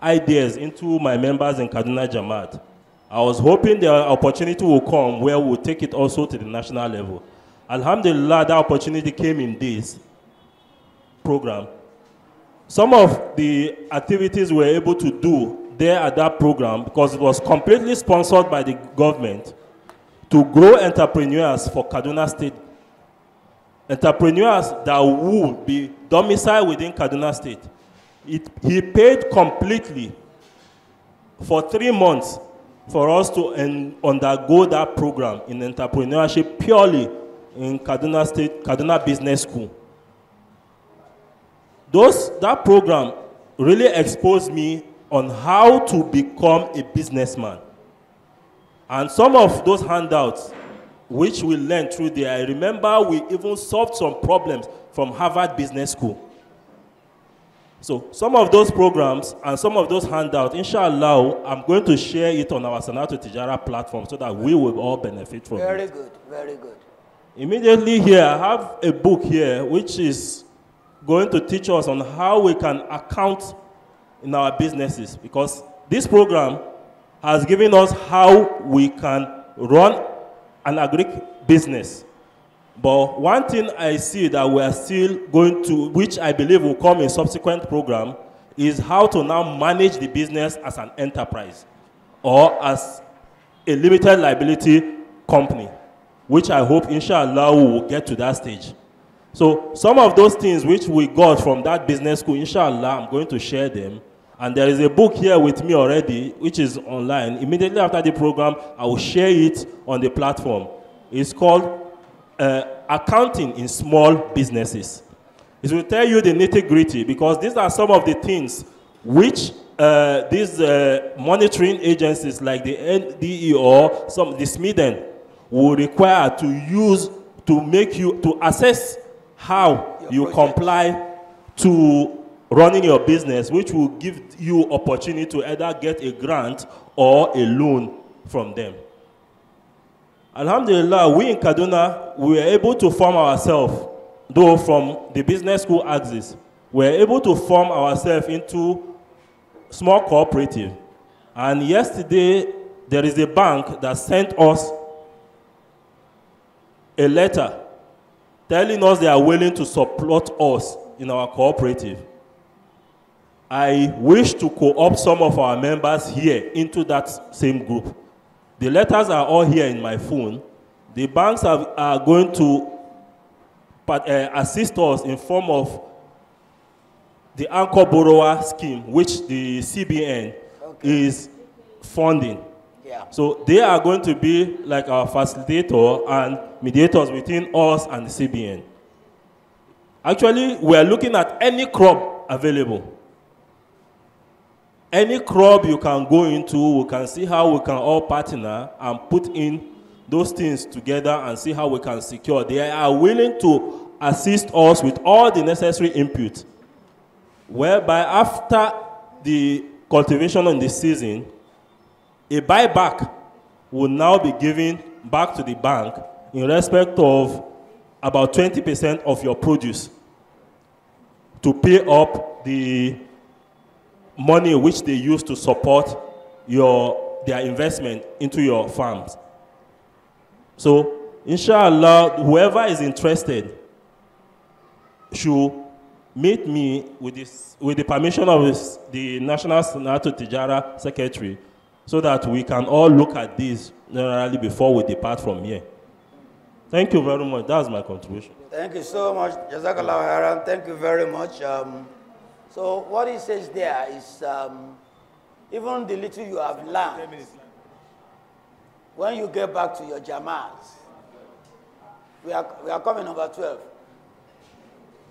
ideas into my members in Kaduna Jamaat. I was hoping the opportunity will come where we'll take it also to the national level. Alhamdulillah, that opportunity came in this program. Some of the activities we were able to do there at that program, because it was completely sponsored by the government, to grow entrepreneurs for Kaduna State. Entrepreneurs that would be domiciled within Kaduna State. It, he paid completely for three months for us to en- undergo that program in entrepreneurship purely in Kaduna State, Kaduna Business School. Those, that program really exposed me on how to become a businessman. And some of those handouts, which we learned through there, I remember we even solved some problems from Harvard Business School. So some of those programs and some of those handouts, inshallah, I'm going to share it on our Sanato Tijara platform so that we will all benefit from very it. Very good, very good. Immediately here, I have a book here which is going to teach us on how we can account in our businesses because this program has given us how we can run an agri business. But one thing I see that we are still going to, which I believe will come in subsequent program, is how to now manage the business as an enterprise or as a limited liability company, which I hope, inshallah, we will get to that stage. So some of those things which we got from that business school, inshallah, I'm going to share them. And there is a book here with me already, which is online. Immediately after the program, I will share it on the platform. It's called uh, accounting in small businesses. It will tell you the nitty gritty because these are some of the things which uh, these uh, monitoring agencies like the NDE or some the SMIDEN will require to use to make you to assess how Your you project. comply to running your business, which will give you opportunity to either get a grant or a loan from them. Alhamdulillah, we in Kaduna, we were able to form ourselves, though from the business school axis, we were able to form ourselves into small cooperative. And yesterday, there is a bank that sent us a letter telling us they are willing to support us in our cooperative. I wish to co-opt some of our members here into that same group the letters are all here in my phone. The banks have, are going to but, uh, eh, assist us in form of the anchor borrower scheme, which the CBN okay. is funding. Yeah. So they are going to be like our facilitator and mediators between us and the CBN. Actually, we are looking at any crop available any crop you can go into, we can see how we can all partner and put in those things together and see how we can secure. They are willing to assist us with all the necessary input, whereby after the cultivation in the season, a buyback will now be given back to the bank in respect of about 20% of your produce to pay up the money which they use to support your, their investment into your farms. So, inshallah, whoever is interested should meet me with, this, with the permission of this, the National Senator Tijara Secretary so that we can all look at this generally before we depart from here. Thank you very much. That's my contribution. Thank you so much. Jazakallah Haram. Thank you very much. Um, So what he says there is um, even the little you have learned, when you get back to your jamaat, we are, we are coming number 12.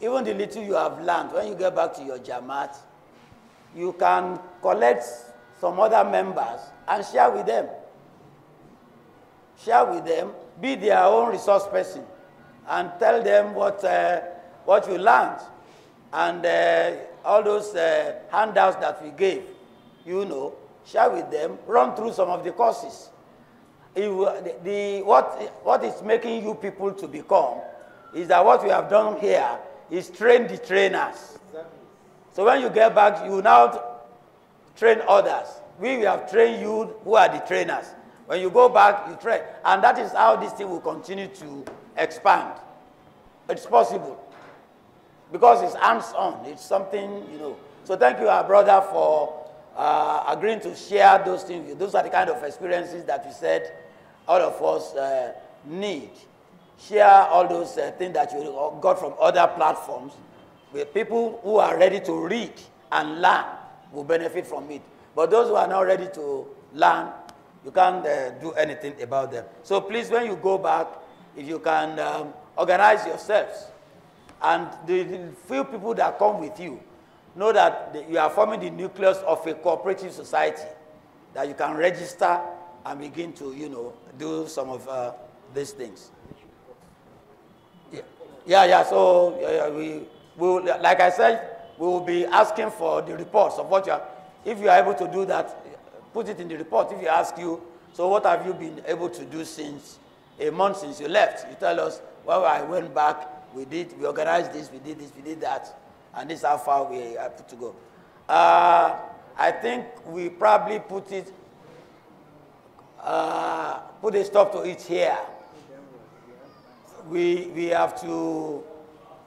Even the little you have learned, when you get back to your jamaat, you can collect some other members and share with them. Share with them, be their own resource person, and tell them what, uh, what you learned. And uh, all those uh, handouts that we gave, you know, share with them, run through some of the courses. If, the, the, what, what is making you people to become is that what we have done here is train the trainers. So when you get back, you now train others. We have trained you who are the trainers. When you go back, you train. And that is how this thing will continue to expand. It's possible because it's hands on. It's something, you know. So thank you, our brother, for uh, agreeing to share those things. Those are the kind of experiences that you said all of us uh, need. Share all those uh, things that you got from other platforms with people who are ready to read and learn will benefit from it. But those who are not ready to learn, you can't uh, do anything about them. So please, when you go back, if you can um, organize yourselves, and the few people that come with you know that you are forming the nucleus of a cooperative society that you can register and begin to, you know, do some of uh, these things. Yeah, yeah, yeah so yeah, we will, like I said, we will be asking for the reports of what you are, if you are able to do that, put it in the report. If you ask you, so what have you been able to do since a month since you left? You tell us, well, I went back we did, we organized this, we did this, we did that, and this is how far we are to go. Uh, I think we probably put it, uh, put a stop to it here. We, we have to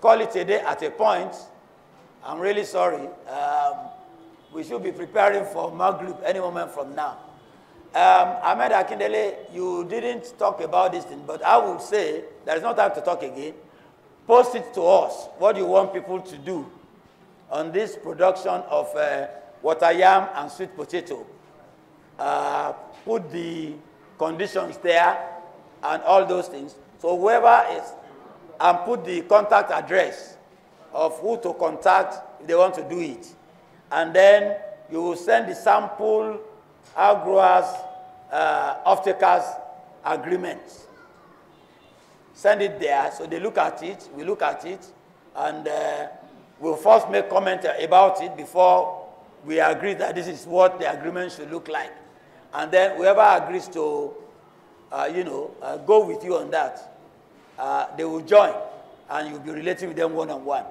call it a day at a point. I'm really sorry. Um, we should be preparing for Maghrib any moment from now. Um, Ahmed Akindele, you didn't talk about this thing, but I would say there is no time to talk again post it to us. What do you want people to do on this production of uh, water yam and sweet potato? Uh, put the conditions there and all those things. So whoever is, and put the contact address of who to contact if they want to do it. And then you will send the sample, our growers, uh, off-takers agreements send it there. So they look at it, we look at it, and uh, we'll first make comment about it before we agree that this is what the agreement should look like. And then whoever agrees to, uh, you know, uh, go with you on that, uh, they will join, and you'll be relating with them one-on-one. -on -one.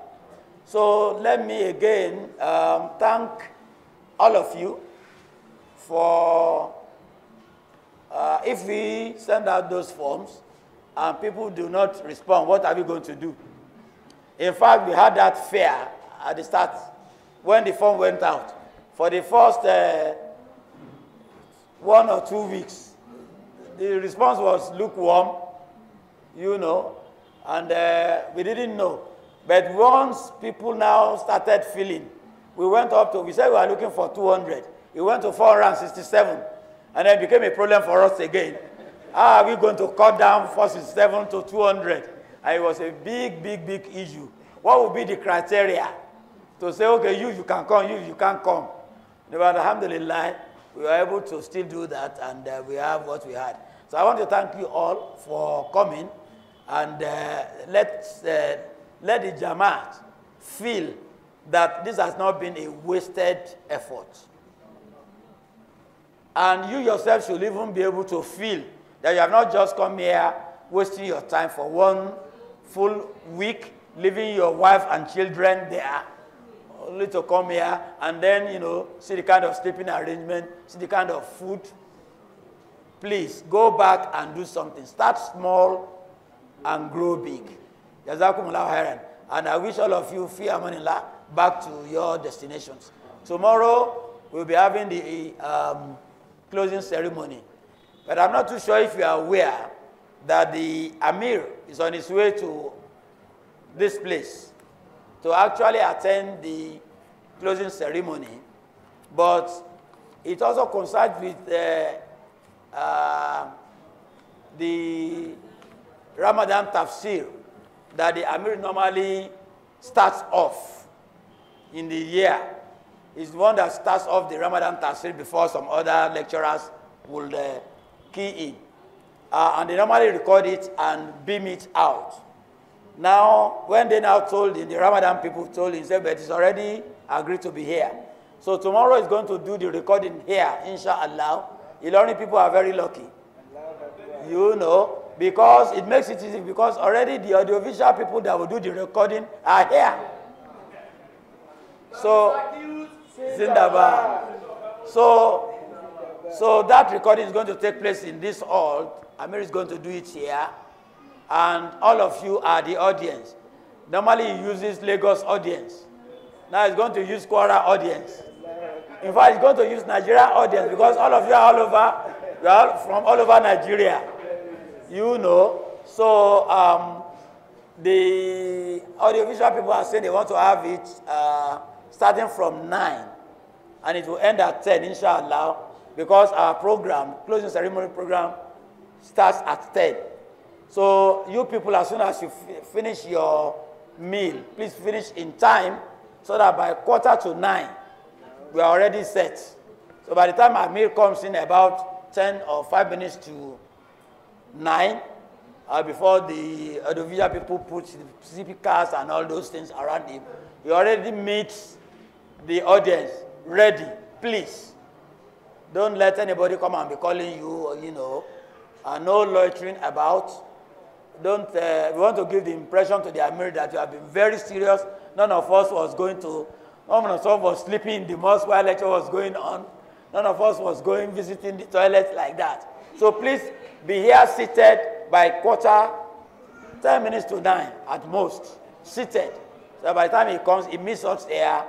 So let me again um, thank all of you for, uh, if we send out those forms, and people do not respond, what are we going to do? In fact, we had that fear at the start when the form went out. For the first uh, one or two weeks, the response was lukewarm, you know, and uh, we didn't know. But once people now started filling, we went up to, we said we were looking for 200. It went to 467, and then became a problem for us again. How are we going to cut down 47 to 200? And it was a big, big, big issue. What would be the criteria to say, okay, you, you can come, you, you can't come? But alhamdulillah, we were able to still do that and uh, we have what we had. So I want to thank you all for coming and uh, let, uh, let the Jamaat feel that this has not been a wasted effort. And you yourself should even be able to feel that you have not just come here wasting your time for one full week, leaving your wife and children there, only to come here and then, you know, see the kind of sleeping arrangement, see the kind of food. Please go back and do something. Start small and grow big. And I wish all of you fear manila back to your destinations. Tomorrow, we'll be having the um, closing ceremony. But I'm not too sure if you are aware that the Amir is on his way to this place to actually attend the closing ceremony. But it also coincides with uh, uh, the Ramadan tafsir that the Amir normally starts off in the year. It's the one that starts off the Ramadan tafsir before some other lecturers would. Uh, key in. Uh, and they normally record it and beam it out. Now, when they now told him, the Ramadan people told him, said, but it's already agreed to be here. So tomorrow is going to do the recording here, inshallah. Ilorin people are very lucky. You know, because it makes it easy, because already the audiovisual people that will do the recording are here. So, Zindaba. So, So that recording is going to take place in this hall. Amir is going to do it here. And all of you are the audience. Normally he uses Lagos audience. Now he's going to use Quora audience. In fact, he's going to use Nigeria audience because all of you are all over, you are from all over Nigeria. You know. So um, the audiovisual people are saying they want to have it uh, starting from 9 and it will end at 10, inshallah. because our program, closing ceremony program, starts at 10. So you people, as soon as you finish your meal, please finish in time so that by quarter to 9, we are already set. So by the time our meal comes in about 10 or 5 minutes to 9, uh, before the audiovisual people put the CP cars and all those things around him, you already meet the audience ready, please. Don't let anybody come and be calling you, you know, and no loitering about. Don't, uh, we want to give the impression to the Amir that you have been very serious. None of us was going to, none of us was sleeping in the mosque while lecture was going on. None of us was going visiting the toilet like that. So please be here seated by quarter, 10 minutes to 9 at most, seated. So by the time he comes, he meets us there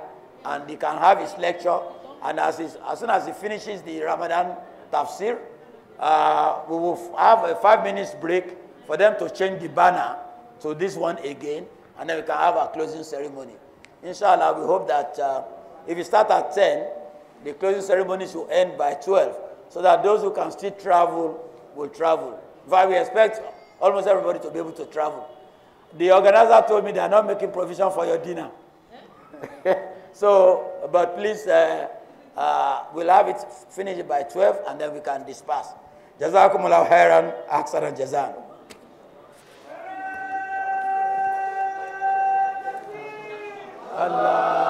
and he can have his lecture and as, as soon as he finishes the Ramadan tafsir, uh, we will have a five minutes break for them to change the banner to this one again, and then we can have our closing ceremony. Inshallah, we hope that uh, if you start at 10, the closing ceremony should end by 12, so that those who can still travel will travel. But we expect almost everybody to be able to travel. The organizer told me they are not making provision for your dinner. so, but please, uh, uh, we'll have it finished by 12 and then we can disperse. Jazakumullah khairan, ahsan and jazan. Allah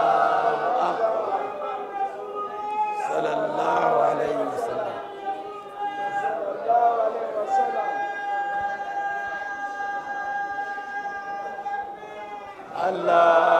Allah